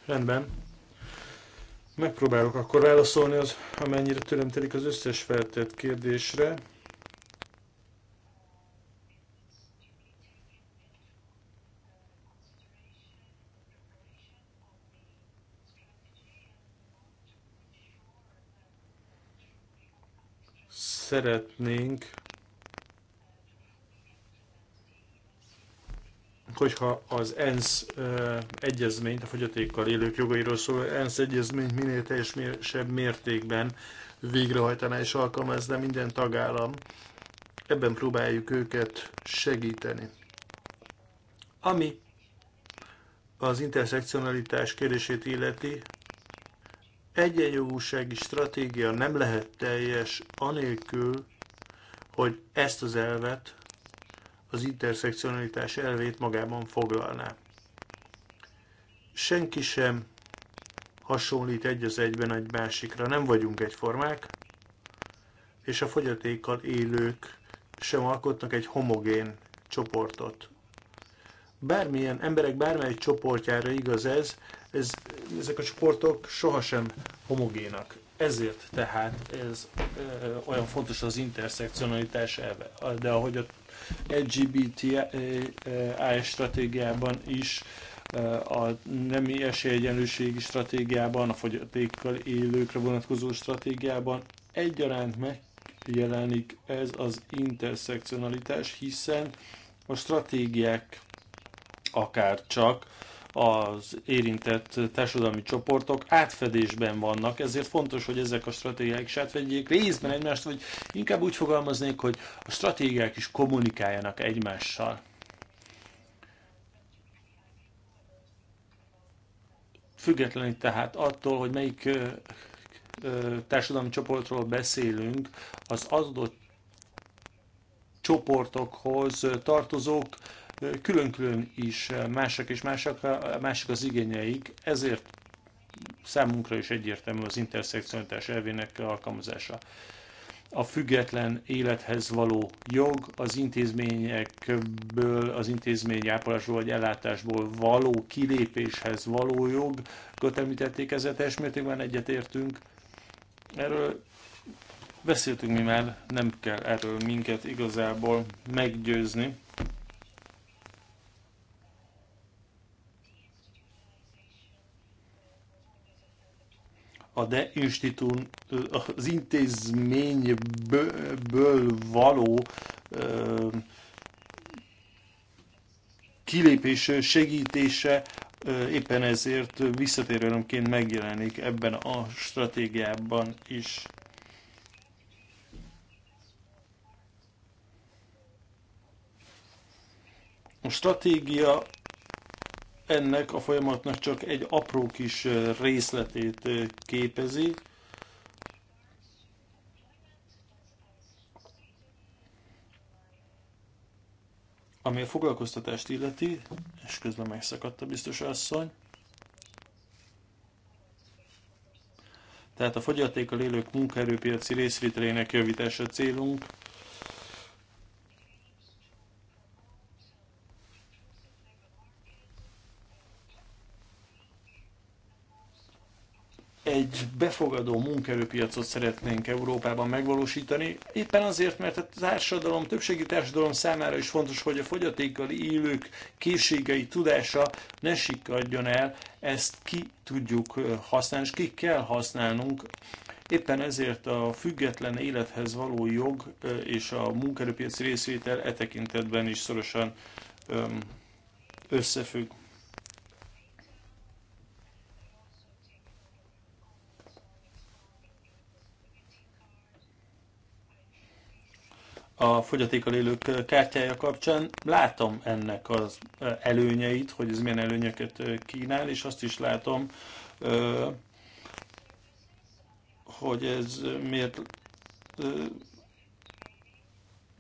Rendben. Megpróbálok akkor válaszolni, az, amennyire tőlem telik az összes feltett kérdésre. szeretnénk, hogyha az ENSZ egyezményt, a fogyatékkal élők jogairól szóló ENSZ egyezményt minél teljesebb mértékben végrehajtaná és alkalmazna minden tagállam. Ebben próbáljuk őket segíteni. Ami az interszekcionalitás kérdését illeti, egyenjogúsági stratégia nem lehet teljes anélkül, hogy ezt az elvet, az interszekcionalitás elvét magában foglalná. Senki sem hasonlít egy az egyben egy másikra, nem vagyunk egyformák, és a fogyatékkal élők sem alkotnak egy homogén csoportot. Bármilyen emberek bármely csoportjára igaz ez, ez ezek a csoportok sohasem homogénak. Ezért tehát ez ö, olyan fontos az interszekcionalitás elve. De ahogy a LGBTI stratégiában is, a nemi esélyegyenlőségi stratégiában, a fogyatékkal élőkre vonatkozó stratégiában egyaránt megjelenik ez az interszekcionalitás, hiszen a stratégiák akár csak az érintett társadalmi csoportok átfedésben vannak, ezért fontos, hogy ezek a stratégiák is átvegyék részben egymást, vagy inkább úgy fogalmaznék, hogy a stratégiák is kommunikáljanak egymással. Függetlenül tehát attól, hogy melyik társadalmi csoportról beszélünk, az adott csoportokhoz tartozók külön-külön is eh, másak és másak, eh, mások az igényeik, ezért számunkra is egyértelmű az interszekcionalitás elvének alkalmazása. A független élethez való jog az intézményekből, az intézmény ápolásból vagy ellátásból való kilépéshez való jog, kötelmítették ezzel teljes mértékben egyetértünk. Erről beszéltünk mi már, nem kell erről minket igazából meggyőzni. a de institún, az intézményből való kilépés segítése éppen ezért visszatérőnként megjelenik ebben a stratégiában is. A stratégia ennek a folyamatnak csak egy apró kis részletét képezi. Ami a foglalkoztatást illeti, és közben megszakadt a biztos asszony, tehát a fogyatékkal élők munkaerőpiaci részvételének javítása célunk, egy befogadó munkaerőpiacot szeretnénk Európában megvalósítani, éppen azért, mert a társadalom, többségi társadalom számára is fontos, hogy a fogyatékkal élők készségei, tudása ne sikadjon el, ezt ki tudjuk használni, és ki kell használnunk. Éppen ezért a független élethez való jog és a munkaerőpiac részvétel e tekintetben is szorosan összefügg. a fogyatékkal élők kártyája kapcsán. Látom ennek az előnyeit, hogy ez milyen előnyöket kínál, és azt is látom, hogy ez miért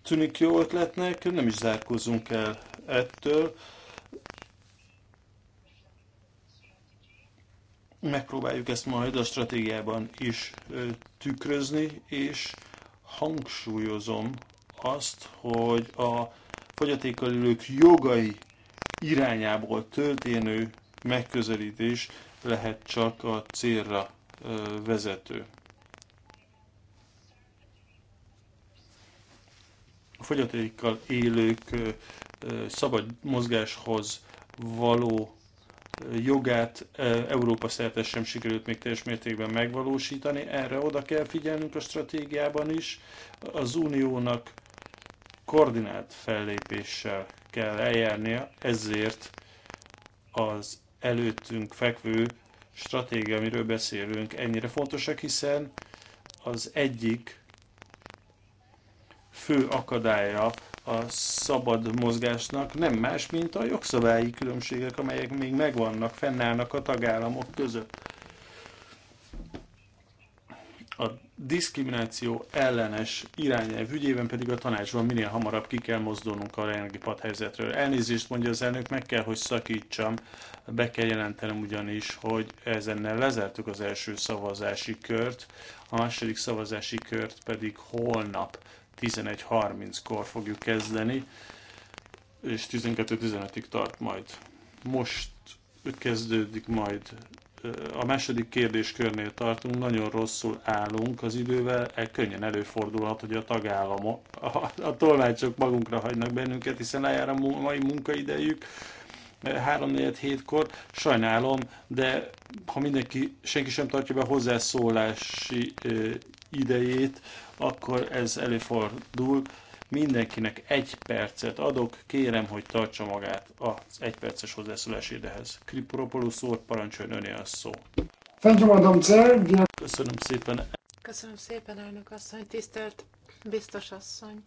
tűnik jó ötletnek, nem is zárkózunk el ettől. Megpróbáljuk ezt majd a stratégiában is tükrözni, és hangsúlyozom, azt, hogy a fogyatékkal élők jogai irányából történő megközelítés lehet csak a célra vezető. A fogyatékkal élők szabad mozgáshoz való jogát Európa szerte sem sikerült még teljes mértékben megvalósítani. Erre oda kell figyelnünk a stratégiában is. Az uniónak koordinált fellépéssel kell eljárnia, ezért az előttünk fekvő stratégia, amiről beszélünk, ennyire fontosak, hiszen az egyik fő akadálya a szabad mozgásnak nem más, mint a jogszabályi különbségek, amelyek még megvannak, fennállnak a tagállamok között. A diszkrimináció ellenes irányelv ügyében pedig a tanácsban minél hamarabb ki kell mozdulnunk a jelenlegi padhelyzetről. Elnézést mondja az elnök, meg kell, hogy szakítsam, be kell jelentenem ugyanis, hogy ezennel lezártuk az első szavazási kört, a második szavazási kört pedig holnap 11.30-kor fogjuk kezdeni, és 1215 ig tart majd. Most kezdődik majd a második kérdéskörnél tartunk, nagyon rosszul állunk az idővel, e könnyen előfordulhat, hogy a tagállamok, a, a tolmácsok magunkra hagynak bennünket, hiszen lejár a mai munkaidejük, 3 eh, hétkor, sajnálom, de ha mindenki, senki sem tartja be a hozzászólási eh, idejét, akkor ez előfordul, Mindenkinek egy percet adok, kérem, hogy tartsa magát az egyperces hozzászólás idehez. Kriporopoulos úr, parancsoljon öné a szó. Köszönöm szépen. Köszönöm szépen, elnök asszony, tisztelt biztos asszony.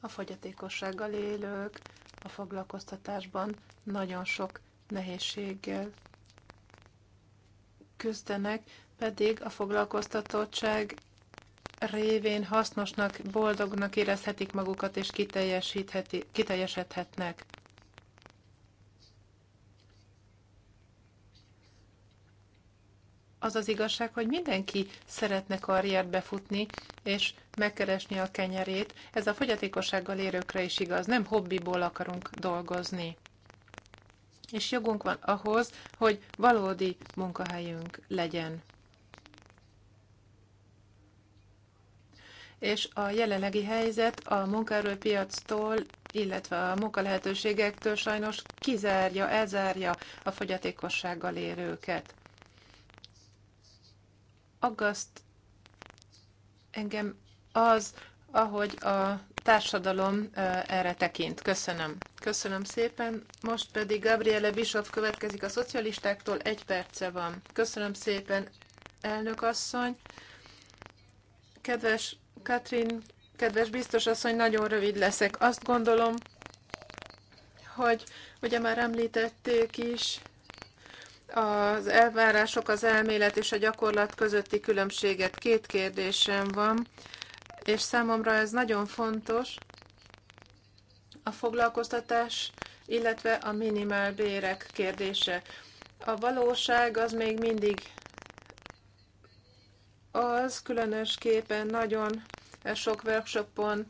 A fogyatékossággal élők a foglalkoztatásban nagyon sok nehézséggel küzdenek, pedig a foglalkoztatottság révén hasznosnak, boldognak érezhetik magukat és kiteljesedhetnek. Az az igazság, hogy mindenki szeretne karriert befutni és megkeresni a kenyerét. Ez a fogyatékossággal érőkre is igaz, nem hobbiból akarunk dolgozni. És jogunk van ahhoz, hogy valódi munkahelyünk legyen. és a jelenlegi helyzet a munkaerőpiactól, illetve a munkalehetőségektől sajnos kizárja, elzárja a fogyatékossággal érőket. Aggaszt engem az, ahogy a társadalom erre tekint. Köszönöm. Köszönöm szépen. Most pedig Gabriele Bischoff következik a szocialistáktól. Egy perce van. Köszönöm szépen, elnök asszony. Kedves Katrin, kedves biztos asszony, nagyon rövid leszek. Azt gondolom, hogy ugye már említették is, az elvárások, az elmélet és a gyakorlat közötti különbséget. Két kérdésem van, és számomra ez nagyon fontos. A foglalkoztatás, illetve a minimál bérek kérdése. A valóság az még mindig az különösképpen nagyon sok workshopon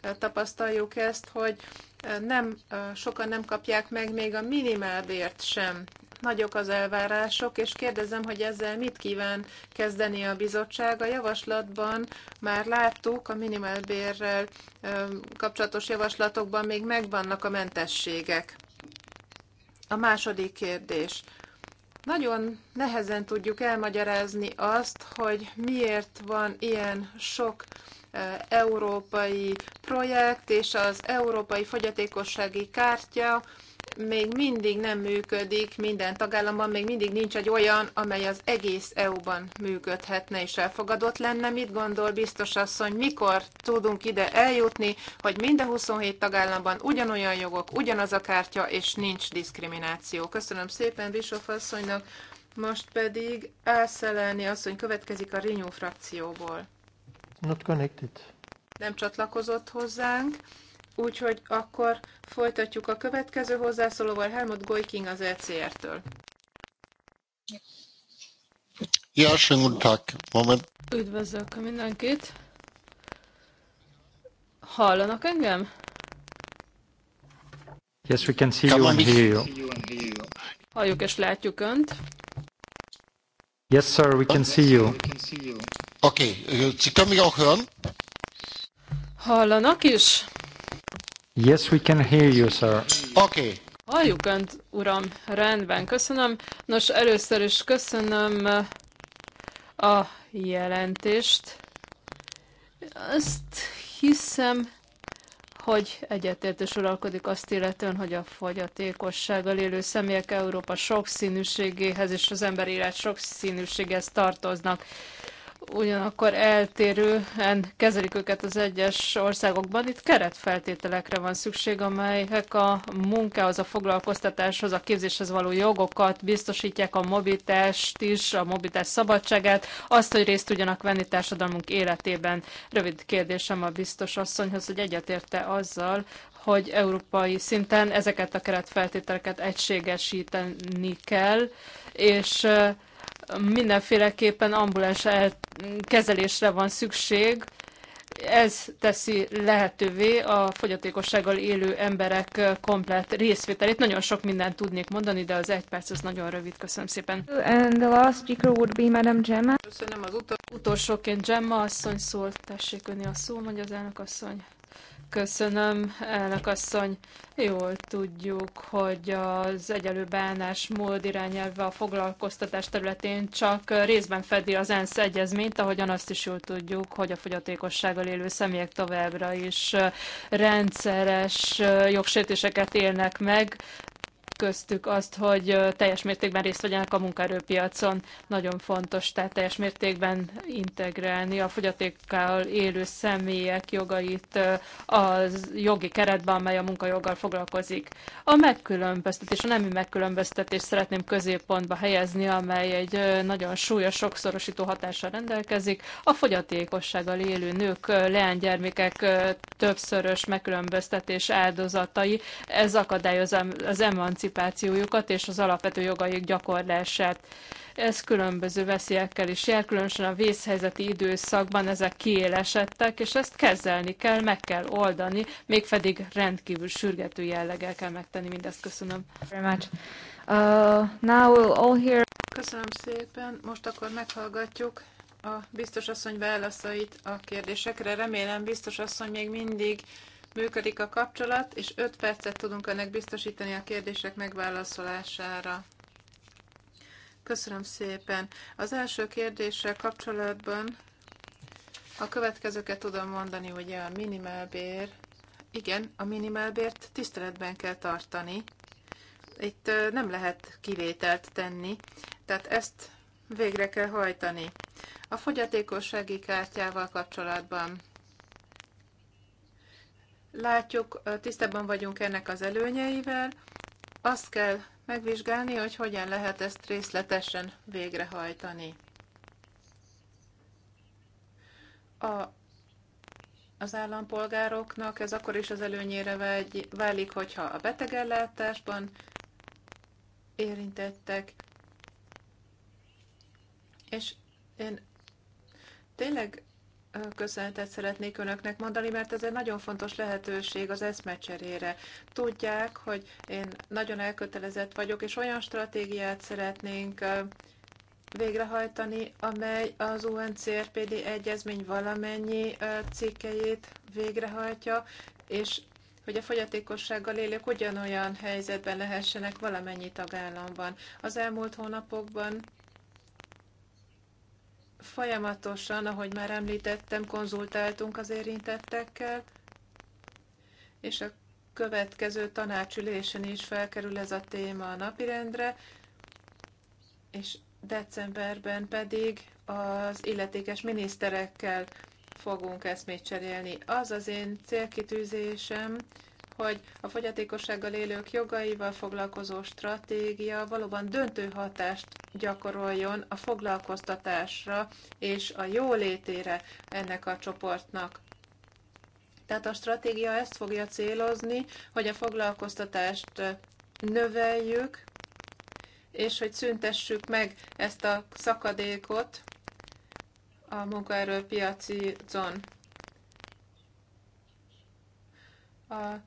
eh, tapasztaljuk ezt, hogy eh, nem, eh, sokan nem kapják meg még a minimálbért sem. Nagyok az elvárások, és kérdezem, hogy ezzel mit kíván kezdeni a bizottság. A javaslatban már láttuk, a minimálbérrel kapcsolatos javaslatokban még megvannak a mentességek. A második kérdés. Nagyon nehezen tudjuk elmagyarázni azt, hogy miért van ilyen sok uh, európai projekt és az európai fogyatékossági kártya még mindig nem működik minden tagállamban, még mindig nincs egy olyan, amely az egész EU-ban működhetne és elfogadott lenne. Mit gondol biztos asszony, mikor tudunk ide eljutni, hogy minden 27 tagállamban ugyanolyan jogok, ugyanaz a kártya, és nincs diszkrimináció. Köszönöm szépen Bischoff asszonynak, most pedig Ászelelni asszony következik a Rinyó frakcióból not connected. Nem csatlakozott hozzánk, úgyhogy akkor folytatjuk a következő hozzászólóval, Helmut Goiking az ECR-től. Ja, schönen guten Tag. Moment. Üdvözlök mindenkit. Hallanak engem? Yes, we can see you and hear you. Halljuk és látjuk Önt. Yes, sir, we can see you. Okay, Sie können mich auch hören? Hallanak is? Yes, we can hear you, sir. Okay. Halljuk Önt, uram. Rendben, köszönöm. Nos, először is köszönöm eh, a jelentést. Azt hiszem, hogy egyetértés uralkodik azt illetően, hogy a fogyatékossággal élő személyek Európa sokszínűségéhez és az emberi élet sokszínűséghez tartoznak ugyanakkor eltérően kezelik őket az egyes országokban. Itt keretfeltételekre van szükség, amelyek a munkához, a foglalkoztatáshoz, a képzéshez való jogokat biztosítják, a mobilitást is, a mobilitás szabadságát, azt, hogy részt tudjanak venni társadalmunk életében. Rövid kérdésem a biztos asszonyhoz, hogy egyetérte azzal, hogy európai szinten ezeket a keretfeltételeket egységesíteni kell, és mindenféleképpen ambuláns kezelésre van szükség. Ez teszi lehetővé a fogyatékossággal élő emberek komplet részvételét. Nagyon sok mindent tudnék mondani, de az egy perc az nagyon rövid. Köszönöm szépen. And the last speaker would be Madam Gemma. Köszönöm az utol- utolsóként Gemma asszony szólt. Tessék önni a szó, mondja az elnök asszony. Köszönöm, elnök asszony. Jól tudjuk, hogy az egyelő bánásmód irányelve a foglalkoztatás területén csak részben fedi az ENSZ egyezményt, ahogyan azt is jól tudjuk, hogy a fogyatékossággal élő személyek továbbra is rendszeres jogsértéseket élnek meg, köztük azt, hogy teljes mértékben részt vegyenek a munkaerőpiacon. Nagyon fontos, tehát teljes mértékben integrálni a fogyatékkal élő személyek jogait a jogi keretben, amely a munkajoggal foglalkozik. A megkülönböztetés, a nemi megkülönböztetés szeretném középpontba helyezni, amely egy nagyon súlyos, sokszorosító hatással rendelkezik. A fogyatékossággal élő nők, leánygyermekek többszörös megkülönböztetés áldozatai, ez akadályozza az emancipációt emancipációjukat és az alapvető jogaik gyakorlását. Ez különböző veszélyekkel is jár, különösen a vészhelyzeti időszakban ezek kiélesedtek, és ezt kezelni kell, meg kell oldani, mégpedig rendkívül sürgető jelleggel kell megtenni mindezt. Köszönöm. Uh, Köszönöm szépen. Most akkor meghallgatjuk a biztos asszony válaszait a kérdésekre. Remélem biztos asszony még mindig működik a kapcsolat, és 5 percet tudunk önnek biztosítani a kérdések megválaszolására. Köszönöm szépen. Az első kérdéssel kapcsolatban a következőket tudom mondani, ugye a minimálbér. Igen, a minimálbért tiszteletben kell tartani. Itt nem lehet kivételt tenni, tehát ezt végre kell hajtani. A fogyatékossági kártyával kapcsolatban látjuk, tisztában vagyunk ennek az előnyeivel. Azt kell megvizsgálni, hogy hogyan lehet ezt részletesen végrehajtani. A, az állampolgároknak ez akkor is az előnyére vágy, válik, hogyha a betegellátásban érintettek. És én tényleg köszönetet szeretnék önöknek mondani, mert ez egy nagyon fontos lehetőség az eszmecserére. Tudják, hogy én nagyon elkötelezett vagyok, és olyan stratégiát szeretnénk végrehajtani, amely az UNCRPD egyezmény valamennyi cikkejét végrehajtja, és hogy a fogyatékossággal élők ugyanolyan helyzetben lehessenek valamennyi tagállamban. Az elmúlt hónapokban Folyamatosan, ahogy már említettem, konzultáltunk az érintettekkel, és a következő tanácsülésen is felkerül ez a téma a napirendre, és decemberben pedig az illetékes miniszterekkel fogunk eszmét cserélni. Az az én célkitűzésem, hogy a fogyatékossággal élők jogaival foglalkozó stratégia valóban döntő hatást gyakoroljon a foglalkoztatásra és a jólétére ennek a csoportnak. Tehát a stratégia ezt fogja célozni, hogy a foglalkoztatást növeljük, és hogy szüntessük meg ezt a szakadékot a munkaerőpiacon. A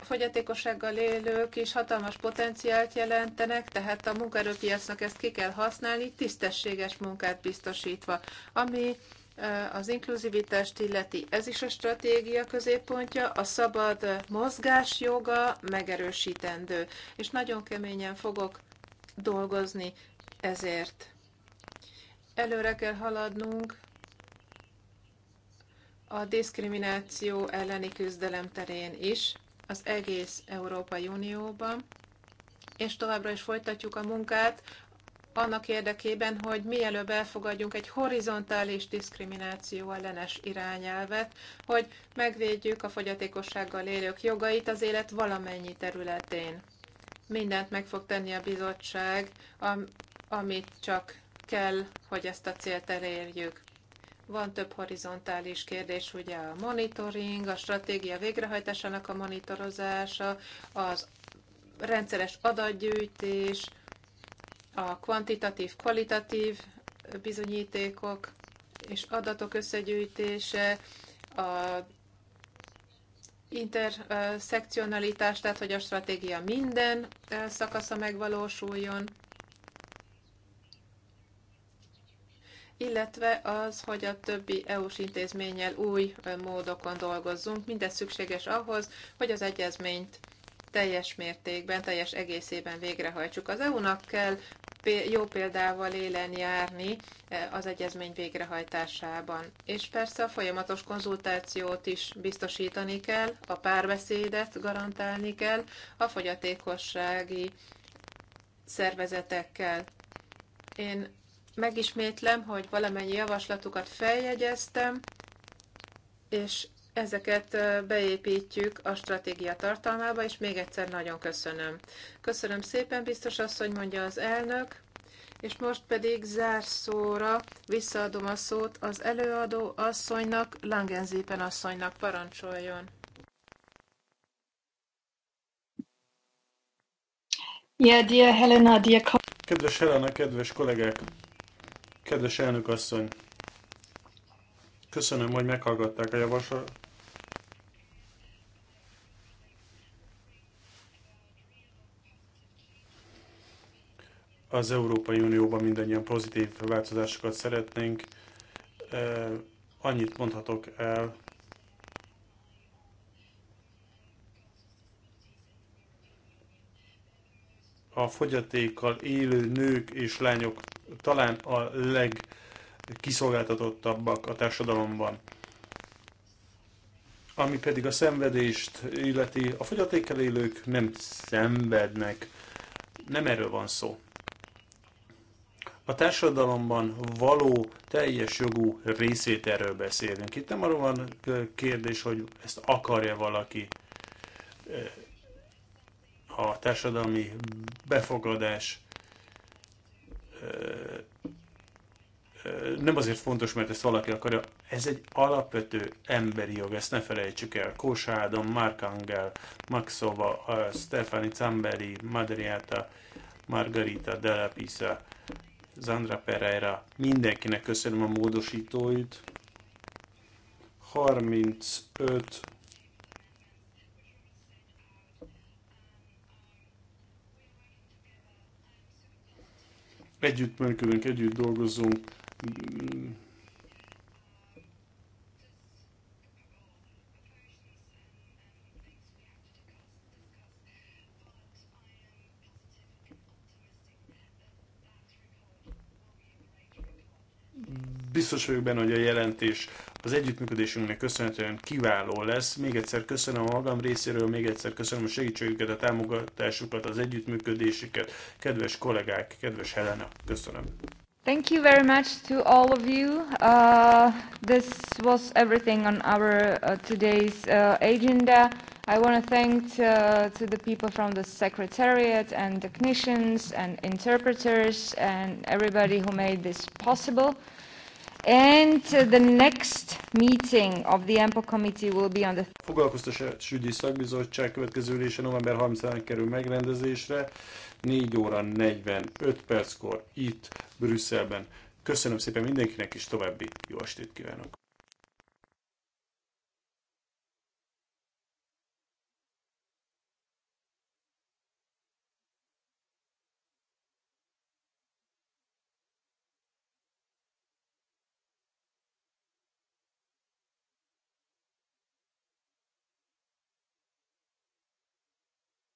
fogyatékossággal élők is hatalmas potenciált jelentenek, tehát a munkaerőpiacnak ezt ki kell használni, tisztességes munkát biztosítva. Ami az inkluzivitást illeti, ez is a stratégia középpontja, a szabad mozgás joga megerősítendő, és nagyon keményen fogok dolgozni ezért. Előre kell haladnunk a diszkrimináció elleni küzdelem terén is az egész Európai Unióban, és továbbra is folytatjuk a munkát annak érdekében, hogy mielőbb elfogadjunk egy horizontális diszkrimináció ellenes irányelvet, hogy megvédjük a fogyatékossággal élők jogait az élet valamennyi területén. Mindent meg fog tenni a bizottság, amit csak kell, hogy ezt a célt elérjük. Van több horizontális kérdés, ugye a monitoring, a stratégia végrehajtásának a monitorozása, az rendszeres adatgyűjtés, a kvantitatív, kvalitatív bizonyítékok és adatok összegyűjtése, a interszekcionalitás, tehát hogy a stratégia minden szakasza megvalósuljon, illetve az, hogy a többi EU-s intézménnyel új módokon dolgozzunk. Mindez szükséges ahhoz, hogy az egyezményt teljes mértékben, teljes egészében végrehajtsuk. Az EU-nak kell jó példával élen járni az egyezmény végrehajtásában. És persze a folyamatos konzultációt is biztosítani kell, a párbeszédet garantálni kell, a fogyatékossági szervezetekkel. Én Megismétlem, hogy valamennyi javaslatukat feljegyeztem, és ezeket beépítjük a stratégia tartalmába, és még egyszer nagyon köszönöm. Köszönöm szépen, biztos asszony, mondja az elnök, és most pedig zárszóra visszaadom a szót az előadó asszonynak, Langenzépen asszonynak parancsoljon. Yeah, dear Helena, dear... Kedves Helena, kedves kollégák! Kedves elnök asszony, köszönöm, hogy meghallgatták a javaslatot. Az Európai Unióban mindannyian pozitív változásokat szeretnénk. Annyit mondhatok el, a fogyatékkal élő nők és lányok talán a legkiszolgáltatottabbak a társadalomban. Ami pedig a szenvedést illeti, a fogyatékkel élők nem szenvednek, nem erről van szó. A társadalomban való teljes jogú erről beszélünk. Itt nem arról van kérdés, hogy ezt akarja valaki eh, a társadalmi befogadás nem azért fontos, mert ezt valaki akarja, ez egy alapvető emberi jog, ezt ne felejtsük el. Kósádon, Mark Angel, Maxova, Stefani Zamberi, Madriata, Margarita Delapisa, Zandra Pereira, mindenkinek köszönöm a módosítóit. 35 együtt működünk, együtt dolgozunk, biztos vagyok benne, hogy a jelentés az együttműködésünknek köszönhetően kiváló lesz. Még egyszer köszönöm a magam részéről, még egyszer köszönöm a segítségüket, a támogatásukat, az együttműködésüket. Kedves kollégák, kedves Helena, köszönöm. Thank you very much to all of you. Uh, this was everything on our uh, today's uh, agenda. I want to thank uh, to the people from the secretariat and technicians and interpreters and everybody who made this possible. And the next meeting of the EMPO A foglalkoztatásügyi szakbizottság következő ülése november 30-án kerül megrendezésre, 4 óra 45 perckor itt Brüsszelben. Köszönöm szépen mindenkinek, és további jó estét kívánok!